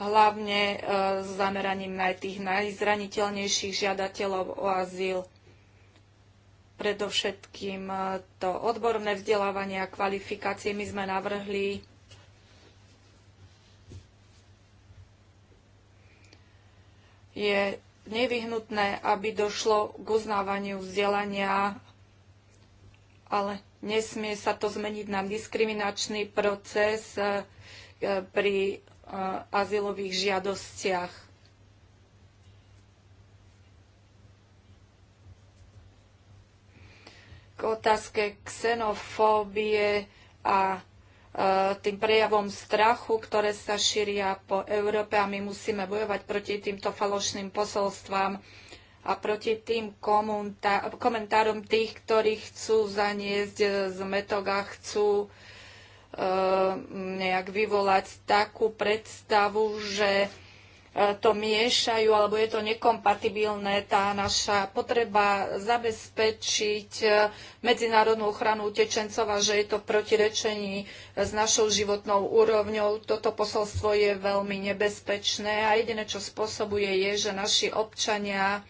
hlavne e, s zameraním na tých najzraniteľnejších žiadateľov o azyl predovšetkým e, to odborné vzdelávanie a kvalifikácie. My sme navrhli je nevyhnutné, aby došlo k uznávaniu vzdelania, ale nesmie sa to zmeniť na diskriminačný proces e, pri e, azylových žiadostiach. K otázke xenofóbie a E, tým prejavom strachu, ktoré sa šíria po Európe a my musíme bojovať proti týmto falošným posolstvám a proti tým komentárom tých, ktorí chcú zaniesť e, zmetok a chcú e, nejak vyvolať takú predstavu, že E, to miešajú, alebo je to nekompatibilné, tá naša potreba zabezpečiť e, medzinárodnú ochranu utečencov a že je to v protirečení s našou životnou úrovňou. Toto posolstvo je veľmi nebezpečné a jediné, čo spôsobuje, je, že naši občania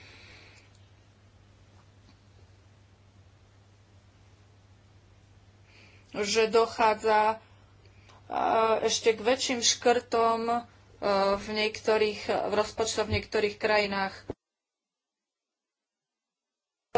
že dochádza e, ešte k väčším škrtom v niektorých, v rozpočtoch v niektorých krajinách.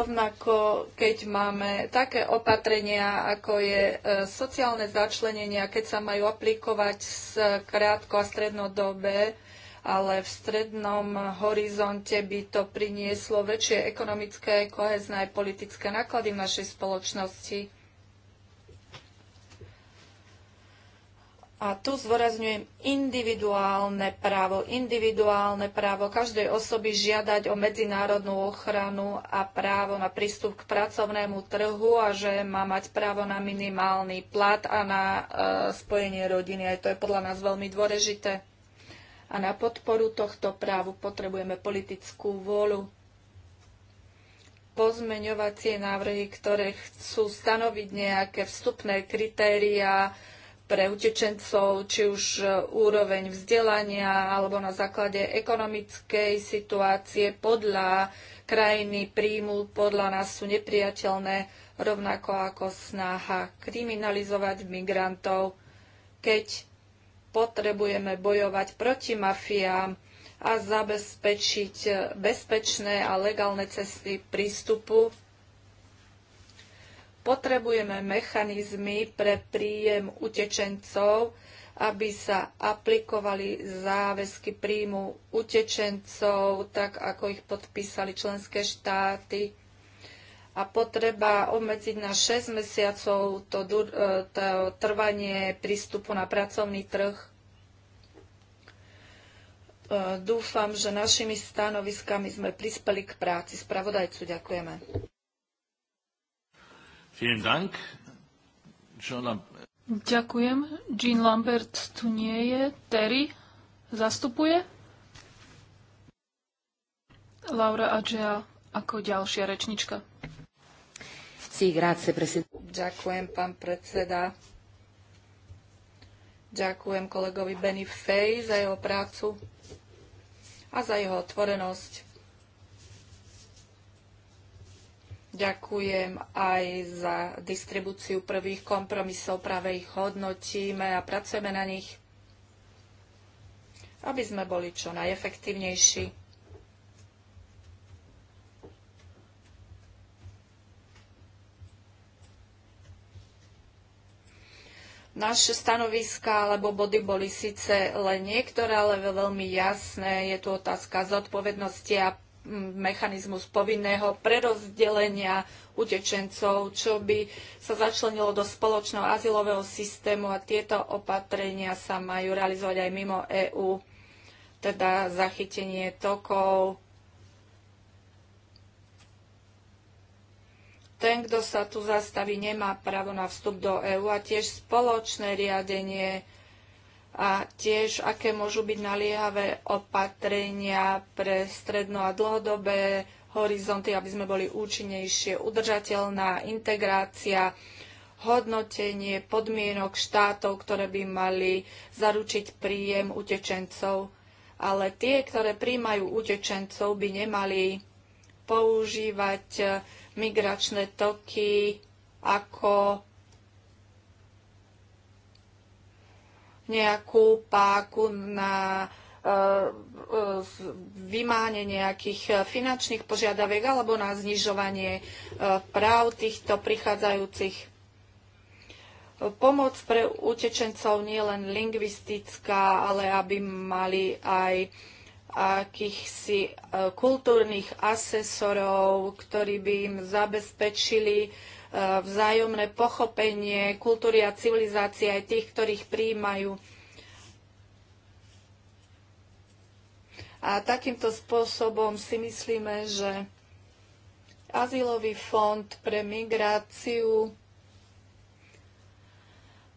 Rovnako, keď máme také opatrenia, ako je e, sociálne začlenenia, keď sa majú aplikovať z krátko a strednodobé, ale v strednom horizonte by to prinieslo väčšie ekonomické, kohezné aj politické náklady v našej spoločnosti. A tu zvorazňujem individuálne právo, individuálne právo každej osoby žiadať o medzinárodnú ochranu a právo na prístup k pracovnému trhu a že má mať právo na minimálny plat a na e, spojenie rodiny. Aj to je podľa nás veľmi dôležité. A na podporu tohto právu potrebujeme politickú vôľu pozmeňovacie návrhy, ktoré chcú stanoviť nejaké vstupné kritériá, pre utečencov, či už e, úroveň vzdelania alebo na základe ekonomickej situácie podľa krajiny príjmu, podľa nás sú nepriateľné, rovnako ako snaha kriminalizovať migrantov, keď potrebujeme bojovať proti mafiám a zabezpečiť e, bezpečné a legálne cesty prístupu potrebujeme mechanizmy pre príjem utečencov, aby sa aplikovali záväzky príjmu utečencov, tak ako ich podpísali členské štáty. A potreba obmedziť na 6 mesiacov to, e, to trvanie prístupu na pracovný trh. E, dúfam, že našimi stanoviskami sme prispeli k práci spravodajcu. Ďakujeme. Vielen Dank. Jean Ďakujem. Jean Lambert tu nie je. Terry zastupuje. Laura Adžea ako ďalšia rečnička. Ďakujem, pán predseda. Ďakujem kolegovi Benny Fej za jeho prácu a za jeho otvorenosť. Ďakujem aj za distribúciu prvých kompromisov, práve ich hodnotíme a pracujeme na nich, aby sme boli čo najefektívnejší. Naše stanoviska alebo body boli síce len niektoré, ale veľmi jasné. Je tu otázka zodpovednosti a mechanizmus povinného prerozdelenia utečencov, čo by sa začlenilo do spoločného azylového systému a tieto opatrenia sa majú realizovať aj mimo EÚ, teda zachytenie tokov. Ten, kto sa tu zastaví, nemá právo na vstup do EÚ a tiež spoločné riadenie a tiež aké môžu byť naliehavé opatrenia pre stredno a dlhodobé horizonty, aby sme boli účinnejšie, udržateľná integrácia, hodnotenie podmienok štátov, ktoré by mali zaručiť príjem utečencov. Ale tie, ktoré príjmajú utečencov, by nemali používať migračné toky ako nejakú páku na e, e, vymáne nejakých e, finančných požiadaviek alebo na znižovanie práv týchto prichádzajúcich. Pomoc pre utečencov nie len lingvistická, ale aby mali aj akýchsi kultúrnych asesorov, ktorí by im zabezpečili E, vzájomné pochopenie kultúry a civilizácie aj tých, ktorých príjmajú. A takýmto spôsobom si myslíme, že azylový fond pre migráciu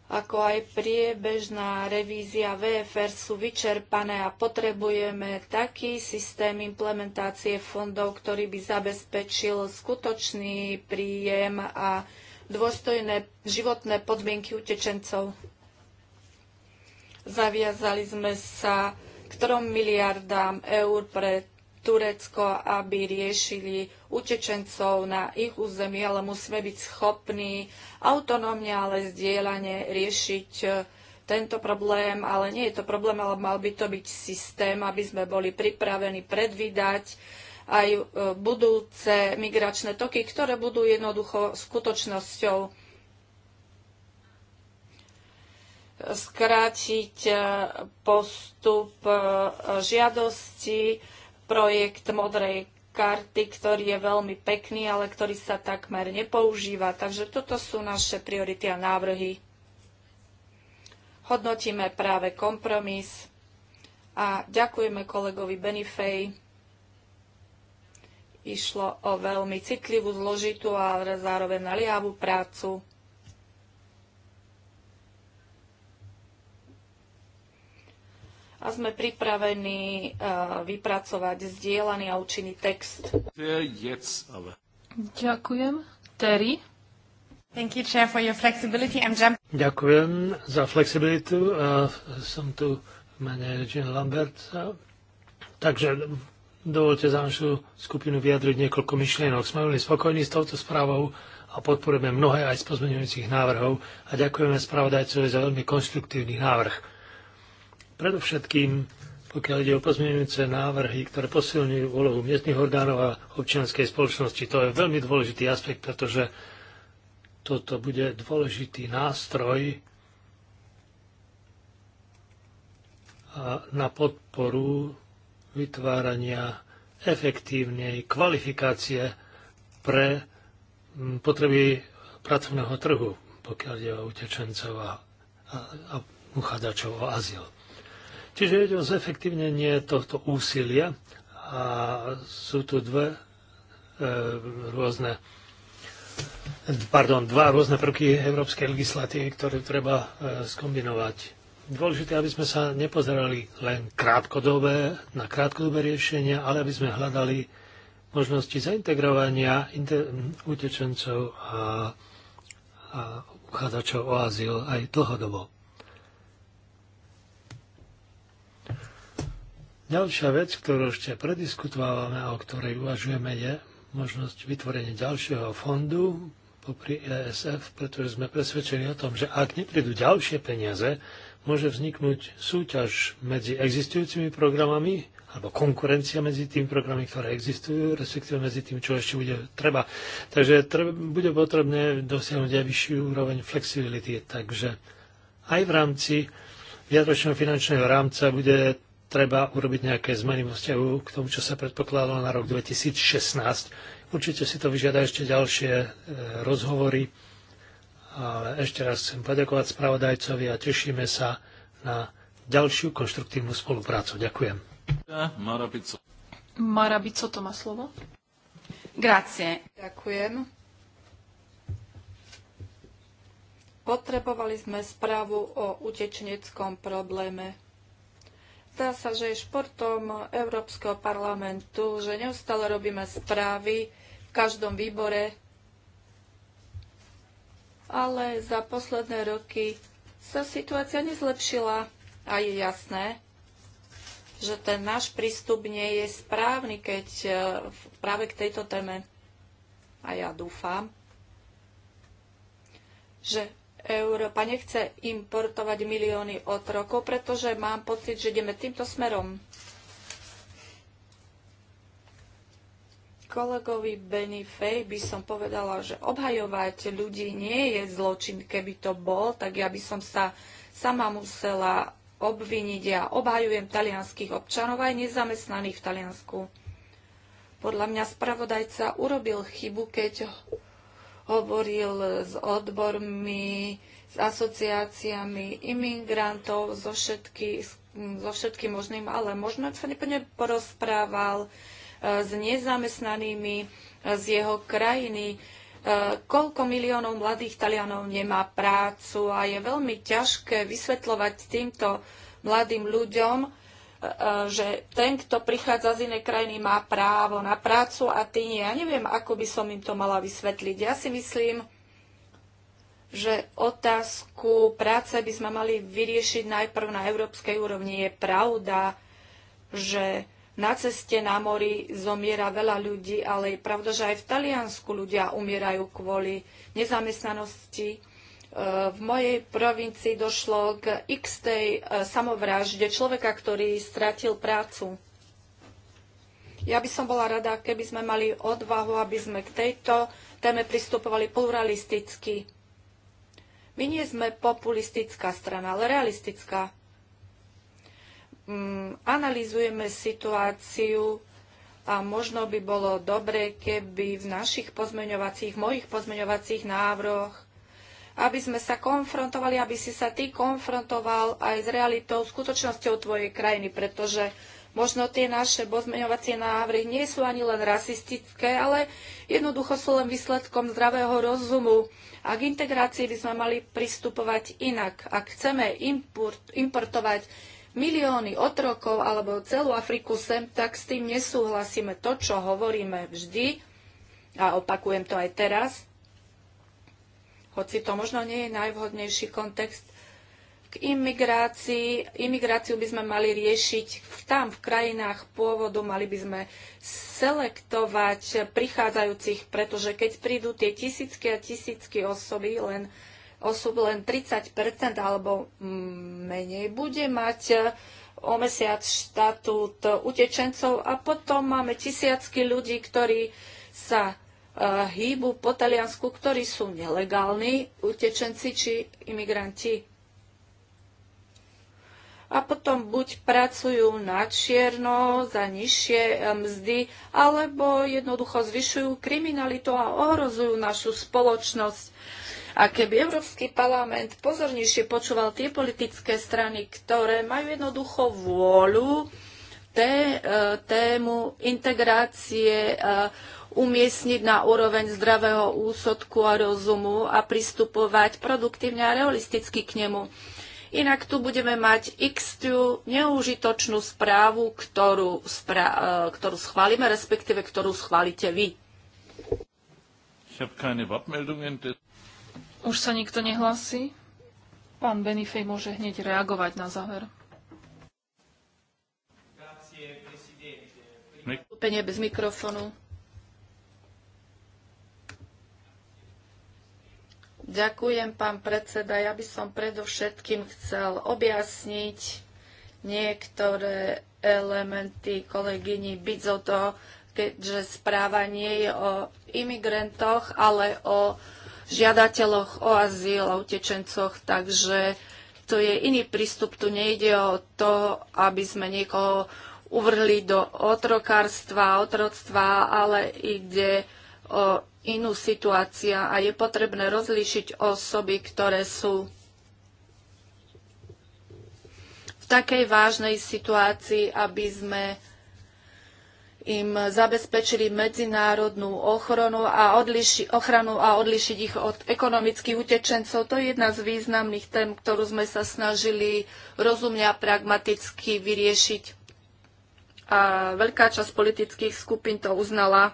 ako aj priebežná revízia VFR sú vyčerpané a potrebujeme taký systém implementácie fondov, ktorý by zabezpečil skutočný príjem a dôstojné životné podmienky utečencov. Zaviazali sme sa k 3 miliardám eur pre Turecko, aby riešili utečencov na ich území, ale musíme byť schopní autonómne, ale zdieľane riešiť e, tento problém, ale nie je to problém, ale mal by to byť systém, aby sme boli pripravení predvídať aj e, budúce migračné toky, ktoré budú jednoducho skutočnosťou. skrátiť e, postup žiadosti projekt modrej karty, ktorý je veľmi pekný, ale ktorý sa takmer nepoužíva. Takže toto sú naše priority a návrhy. Hodnotíme práve kompromis a ďakujeme kolegovi Benifej. Išlo o veľmi citlivú, zložitú a zároveň naliavú prácu. a sme pripravení eh, vypracovať zdieľaný a účinný text. Ďakujem. Terry? Thank you, Chair, for your flexibility. I'm jump- Ďakujem za flexibilitu. Uh, som tu v mene Jean Lambert. Takže dovolte za našu skupinu vyjadriť niekoľko myšlienok. Sme veľmi spokojní s touto správou a podporujeme mnohé aj z pozmeňujúcich návrhov a ďakujeme spravodajcovi za veľmi konštruktívny návrh. Predovšetkým, pokiaľ ide o pozmeňujúce návrhy, ktoré posilňujú úlohu miestnych orgánov a občianskej spoločnosti, to je veľmi dôležitý aspekt, pretože toto bude dôležitý nástroj na podporu vytvárania efektívnej kvalifikácie pre potreby pracovného trhu, pokiaľ ide o utečencov a, a, a uchádzačov o azyl. Čiže ide o zefektívnenie tohto úsilia a sú tu dve e, rôzne pardon, dva rôzne prvky európskej legislatívy, ktoré treba e, skombinovať. Dôležité, aby sme sa nepozerali len krátkodobé, na krátkodobé riešenia, ale aby sme hľadali možnosti zaintegrovania utečencov a, a uchádzačov o azyl aj dlhodobo. Ďalšia vec, ktorú ešte prediskutovávame a o ktorej uvažujeme, je možnosť vytvorenia ďalšieho fondu popri ESF, pretože sme presvedčení o tom, že ak neprídu ďalšie peniaze, môže vzniknúť súťaž medzi existujúcimi programami alebo konkurencia medzi tým programy, ktoré existujú, respektíve medzi tým, čo ešte bude treba. Takže treba, bude potrebné dosiahnuť aj vyšší úroveň flexibility. Takže aj v rámci viacročného finančného rámca bude treba urobiť nejaké zmeny vo vzťahu k tomu, čo sa predpokladalo na rok 2016. Určite si to vyžiada ešte ďalšie e, rozhovory. Ale ešte raz chcem poďakovať spravodajcovi a tešíme sa na ďalšiu konštruktívnu spoluprácu. Ďakujem. Marabico. Marabico to má slovo. Grazie. Ďakujem. Potrebovali sme správu o utečeneckom probléme Zdá sa, že je športom Európskeho parlamentu, že neustále robíme správy v každom výbore, ale za posledné roky sa situácia nezlepšila a je jasné, že ten náš prístup nie je správny, keď e, práve k tejto téme, a ja dúfam, že Európa nechce importovať milióny otrokov, pretože mám pocit, že ideme týmto smerom. Kolegovi Benny Fay by som povedala, že obhajovať ľudí nie je zločin. Keby to bol, tak ja by som sa sama musela obviniť. Ja obhajujem talianských občanov aj nezamestnaných v Taliansku. Podľa mňa spravodajca urobil chybu, keď hovoril s odbormi, s asociáciami imigrantov, so, všetky, so všetkým možným, ale možno sa neplne porozprával e, s nezamestnanými e, z jeho krajiny, e, koľko miliónov mladých Talianov nemá prácu a je veľmi ťažké vysvetľovať týmto mladým ľuďom, E, že ten, kto prichádza z inej krajiny, má právo na prácu a ty nie. Ja neviem, ako by som im to mala vysvetliť. Ja si myslím, že otázku práce by sme mali vyriešiť najprv na európskej úrovni. Je pravda, že na ceste na mori zomiera veľa ľudí, ale je pravda, že aj v Taliansku ľudia umierajú kvôli nezamestnanosti v mojej provincii došlo k x tej e, samovražde človeka, ktorý stratil prácu. Ja by som bola rada, keby sme mali odvahu, aby sme k tejto téme pristupovali pluralisticky. My nie sme populistická strana, ale realistická. Mm, analizujeme situáciu a možno by bolo dobre, keby v našich pozmeňovacích, mojich pozmeňovacích návroch aby sme sa konfrontovali, aby si sa ty konfrontoval aj s realitou, skutočnosťou tvojej krajiny, pretože možno tie naše pozmeňovacie návrhy nie sú ani len rasistické, ale jednoducho sú len výsledkom zdravého rozumu. A k integrácii by sme mali pristupovať inak. Ak chceme import, importovať milióny otrokov alebo celú Afriku sem, tak s tým nesúhlasíme. To, čo hovoríme vždy, a opakujem to aj teraz, hoci to možno nie je najvhodnejší kontext. K imigrácii, imigráciu by sme mali riešiť tam, v krajinách pôvodu, mali by sme selektovať prichádzajúcich, pretože keď prídu tie tisícky a tisícky osoby, len osob len 30 alebo menej bude mať eh, o mesiac štatút utečencov a potom máme tisícky ľudí, ktorí sa E, hýbu po Taliansku, ktorí sú nelegálni utečenci či imigranti. A potom buď pracujú na čierno za nižšie e, mzdy, alebo jednoducho zvyšujú kriminalitu a ohrozujú našu spoločnosť. A keby Európsky parlament pozornejšie počúval tie politické strany, ktoré majú jednoducho vôľu té, e, tému integrácie umiestniť na úroveň zdravého úsodku a rozumu a pristupovať produktívne a realisticky k nemu. Inak tu budeme mať x neužitočnú správu, ktorú, spra- e, ktorú schválime, respektíve ktorú schválite vy. Už sa nikto nehlasí? Pán Benifej môže hneď reagovať na záver. Vstúpenie bez mikrofonu. Ďakujem, pán predseda. Ja by som predovšetkým chcel objasniť niektoré elementy kolegyni Bizoto, keďže správa nie je o imigrantoch, ale o žiadateľoch o azyl, o utečencoch, takže to je iný prístup. Tu nejde o to, aby sme niekoho uvrhli do otrokárstva, otroctva, ale ide o inú situácia a je potrebné rozlíšiť osoby, ktoré sú v takej vážnej situácii, aby sme im zabezpečili medzinárodnú ochranu a, odliši, ochranu a odlišiť ich od ekonomických utečencov. To je jedna z významných tém, ktorú sme sa snažili rozumne a pragmaticky vyriešiť. A veľká časť politických skupín to uznala.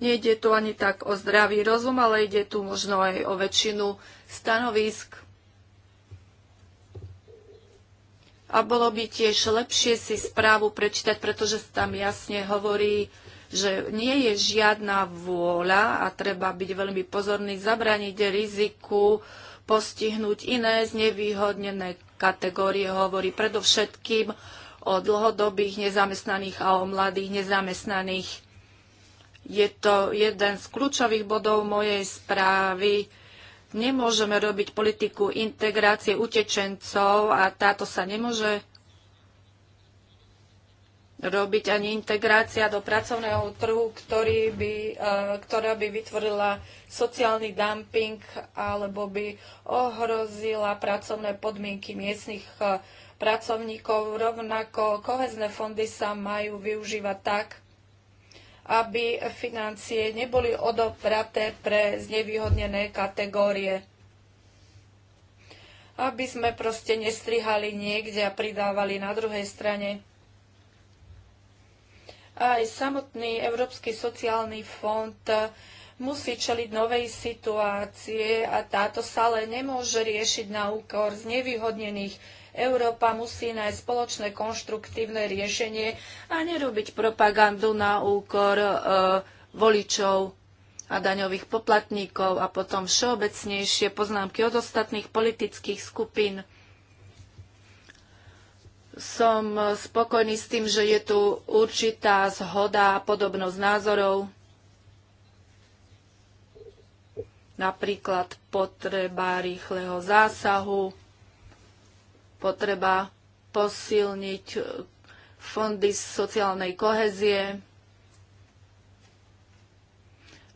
Nejde tu ani tak o zdravý rozum, ale ide tu možno aj o väčšinu stanovisk. A bolo by tiež lepšie si správu prečítať, pretože tam jasne hovorí, že nie je žiadna vôľa a treba byť veľmi pozorný, zabraniť riziku postihnúť iné znevýhodnené kategórie. Hovorí predovšetkým o dlhodobých nezamestnaných a o mladých nezamestnaných je to jeden z kľúčových bodov mojej správy. Nemôžeme robiť politiku integrácie utečencov a táto sa nemôže robiť ani integrácia do pracovného trhu, ktorý by, e, ktorá by vytvorila sociálny dumping alebo by ohrozila pracovné podmienky miestnych e, pracovníkov. Rovnako kohezné fondy sa majú využívať tak, aby financie neboli odobraté pre znevýhodnené kategórie. Aby sme proste nestrihali niekde a pridávali na druhej strane. Aj samotný Európsky sociálny fond musí čeliť novej situácie a táto sa ale nemôže riešiť na úkor znevýhodnených Európa musí nájsť spoločné konštruktívne riešenie a nerobiť propagandu na úkor e, voličov a daňových poplatníkov a potom všeobecnejšie poznámky od ostatných politických skupín. Som spokojný s tým, že je tu určitá zhoda a podobnosť názorov. napríklad potreba rýchleho zásahu, potreba posilniť fondy sociálnej kohezie,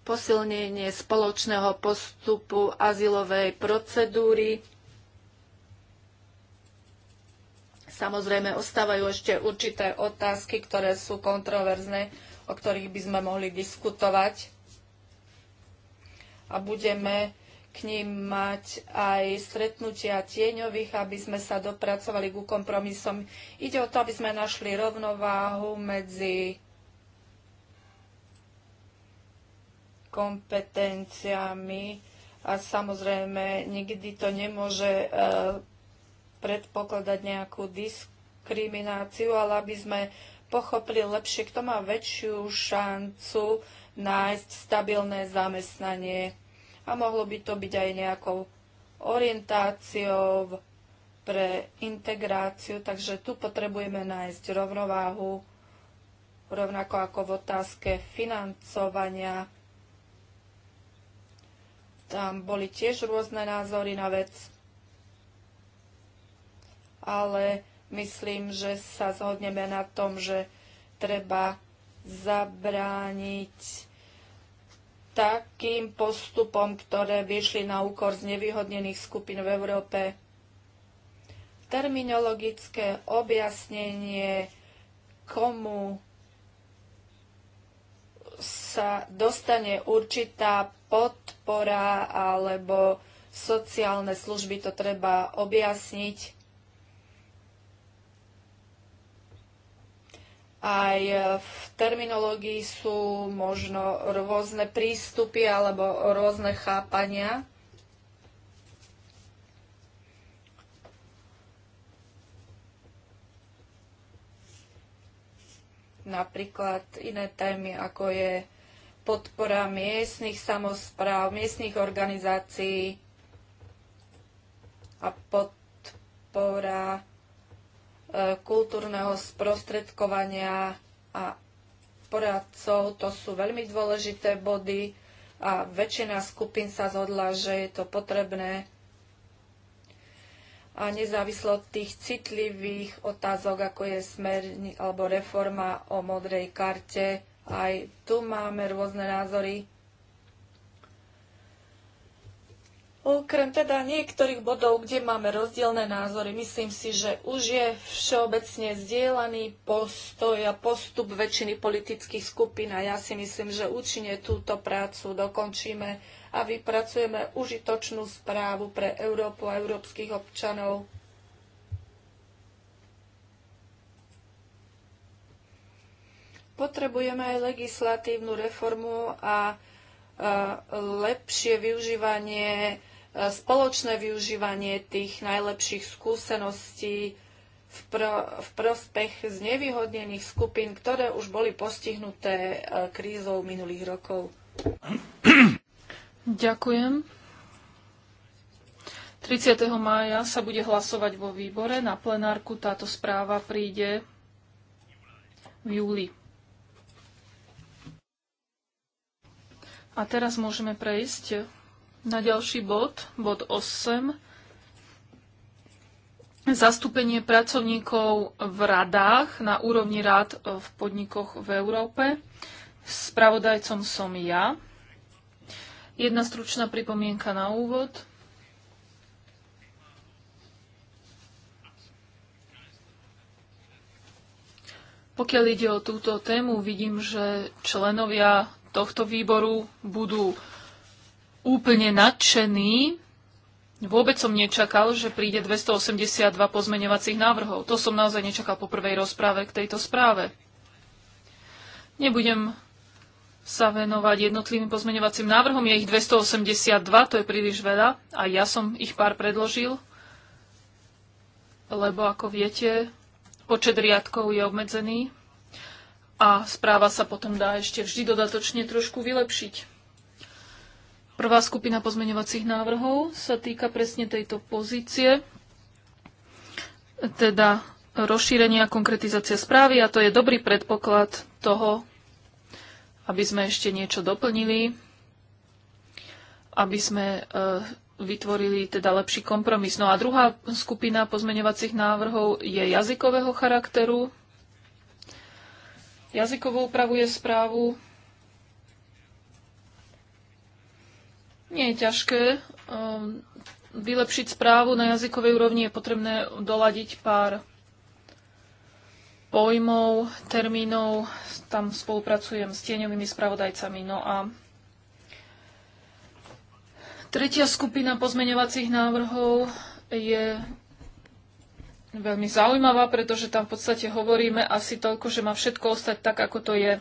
posilnenie spoločného postupu azylovej procedúry. Samozrejme, ostávajú ešte určité otázky, ktoré sú kontroverzné, o ktorých by sme mohli diskutovať. A budeme k ním mať aj stretnutia tieňových, aby sme sa dopracovali ku kompromisom. Ide o to, aby sme našli rovnováhu medzi kompetenciami a samozrejme nikdy to nemôže e, predpokladať nejakú diskrimináciu, ale aby sme pochopili lepšie, kto má väčšiu šancu nájsť stabilné zamestnanie a mohlo by to byť aj nejakou orientáciou pre integráciu, takže tu potrebujeme nájsť rovnováhu, rovnako ako v otázke financovania. Tam boli tiež rôzne názory na vec, ale myslím, že sa zhodneme na tom, že treba zabrániť takým postupom, ktoré vyšli na úkor z nevyhodnených skupín v Európe. Terminologické objasnenie, komu sa dostane určitá podpora alebo sociálne služby, to treba objasniť aj e, v terminológii sú možno rôzne prístupy alebo rôzne chápania. Napríklad iné témy, ako je podpora miestnych samozpráv, miestnych organizácií a podpora kultúrneho sprostredkovania a poradcov. To sú veľmi dôležité body a väčšina skupín sa zhodla, že je to potrebné a nezávislo od tých citlivých otázok, ako je smer alebo reforma o modrej karte, aj tu máme rôzne názory. Okrem teda niektorých bodov, kde máme rozdielne názory, myslím si, že už je všeobecne zdieľaný postoj a postup väčšiny politických skupín a ja si myslím, že účinne túto prácu dokončíme a vypracujeme užitočnú správu pre Európu a európskych občanov. Potrebujeme aj legislatívnu reformu a lepšie využívanie spoločné využívanie tých najlepších skúseností v, pro, v prospech znevýhodnených skupín, ktoré už boli postihnuté e, krízou minulých rokov. Ďakujem. 30. mája sa bude hlasovať vo výbore. Na plenárku táto správa príde v júli. A teraz môžeme prejsť na ďalší bod, bod 8. Zastúpenie pracovníkov v radách na úrovni rád v podnikoch v Európe. Spravodajcom som ja. Jedna stručná pripomienka na úvod. Pokiaľ ide o túto tému, vidím, že členovia tohto výboru budú úplne nadšený. Vôbec som nečakal, že príde 282 pozmeňovacích návrhov. To som naozaj nečakal po prvej rozpráve k tejto správe. Nebudem sa venovať jednotlivým pozmeňovacím návrhom. Je ich 282, to je príliš veľa. A ja som ich pár predložil, lebo ako viete, počet riadkov je obmedzený a správa sa potom dá ešte vždy dodatočne trošku vylepšiť. Prvá skupina pozmeňovacích návrhov sa týka presne tejto pozície, teda rozšírenia a konkretizácia správy a to je dobrý predpoklad toho, aby sme ešte niečo doplnili, aby sme e, vytvorili teda lepší kompromis. No a druhá skupina pozmeňovacích návrhov je jazykového charakteru. Jazykovo upravuje správu Nie je ťažké ehm, vylepšiť správu na jazykovej úrovni. Je potrebné doladiť pár pojmov, termínov. Tam spolupracujem s tieňovými spravodajcami. No a tretia skupina pozmeňovacích návrhov je veľmi zaujímavá, pretože tam v podstate hovoríme asi toľko, že má všetko ostať tak, ako to je.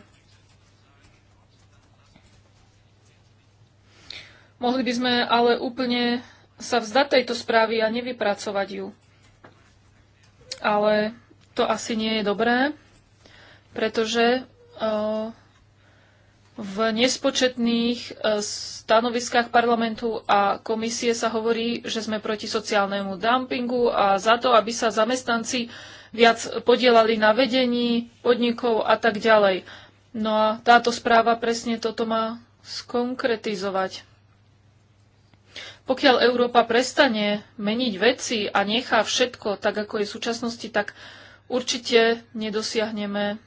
Mohli by sme ale úplne sa vzdať tejto správy a nevypracovať ju. Ale to asi nie je dobré, pretože e, v nespočetných e, stanoviskách parlamentu a komisie sa hovorí, že sme proti sociálnemu dumpingu a za to, aby sa zamestnanci viac podielali na vedení podnikov a tak ďalej. No a táto správa presne toto má skonkretizovať. Pokiaľ Európa prestane meniť veci a nechá všetko tak, ako je v súčasnosti, tak určite nedosiahneme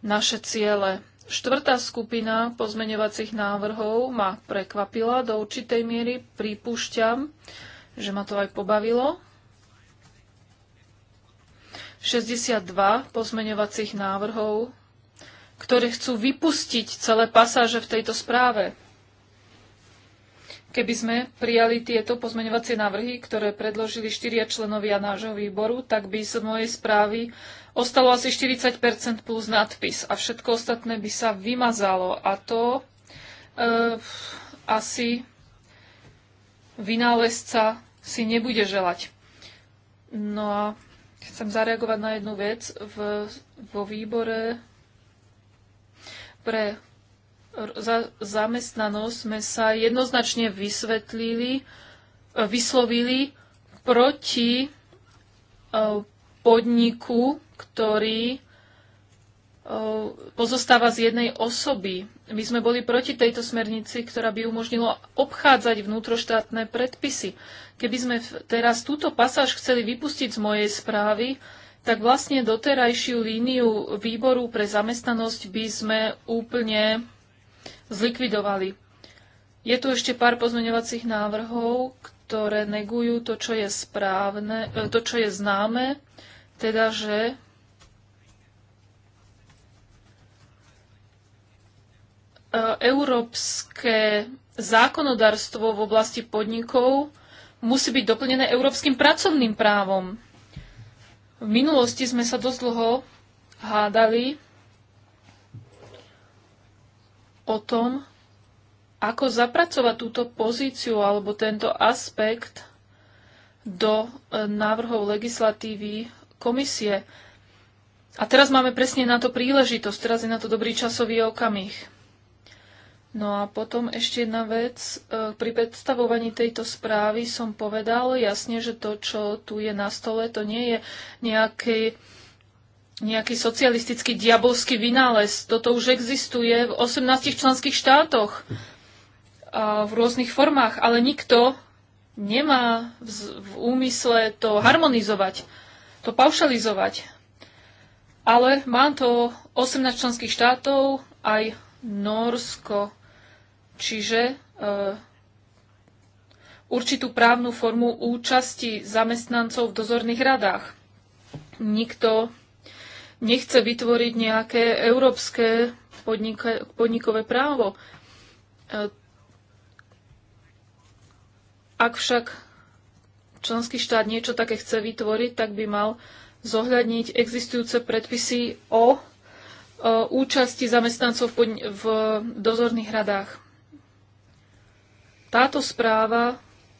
naše ciele. Štvrtá skupina pozmeňovacích návrhov ma prekvapila do určitej miery. Pripúšťam, že ma to aj pobavilo. 62 pozmeňovacích návrhov, ktoré chcú vypustiť celé pasáže v tejto správe. Keby sme prijali tieto pozmeňovacie návrhy, ktoré predložili štyria členovia nášho výboru, tak by z mojej správy ostalo asi 40 plus nadpis a všetko ostatné by sa vymazalo a to e, asi vynálezca si nebude želať. No a chcem zareagovať na jednu vec. V, vo výbore pre za zamestnanosť sme sa jednoznačne vysvetlili, e, vyslovili proti e, podniku, ktorý e, pozostáva z jednej osoby. My sme boli proti tejto smernici, ktorá by umožnila obchádzať vnútroštátne predpisy. Keby sme teraz túto pasáž chceli vypustiť z mojej správy, tak vlastne doterajšiu líniu výboru pre zamestnanosť by sme úplne zlikvidovali. Je tu ešte pár pozmeňovacích návrhov, ktoré negujú to, čo je správne, e, to, čo je známe, teda, že e, európske zákonodarstvo v oblasti podnikov musí byť doplnené európskym pracovným právom. V minulosti sme sa dosť dlho hádali o tom, ako zapracovať túto pozíciu alebo tento aspekt do e, návrhov legislatívy komisie. A teraz máme presne na to príležitosť, teraz je na to dobrý časový okamih. No a potom ešte jedna vec. E, pri predstavovaní tejto správy som povedal jasne, že to, čo tu je na stole, to nie je nejaký nejaký socialistický diabolský vynález. Toto už existuje v 18 členských štátoch a v rôznych formách, ale nikto nemá v, v úmysle to harmonizovať, to paušalizovať. Ale má to 18 členských štátov, aj Norsko. Čiže e, určitú právnu formu účasti zamestnancov v dozorných radách. Nikto nechce vytvoriť nejaké európske podnik- podnikové právo. E, ak však členský štát niečo také chce vytvoriť, tak by mal zohľadniť existujúce predpisy o, e, účasti zamestnancov v, dozorných radách. Táto správa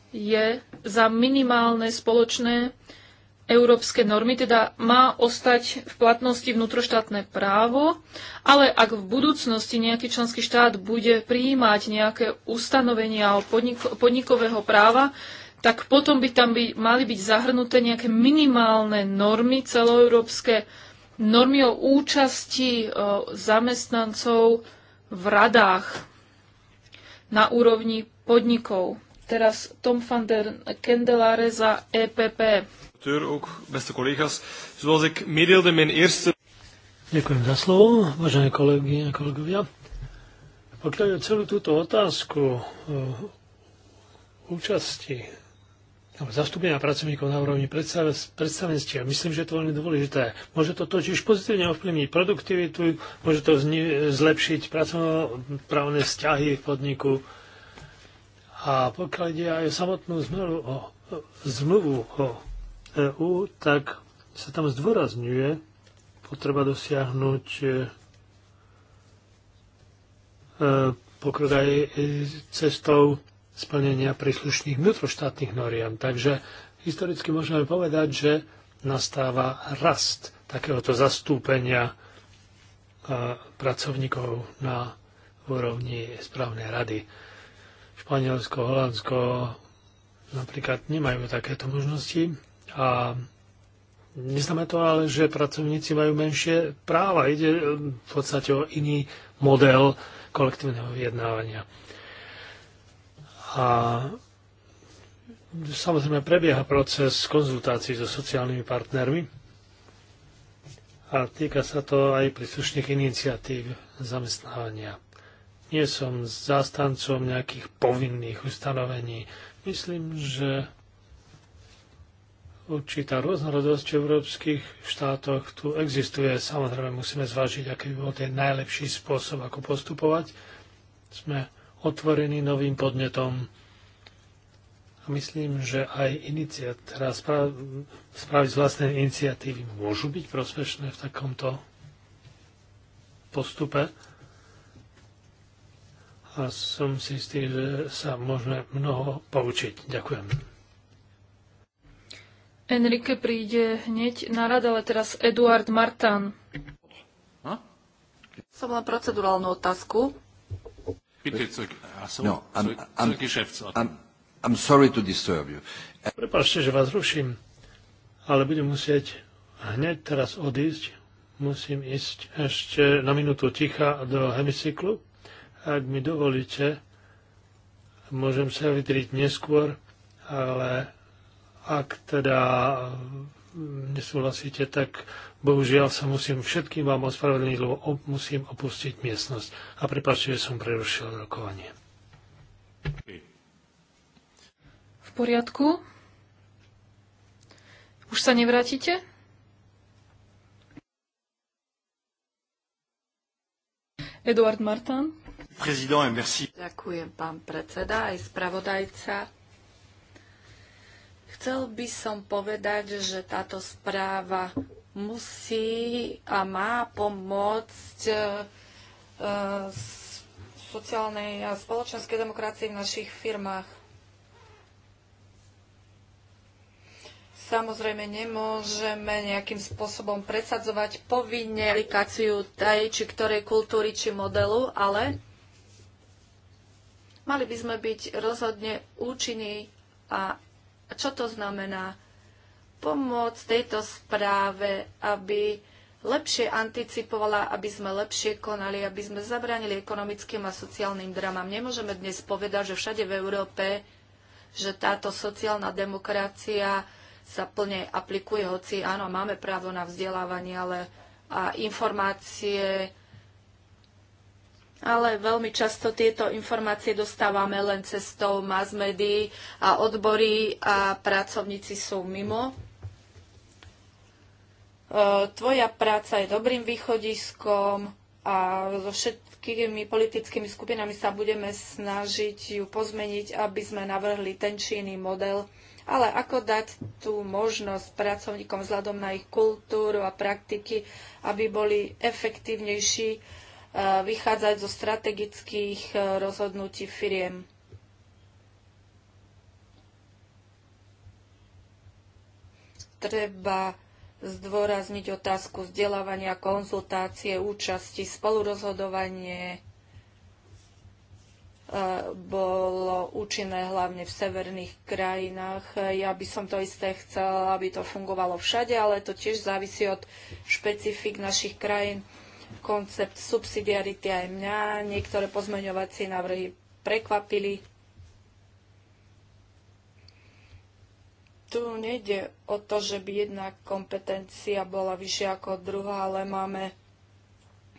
je za minimálne spoločné európske normy, teda má ostať v platnosti vnútroštátne právo, ale ak v budúcnosti nejaký členský štát bude prijímať nejaké ustanovenia podnik- podnikového práva, tak potom by tam by, mali byť zahrnuté nejaké minimálne normy, celoeurópske normy o účasti o, e, zamestnancov v radách na úrovni podnikov. Teraz Tom van der Kendelare za EPP. Ďakujem za slovo, vážené kolegy a kolegovia. Pokiaľ celú túto otázku eh, účasti alebo zastúpenia pracovníkov na úrovni predstavenstiev. Myslím, že je to veľmi dôležité. Môže to totiž pozitívne ovplyvniť produktivitu, môže to zlepšiť pracovnoprávne vzťahy v podniku. A pokiaľ ide aj o samotnú zmluvu o, o, zmluvu o EÚ, tak sa tam zdôrazňuje potreba dosiahnuť e, e, pokrok aj cestou splnenia príslušných vnútroštátnych noriem. Takže historicky môžeme povedať, že nastáva rast takéhoto zastúpenia e, pracovníkov na úrovni správnej rady. Španielsko, Holandsko napríklad nemajú takéto možnosti a neznamená to ale, že pracovníci majú menšie práva. Ide v podstate o iný model kolektívneho vyjednávania. A samozrejme prebieha proces konzultácií so sociálnymi partnermi a týka sa to aj príslušných iniciatív zamestnávania. Nie som zástancom nejakých povinných ustanovení. Myslím, že určitá rôznorodosť v európskych štátoch tu existuje. Samozrejme musíme zvážiť, aký by bol ten najlepší spôsob, ako postupovať. Sme otvorení novým podnetom a myslím, že aj iniciat, teda správ, správy z vlastnej iniciatívy môžu byť prospešné v takomto postupe. A som si istý, že sa môžeme mnoho poučiť. Ďakujem. Enrique príde hneď na rad, ale teraz Eduard Martán. No? Som na procedurálnu otázku. No, I'm, I'm, I'm, I'm sorry to disturb you. Prepašte, že vás ruším, ale budem musieť hneď teraz odísť. Musím ísť ešte na minútu ticha do hemicyklu. Ak mi dovolíte, môžem sa vytriť neskôr, ale ak teda nesúhlasíte, tak bohužiaľ sa musím všetkým vám ospravedlniť, lebo op- musím opustiť miestnosť. A prepáčte, že som prerušil rokovanie. V poriadku? Už sa nevrátite? Eduard Martin. Ďakujem, pán predseda, aj spravodajca. Chcel by som povedať, že táto správa musí a má pomôcť e, e, sociálnej a spoločenskej demokracii v našich firmách. Samozrejme, nemôžeme nejakým spôsobom presadzovať povinne aplikáciu tej či ktorej kultúry či modelu, ale mali by sme byť rozhodne účinní a čo to znamená? Pomoc tejto správe, aby lepšie anticipovala, aby sme lepšie konali, aby sme zabránili ekonomickým a sociálnym dramám. Nemôžeme dnes povedať, že všade v Európe, že táto sociálna demokracia sa plne aplikuje, hoci áno, máme právo na vzdelávanie, ale a informácie, ale veľmi často tieto informácie dostávame len cestou mass médií a odbory a pracovníci sú mimo. E, tvoja práca je dobrým východiskom a so všetkými politickými skupinami sa budeme snažiť ju pozmeniť, aby sme navrhli ten či iný model, ale ako dať tú možnosť pracovníkom vzhľadom na ich kultúru a praktiky, aby boli efektívnejší E, vychádzať zo strategických e, rozhodnutí firiem. Treba zdôrazniť otázku vzdelávania, konzultácie, účasti, spolurozhodovanie e, bolo účinné hlavne v severných krajinách. Ja by som to isté chcela, aby to fungovalo všade, ale to tiež závisí od špecifik našich krajín koncept subsidiarity aj mňa. Niektoré pozmeňovacie návrhy prekvapili. Tu nejde o to, že by jedna kompetencia bola vyššia ako druhá, ale máme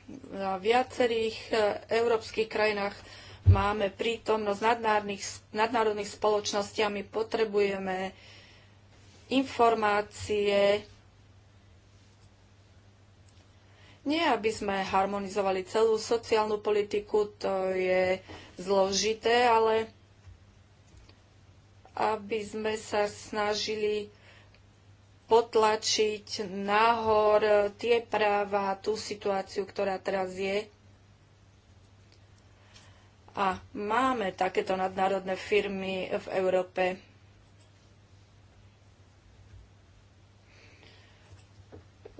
v viacerých e, európskych krajinách máme prítomnosť nadnárodných, nadnárodných spoločností a my potrebujeme informácie, Nie, aby sme harmonizovali celú sociálnu politiku, to je zložité, ale aby sme sa snažili potlačiť nahor tie práva, tú situáciu, ktorá teraz je. A máme takéto nadnárodné firmy v Európe.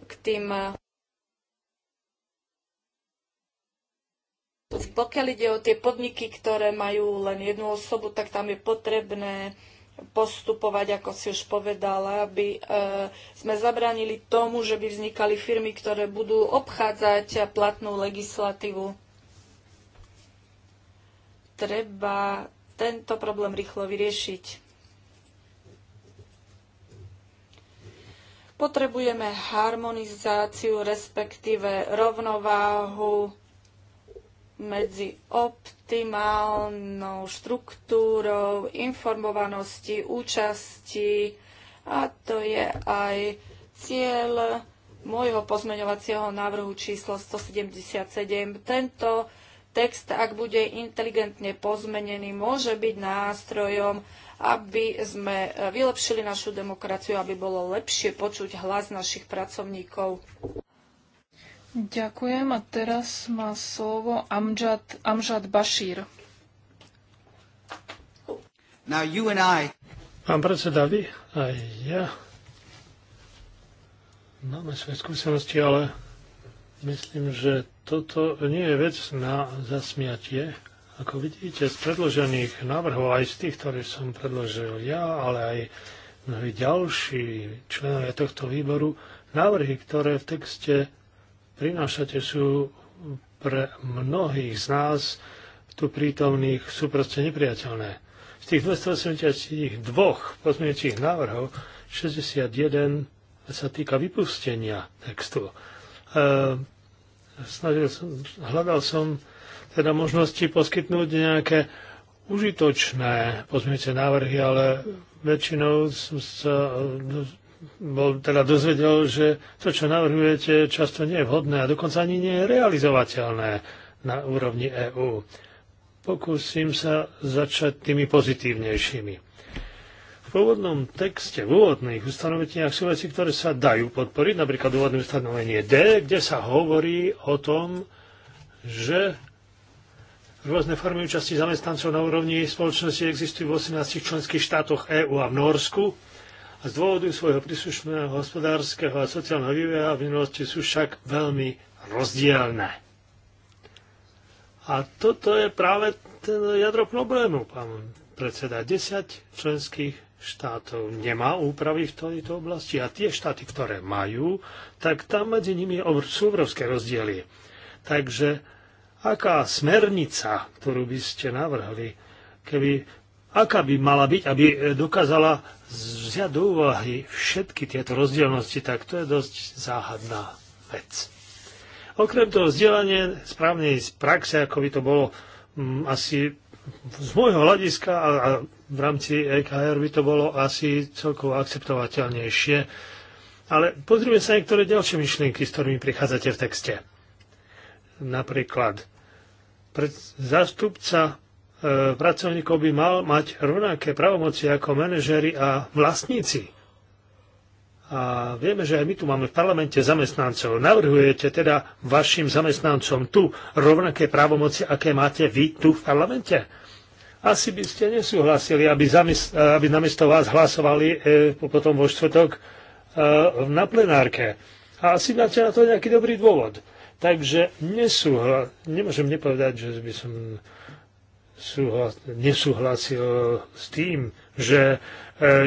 K tým Pokiaľ ide o tie podniky, ktoré majú len jednu osobu, tak tam je potrebné postupovať, ako si už povedala, aby e, sme zabránili tomu, že by vznikali firmy, ktoré budú obchádzať platnú legislatívu. Treba tento problém rýchlo vyriešiť. Potrebujeme harmonizáciu, respektíve rovnováhu medzi optimálnou štruktúrou informovanosti, účasti a to je aj cieľ môjho pozmeňovacieho návrhu číslo 177. Tento text, ak bude inteligentne pozmenený, môže byť nástrojom, aby sme vylepšili našu demokraciu, aby bolo lepšie počuť hlas našich pracovníkov. Ďakujem a teraz má slovo Amžad, Amžad Bashir. Now you and I... Pán predseda, vy a ja máme svoje skúsenosti, ale myslím, že toto nie je vec na zasmiatie. Ako vidíte, z predložených návrhov, aj z tých, ktoré som predložil ja, ale aj mnohí ďalší členovia tohto výboru, návrhy, ktoré v texte prinášate, sú pre mnohých z nás tu prítomných sú proste nepriateľné. Z tých 282 pozmeňujúcich návrhov 61 sa týka vypustenia textu. E, snažil som, hľadal som teda možnosti poskytnúť nejaké užitočné pozmeňujúce návrhy, ale väčšinou sa bol teda dozvedel, že to, čo navrhujete, často nie je vhodné a dokonca ani nie je realizovateľné na úrovni EÚ. Pokúsim sa začať tými pozitívnejšími. V pôvodnom texte, v úvodných ustanoveniach sú veci, ktoré sa dajú podporiť, napríklad úvodné ustanovenie D, kde sa hovorí o tom, že Rôzne formy účasti zamestnancov na úrovni spoločnosti existujú v 18 členských štátoch EÚ a v Norsku a z dôvodu svojho príslušného hospodárskeho a sociálneho vývoja v minulosti sú však veľmi rozdielne. A toto je práve ten jadro problému, pán predseda. 10 členských štátov nemá úpravy v tejto oblasti a tie štáty, ktoré majú, tak tam medzi nimi sú obrovské rozdiely. Takže aká smernica, ktorú by ste navrhli, keby aká by mala byť, aby e, dokázala vziať do úvahy všetky tieto rozdielnosti, tak to je dosť záhadná vec. Okrem toho vzdelanie správnej praxe, ako by to bolo m, mm, asi z môjho hľadiska a, a v rámci EKR by to bolo asi celkovo akceptovateľnejšie. Ale pozrime sa niektoré ďalšie myšlienky, s ktorými prichádzate v texte. Napríklad, zástupca E, pracovníkov by mal mať rovnaké pravomoci ako manažéri a vlastníci. A vieme, že aj my tu máme v parlamente zamestnancov. Navrhujete teda vašim zamestnancom tu rovnaké právomoci, aké máte vy tu v parlamente? Asi by ste nesúhlasili, aby, zamys- aby namiesto vás hlasovali e, potom vo štvrtok e, na plenárke. A asi máte na to nejaký dobrý dôvod. Takže nesúhlas. nemôžem nepovedať, že by som nesúhlasil s tým, že e,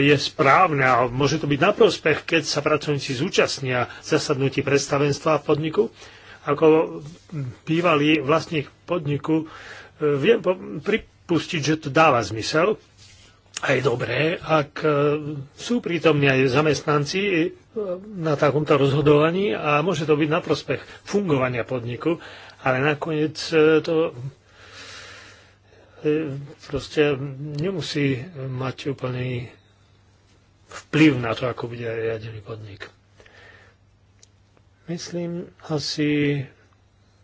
je správne a môže to byť na prospech, keď sa pracovníci zúčastnia zasadnutí predstavenstva v podniku. Ako bývalý vlastník podniku e, viem pripustiť, že to dáva zmysel a je dobré, ak e, sú prítomní aj zamestnanci na takomto rozhodovaní a môže to byť na prospech fungovania podniku, ale nakoniec to E, proste nemusí mať úplný vplyv na to, ako bude riadený podnik. Myslím asi,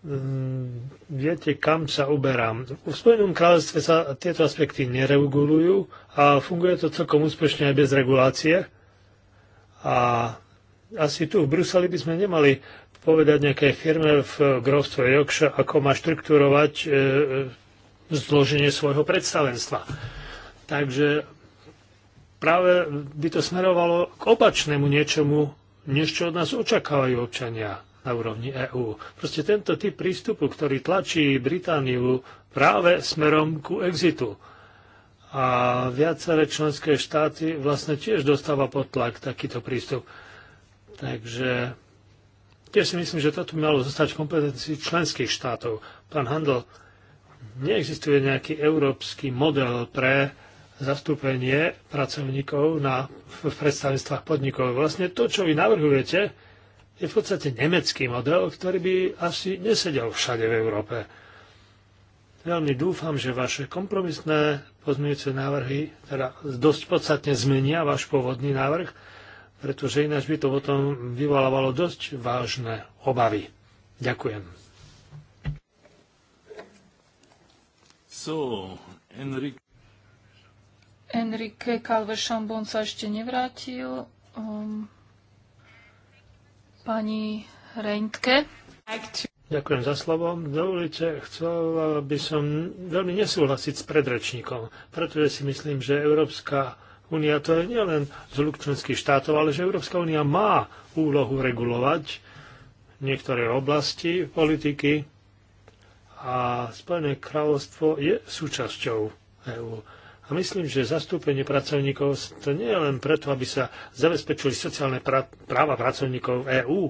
mm, viete, kam sa uberám. V Spojenom kráľovstve sa tieto aspekty neregulujú a funguje to celkom úspešne aj bez regulácie. A asi tu v Bruseli by sme nemali povedať nejaké firme v grovstve Jokša, ako má štruktúrovať. E, e, zloženie svojho predstavenstva. Takže práve by to smerovalo k opačnému niečomu, než čo od nás očakávajú občania na úrovni EÚ. Proste tento typ prístupu, ktorý tlačí Britániu práve smerom ku exitu. A viaceré členské štáty vlastne tiež dostáva pod tlak takýto prístup. Takže tiež si myslím, že toto by malo zostať v kompetencii členských štátov. Pán Handel, neexistuje nejaký európsky model pre zastúpenie pracovníkov na, v predstavenstvách podnikov. Vlastne to, čo vy navrhujete, je v podstate nemecký model, ktorý by asi nesedel všade v Európe. Veľmi dúfam, že vaše kompromisné pozmeňujúce návrhy teda dosť podstatne zmenia váš pôvodný návrh, pretože ináč by to potom vyvolávalo dosť vážne obavy. Ďakujem. So, Enrique... Enrique Calvešambon sa ešte nevrátil. Um, pani Reintke. Ďakujem za slovo. Dovolite, chcel by som veľmi nesúhlasiť s predrečníkom, pretože si myslím, že Európska únia to je nielen z členských štátov, ale že Európska únia má úlohu regulovať niektoré oblasti politiky a Spojené kráľovstvo je súčasťou EÚ. A myslím, že zastúpenie pracovníkov to nie je len preto, aby sa zabezpečili sociálne práva pracovníkov EÚ,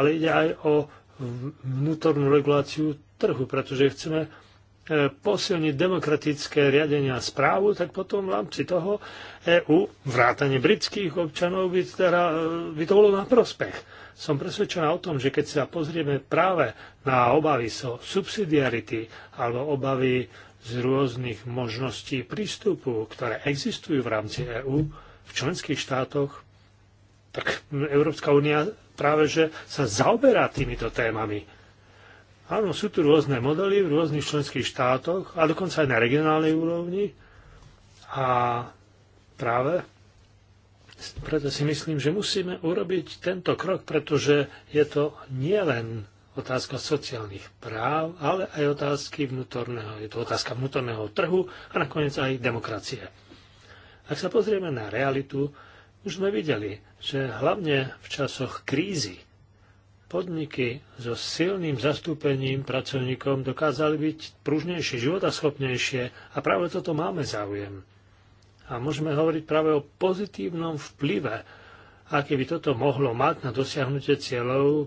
ale ide aj o vnútornú reguláciu trhu, pretože chceme E, posilniť demokratické riadenia a správu, tak potom v rámci toho EU, vrátane britských občanov, by, teda, e, by to bolo na prospech. Som presvedčená o tom, že keď sa pozrieme práve na obavy so subsidiarity alebo obavy z rôznych možností prístupu, ktoré existujú v rámci EÚ v členských štátoch, tak Európska únia práve že sa zaoberá týmito témami Áno, sú tu rôzne modely v rôznych členských štátoch a dokonca aj na regionálnej úrovni. A práve preto si myslím, že musíme urobiť tento krok, pretože je to nielen otázka sociálnych práv, ale aj otázky vnútorného, je to otázka vnútorného trhu a nakoniec aj demokracie. Ak sa pozrieme na realitu, už sme videli, že hlavne v časoch krízy podniky so silným zastúpením pracovníkom dokázali byť pružnejšie, životaschopnejšie a práve toto máme záujem. A môžeme hovoriť práve o pozitívnom vplyve, aký by toto mohlo mať na dosiahnutie cieľov e,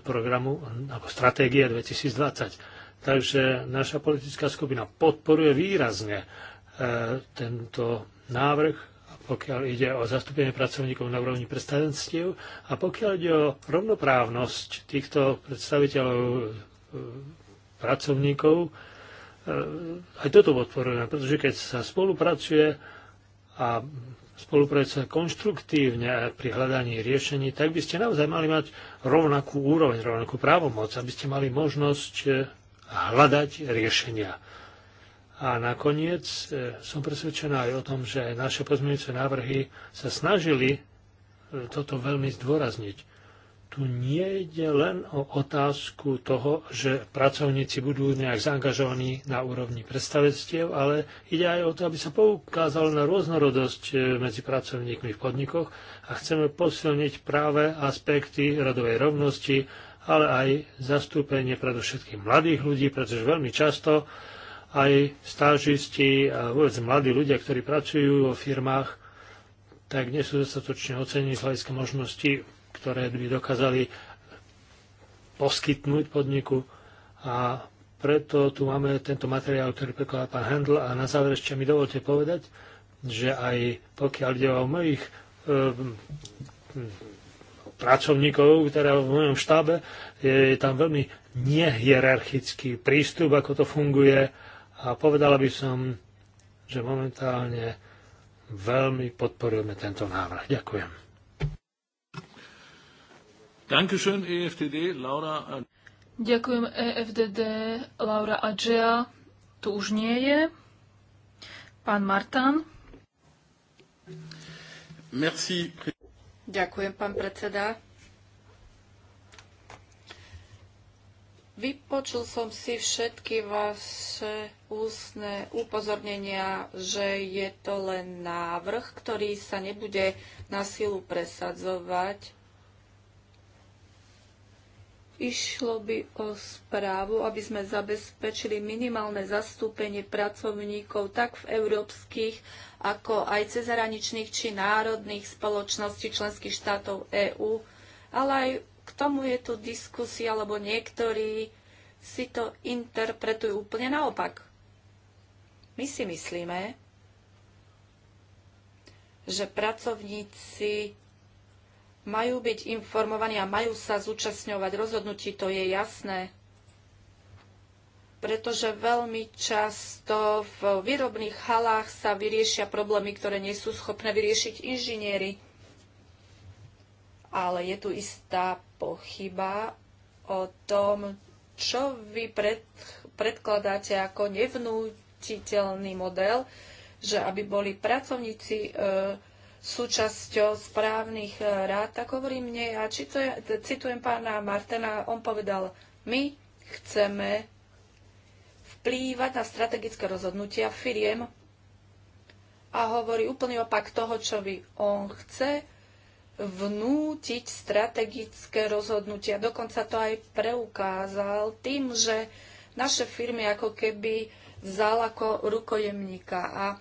programu ako Stratégie 2020. Takže naša politická skupina podporuje výrazne e, tento návrh pokiaľ ide o zastúpenie pracovníkov na úrovni predstavenstiev a pokiaľ ide o rovnoprávnosť týchto predstaviteľov e, pracovníkov, e, aj toto podporujeme, pretože keď sa spolupracuje a spolupracuje konštruktívne pri hľadaní riešení, tak by ste naozaj mali mať rovnakú úroveň, rovnakú právomoc, aby ste mali možnosť e, hľadať riešenia. A nakoniec e, som presvedčená aj o tom, že naše pozmeňujúce návrhy sa snažili e, toto veľmi zdôrazniť. Tu nie ide len o otázku toho, že pracovníci budú nejak zaangažovaní na úrovni predstavectiev, ale ide aj o to, aby sa poukázalo na rôznorodosť e, medzi pracovníkmi v podnikoch a chceme posilniť práve aspekty radovej rovnosti, ale aj zastúpenie predovšetkým mladých ľudí, pretože veľmi často aj stážisti a vôbec mladí ľudia, ktorí pracujú vo firmách, tak nie sú dostatočne ocenení z hľadiska možností, ktoré by dokázali poskytnúť podniku. A preto tu máme tento materiál, ktorý prekladá pán Handel. A na záver ešte mi dovolte povedať, že aj pokiaľ ide o mojich ehm, pracovníkov, ktoré teda v mojom štábe, je tam veľmi nehierarchický prístup, ako to funguje a povedala by som, že momentálne veľmi podporujeme tento návrh. Ďakujem. Dankeschön, EFDD, Laura. Ďakujem EFDD, Laura Adžea. Tu už nie je. Pán Martan. Merci. Ďakujem, pán predseda. Vypočul som si všetky vaše ústne upozornenia, že je to len návrh, ktorý sa nebude na silu presadzovať. Išlo by o správu, aby sme zabezpečili minimálne zastúpenie pracovníkov tak v európskych, ako aj cezhraničných či národných spoločností členských štátov EÚ, ale aj tomu je tu diskusia, lebo niektorí si to interpretujú úplne naopak. My si myslíme, že pracovníci majú byť informovaní a majú sa zúčastňovať rozhodnutí, to je jasné. Pretože veľmi často v výrobných halách sa vyriešia problémy, ktoré nie sú schopné vyriešiť inžinieri. Ale je tu istá pochyba o tom, čo vy pred, predkladáte ako nevnútiteľný model, že aby boli pracovníci e, súčasťou správnych e, rád, tak hovorím nie. A je, citujem pána Martena, on povedal, my chceme vplývať na strategické rozhodnutia firiem a hovorí úplný opak toho, čo by on chce vnútiť strategické rozhodnutia. Dokonca to aj preukázal tým, že naše firmy ako keby vzal ako rukojemníka. A e,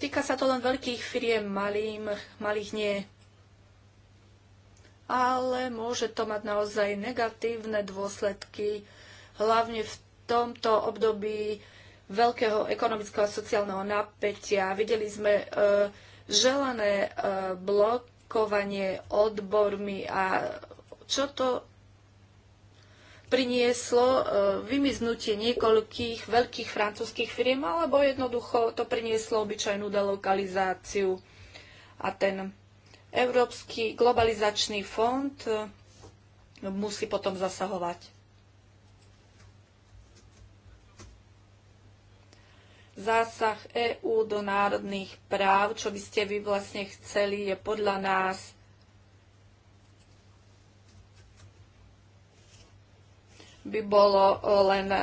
týka sa to len veľkých firiem, malým, malých nie. Ale môže to mať naozaj negatívne dôsledky, hlavne v tomto období veľkého ekonomického a sociálneho napätia. Videli sme e, želané e, blokovanie odbormi a čo to prinieslo e, vymiznutie niekoľkých veľkých francúzských firiem, alebo jednoducho to prinieslo obyčajnú delokalizáciu. A ten Európsky globalizačný fond e, musí potom zasahovať. Zásah EÚ do národných práv, čo by ste vy vlastne chceli, je podľa nás by bolo e, len e,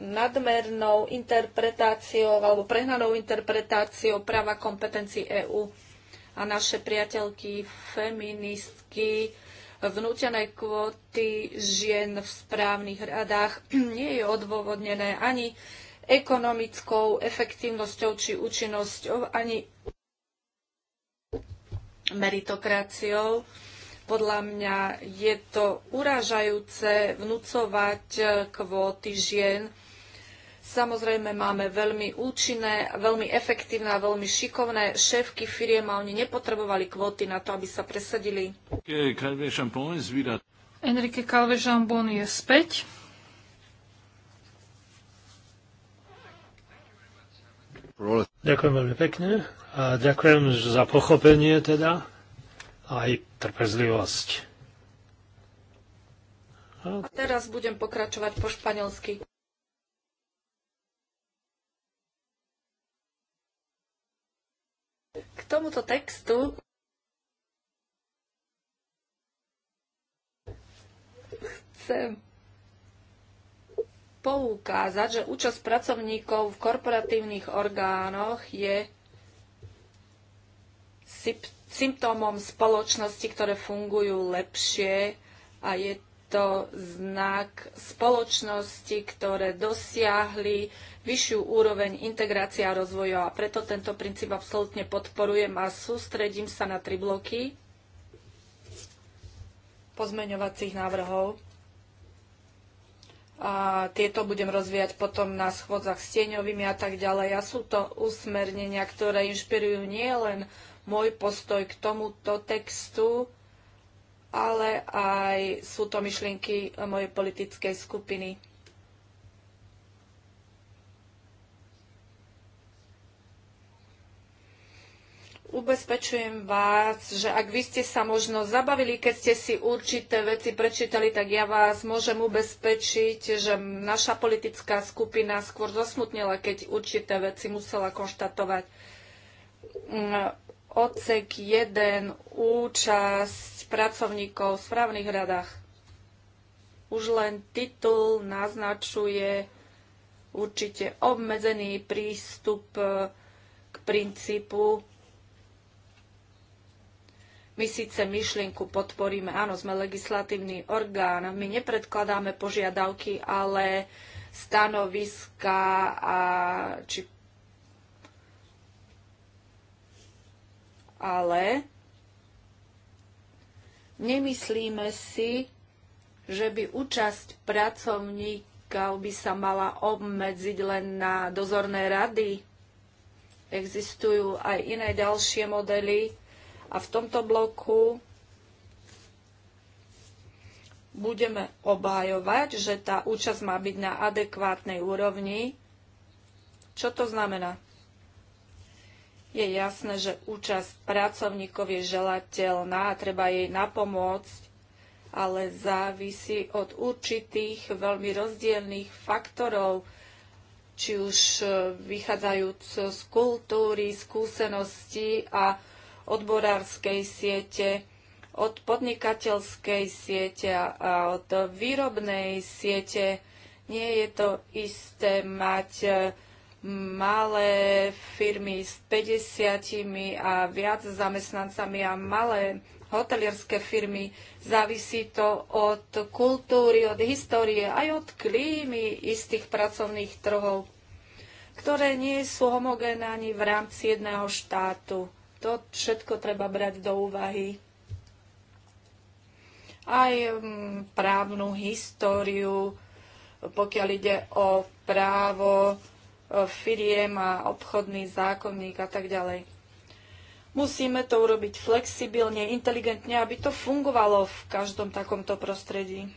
nadmernou interpretáciou alebo prehnanou interpretáciou práva kompetencií EÚ a naše priateľky feministky vnútené kvóty žien v správnych radách nie je odôvodnené ani ekonomickou efektívnosťou či účinnosťou, ani meritokraciou. Podľa mňa je to uražajúce vnúcovať eh, kvóty žien. Samozrejme máme veľmi účinné, veľmi efektívne a veľmi šikovné šéfky firiem a oni nepotrebovali kvóty na to, aby sa presadili. Enrique calvé je späť. Ďakujem veľmi pekne a ďakujem za pochopenie teda a aj trpezlivosť. A teraz budem pokračovať po španielsky. K tomuto textu chcem poukázať, že účasť pracovníkov v korporatívnych orgánoch je symptómom spoločnosti, ktoré fungujú lepšie a je to znak spoločnosti, ktoré dosiahli vyššiu úroveň integrácia a rozvoja. A preto tento princíp absolútne podporujem a sústredím sa na tri bloky pozmeňovacích návrhov a tieto budem rozvíjať potom na schôdzach s tieňovými a tak ďalej. A sú to usmernenia, ktoré inšpirujú nielen môj postoj k tomuto textu, ale aj sú to myšlienky mojej politickej skupiny. Ubezpečujem vás, že ak vy ste sa možno zabavili, keď ste si určité veci prečítali, tak ja vás môžem ubezpečiť, že naša politická skupina skôr zosmutnila, keď určité veci musela konštatovať. Mm, Ocek 1, účasť pracovníkov v správnych radách. Už len titul naznačuje určite obmedzený prístup eh, k princípu my síce myšlienku podporíme, áno, sme legislatívny orgán, my nepredkladáme požiadavky, ale stanoviska a či ale nemyslíme si, že by účasť pracovníkov by sa mala obmedziť len na dozorné rady. Existujú aj iné ďalšie modely, a v tomto bloku budeme obhajovať, že tá účasť má byť na adekvátnej úrovni. Čo to znamená? Je jasné, že účasť pracovníkov je želateľná a treba jej napomôcť, ale závisí od určitých veľmi rozdielných faktorov, či už e, vychádzajúc z kultúry, skúseností a odborárskej siete, od podnikateľskej siete a od výrobnej siete. Nie je to isté mať e, malé firmy s 50 a viac zamestnancami a malé hotelierské firmy. Závisí to od kultúry, od histórie, aj od klímy istých pracovných trhov, ktoré nie sú homogénne ani v rámci jedného štátu. To všetko treba brať do úvahy. Aj mm, právnu históriu, pokiaľ ide o právo e, firiem a obchodný zákonník a tak ďalej. Musíme to urobiť flexibilne, inteligentne, aby to fungovalo v každom takomto prostredí.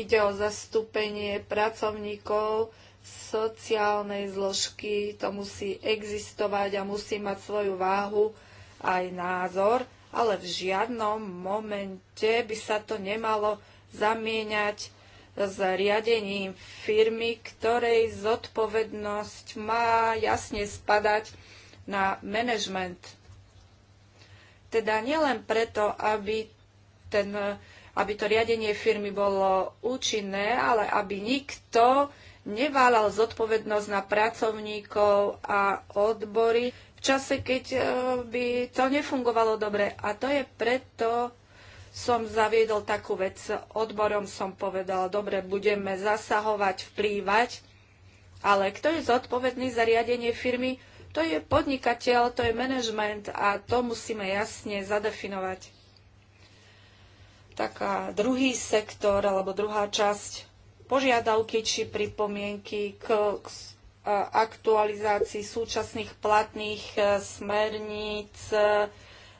Ide o zastúpenie pracovníkov sociálnej zložky. To musí existovať a musí mať svoju váhu aj názor, ale v žiadnom momente by sa to nemalo zamieňať s riadením firmy, ktorej zodpovednosť má jasne spadať na manažment. Teda nielen preto, aby ten aby to riadenie firmy bolo účinné, ale aby nikto neválal zodpovednosť na pracovníkov a odbory v čase, keď e, by to nefungovalo dobre. A to je preto, som zaviedol takú vec. Odborom som povedal, dobre, budeme zasahovať, vplývať, ale kto je zodpovedný za riadenie firmy, to je podnikateľ, to je manažment a to musíme jasne zadefinovať taká druhý sektor alebo druhá časť požiadavky či pripomienky k, k aktualizácii súčasných platných e, smerníc e,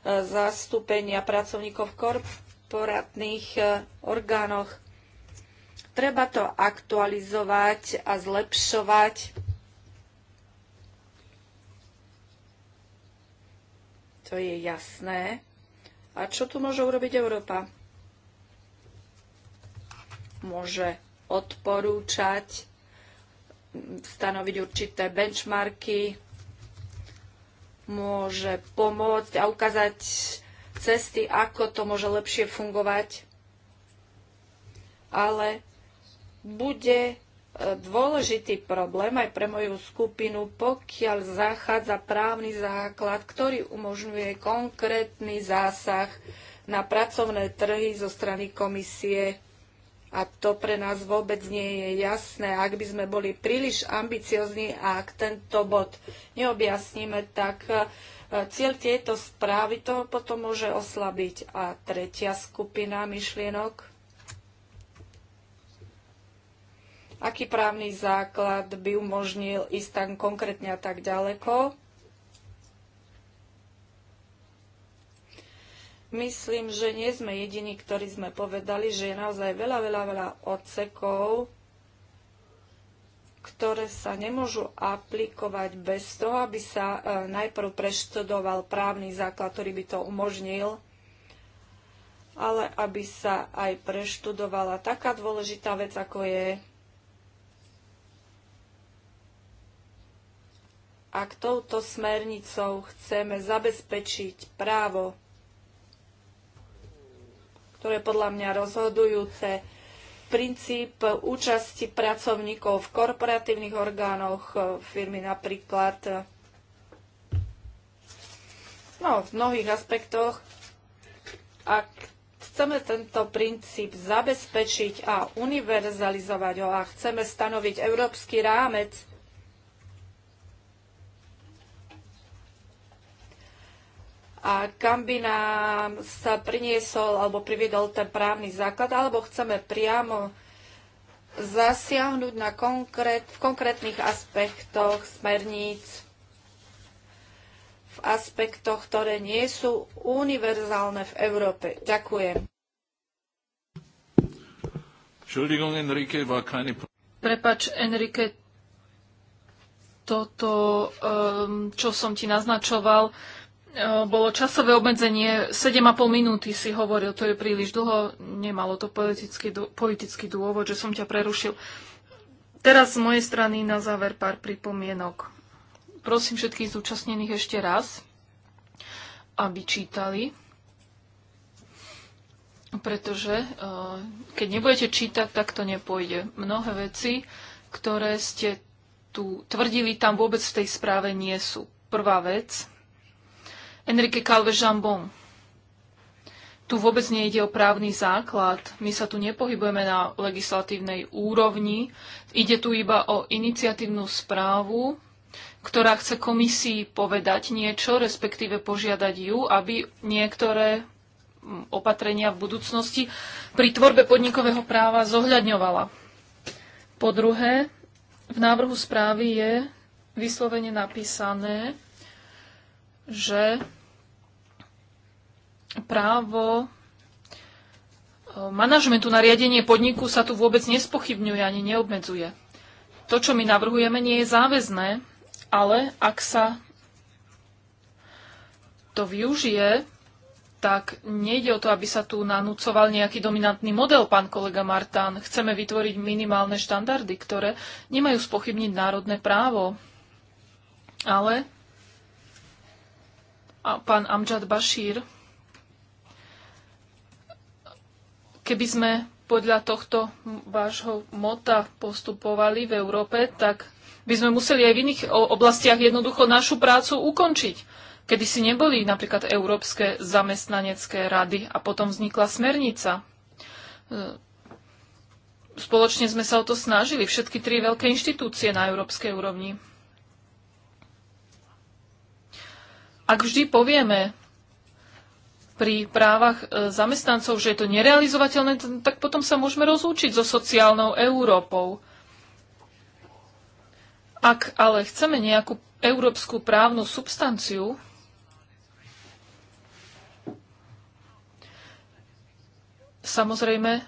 zastúpenia pracovníkov v korporátnych e, orgánoch. Treba to aktualizovať a zlepšovať. To je jasné. A čo tu môže urobiť Európa? môže odporúčať, stanoviť určité benchmarky, môže pomôcť a ukázať cesty, ako to môže lepšie fungovať. Ale bude e, dôležitý problém aj pre moju skupinu, pokiaľ zachádza právny základ, ktorý umožňuje konkrétny zásah na pracovné trhy zo strany komisie a to pre nás vôbec nie je jasné. Ak by sme boli príliš ambiciozní a ak tento bod neobjasníme, tak e, cieľ tieto správy to potom môže oslabiť. A tretia skupina myšlienok. Aký právny základ by umožnil ísť tam konkrétne a tak ďaleko? Myslím, že nie sme jediní, ktorí sme povedali, že je naozaj veľa, veľa, veľa odsekov, ktoré sa nemôžu aplikovať bez toho, aby sa e, najprv preštudoval právny základ, ktorý by to umožnil, ale aby sa aj preštudovala taká dôležitá vec, ako je ak touto smernicou chceme zabezpečiť právo ktoré podľa mňa rozhodujúce. Princíp účasti pracovníkov v korporatívnych orgánoch e, firmy napríklad no, v mnohých aspektoch. Ak chceme tento princíp zabezpečiť a univerzalizovať ho a chceme stanoviť európsky rámec a kam by nám sa priniesol alebo priviedol ten právny základ, alebo chceme priamo zasiahnuť na konkrét, v konkrétnych aspektoch smerníc, v aspektoch, ktoré nie sú univerzálne v Európe. Ďakujem. Prepač, Enrique, toto, ehm, čo som ti naznačoval, E, bolo časové obmedzenie 7,5 minúty si hovoril, to je príliš dlho, nemalo to politický, politický dôvod, že som ťa prerušil. Teraz z mojej strany na záver pár pripomienok. Prosím všetkých zúčastnených ešte raz, aby čítali, pretože e, keď nebudete čítať, tak to nepôjde. Mnohé veci, ktoré ste tu tvrdili, tam vôbec v tej správe nie sú. Prvá vec, Enrique Calve jambon Tu vôbec nejde o právny základ. My sa tu nepohybujeme na legislatívnej úrovni. Ide tu iba o iniciatívnu správu, ktorá chce komisii povedať niečo, respektíve požiadať ju, aby niektoré mm, opatrenia v budúcnosti pri tvorbe podnikového práva zohľadňovala. Po druhé, v návrhu správy je vyslovene napísané, že právo eh, manažmentu na riadenie podniku sa tu vôbec nespochybňuje ani neobmedzuje. To, čo my navrhujeme, nie je záväzné, ale ak sa to využije, tak nejde o to, aby sa tu nanúcoval nejaký dominantný model, pán kolega Martán. Chceme vytvoriť minimálne štandardy, ktoré nemajú spochybniť národné právo, ale pán Amjad Bashir, keby sme podľa tohto vášho mota postupovali v Európe, tak by sme museli aj v iných oblastiach jednoducho našu prácu ukončiť. Kedy si neboli napríklad Európske zamestnanecké rady a potom vznikla smernica spoločne sme sa o to snažili, všetky tri veľké inštitúcie na európskej úrovni. Ak vždy povieme pri právach e, zamestnancov, že je to nerealizovateľné, tak potom sa môžeme rozúčiť so sociálnou Európou. Ak ale chceme nejakú európsku právnu substanciu, samozrejme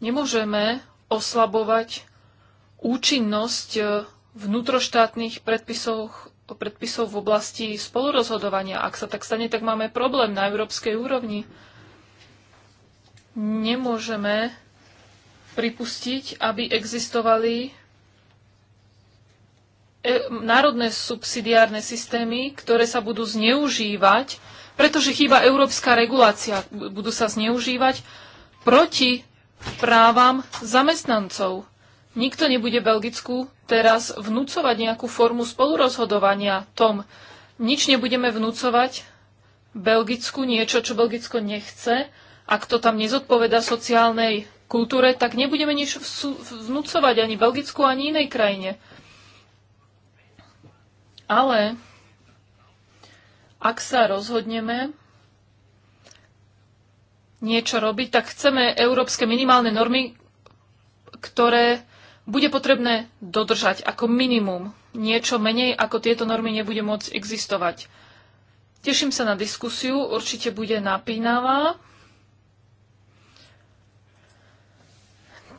nemôžeme oslabovať účinnosť e, vnútroštátnych predpisov, predpisov v oblasti spolurozhodovania. Ak sa tak stane, tak máme problém na európskej úrovni. Nemôžeme pripustiť, aby existovali e, národné subsidiárne systémy, ktoré sa budú zneužívať, pretože chýba európska regulácia, budú sa zneužívať proti právam zamestnancov. Nikto nebude Belgicku teraz vnúcovať nejakú formu spolurozhodovania tom. Nič nebudeme vnúcovať Belgicku, niečo, čo Belgicko nechce. Ak to tam nezodpoveda sociálnej kultúre, tak nebudeme nič vnúcovať ani Belgicku, ani inej krajine. Ale ak sa rozhodneme niečo robiť, tak chceme európske minimálne normy, ktoré bude potrebné dodržať ako minimum. Niečo menej ako tieto normy nebude môcť existovať. Teším sa na diskusiu, určite bude napínavá.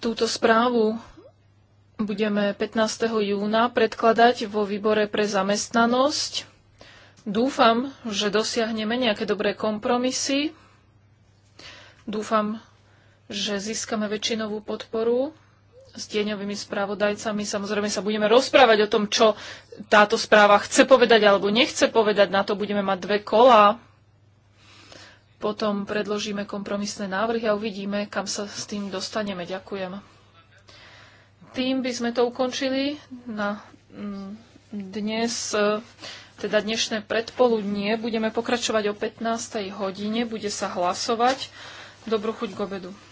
Túto správu budeme 15. júna predkladať vo výbore pre zamestnanosť. Dúfam, že dosiahneme nejaké dobré kompromisy. Dúfam, že získame väčšinovú podporu s tieňovými správodajcami. Samozrejme sa budeme rozprávať o tom, čo táto správa chce povedať alebo nechce povedať. Na to budeme mať dve kola. Potom predložíme kompromisné návrhy a uvidíme, kam sa s tým dostaneme. Ďakujem. Tým by sme to ukončili na mm, dnes, e, teda dnešné predpoludnie. Budeme pokračovať o 15. hodine, bude sa hlasovať. Dobrú chuť k obedu.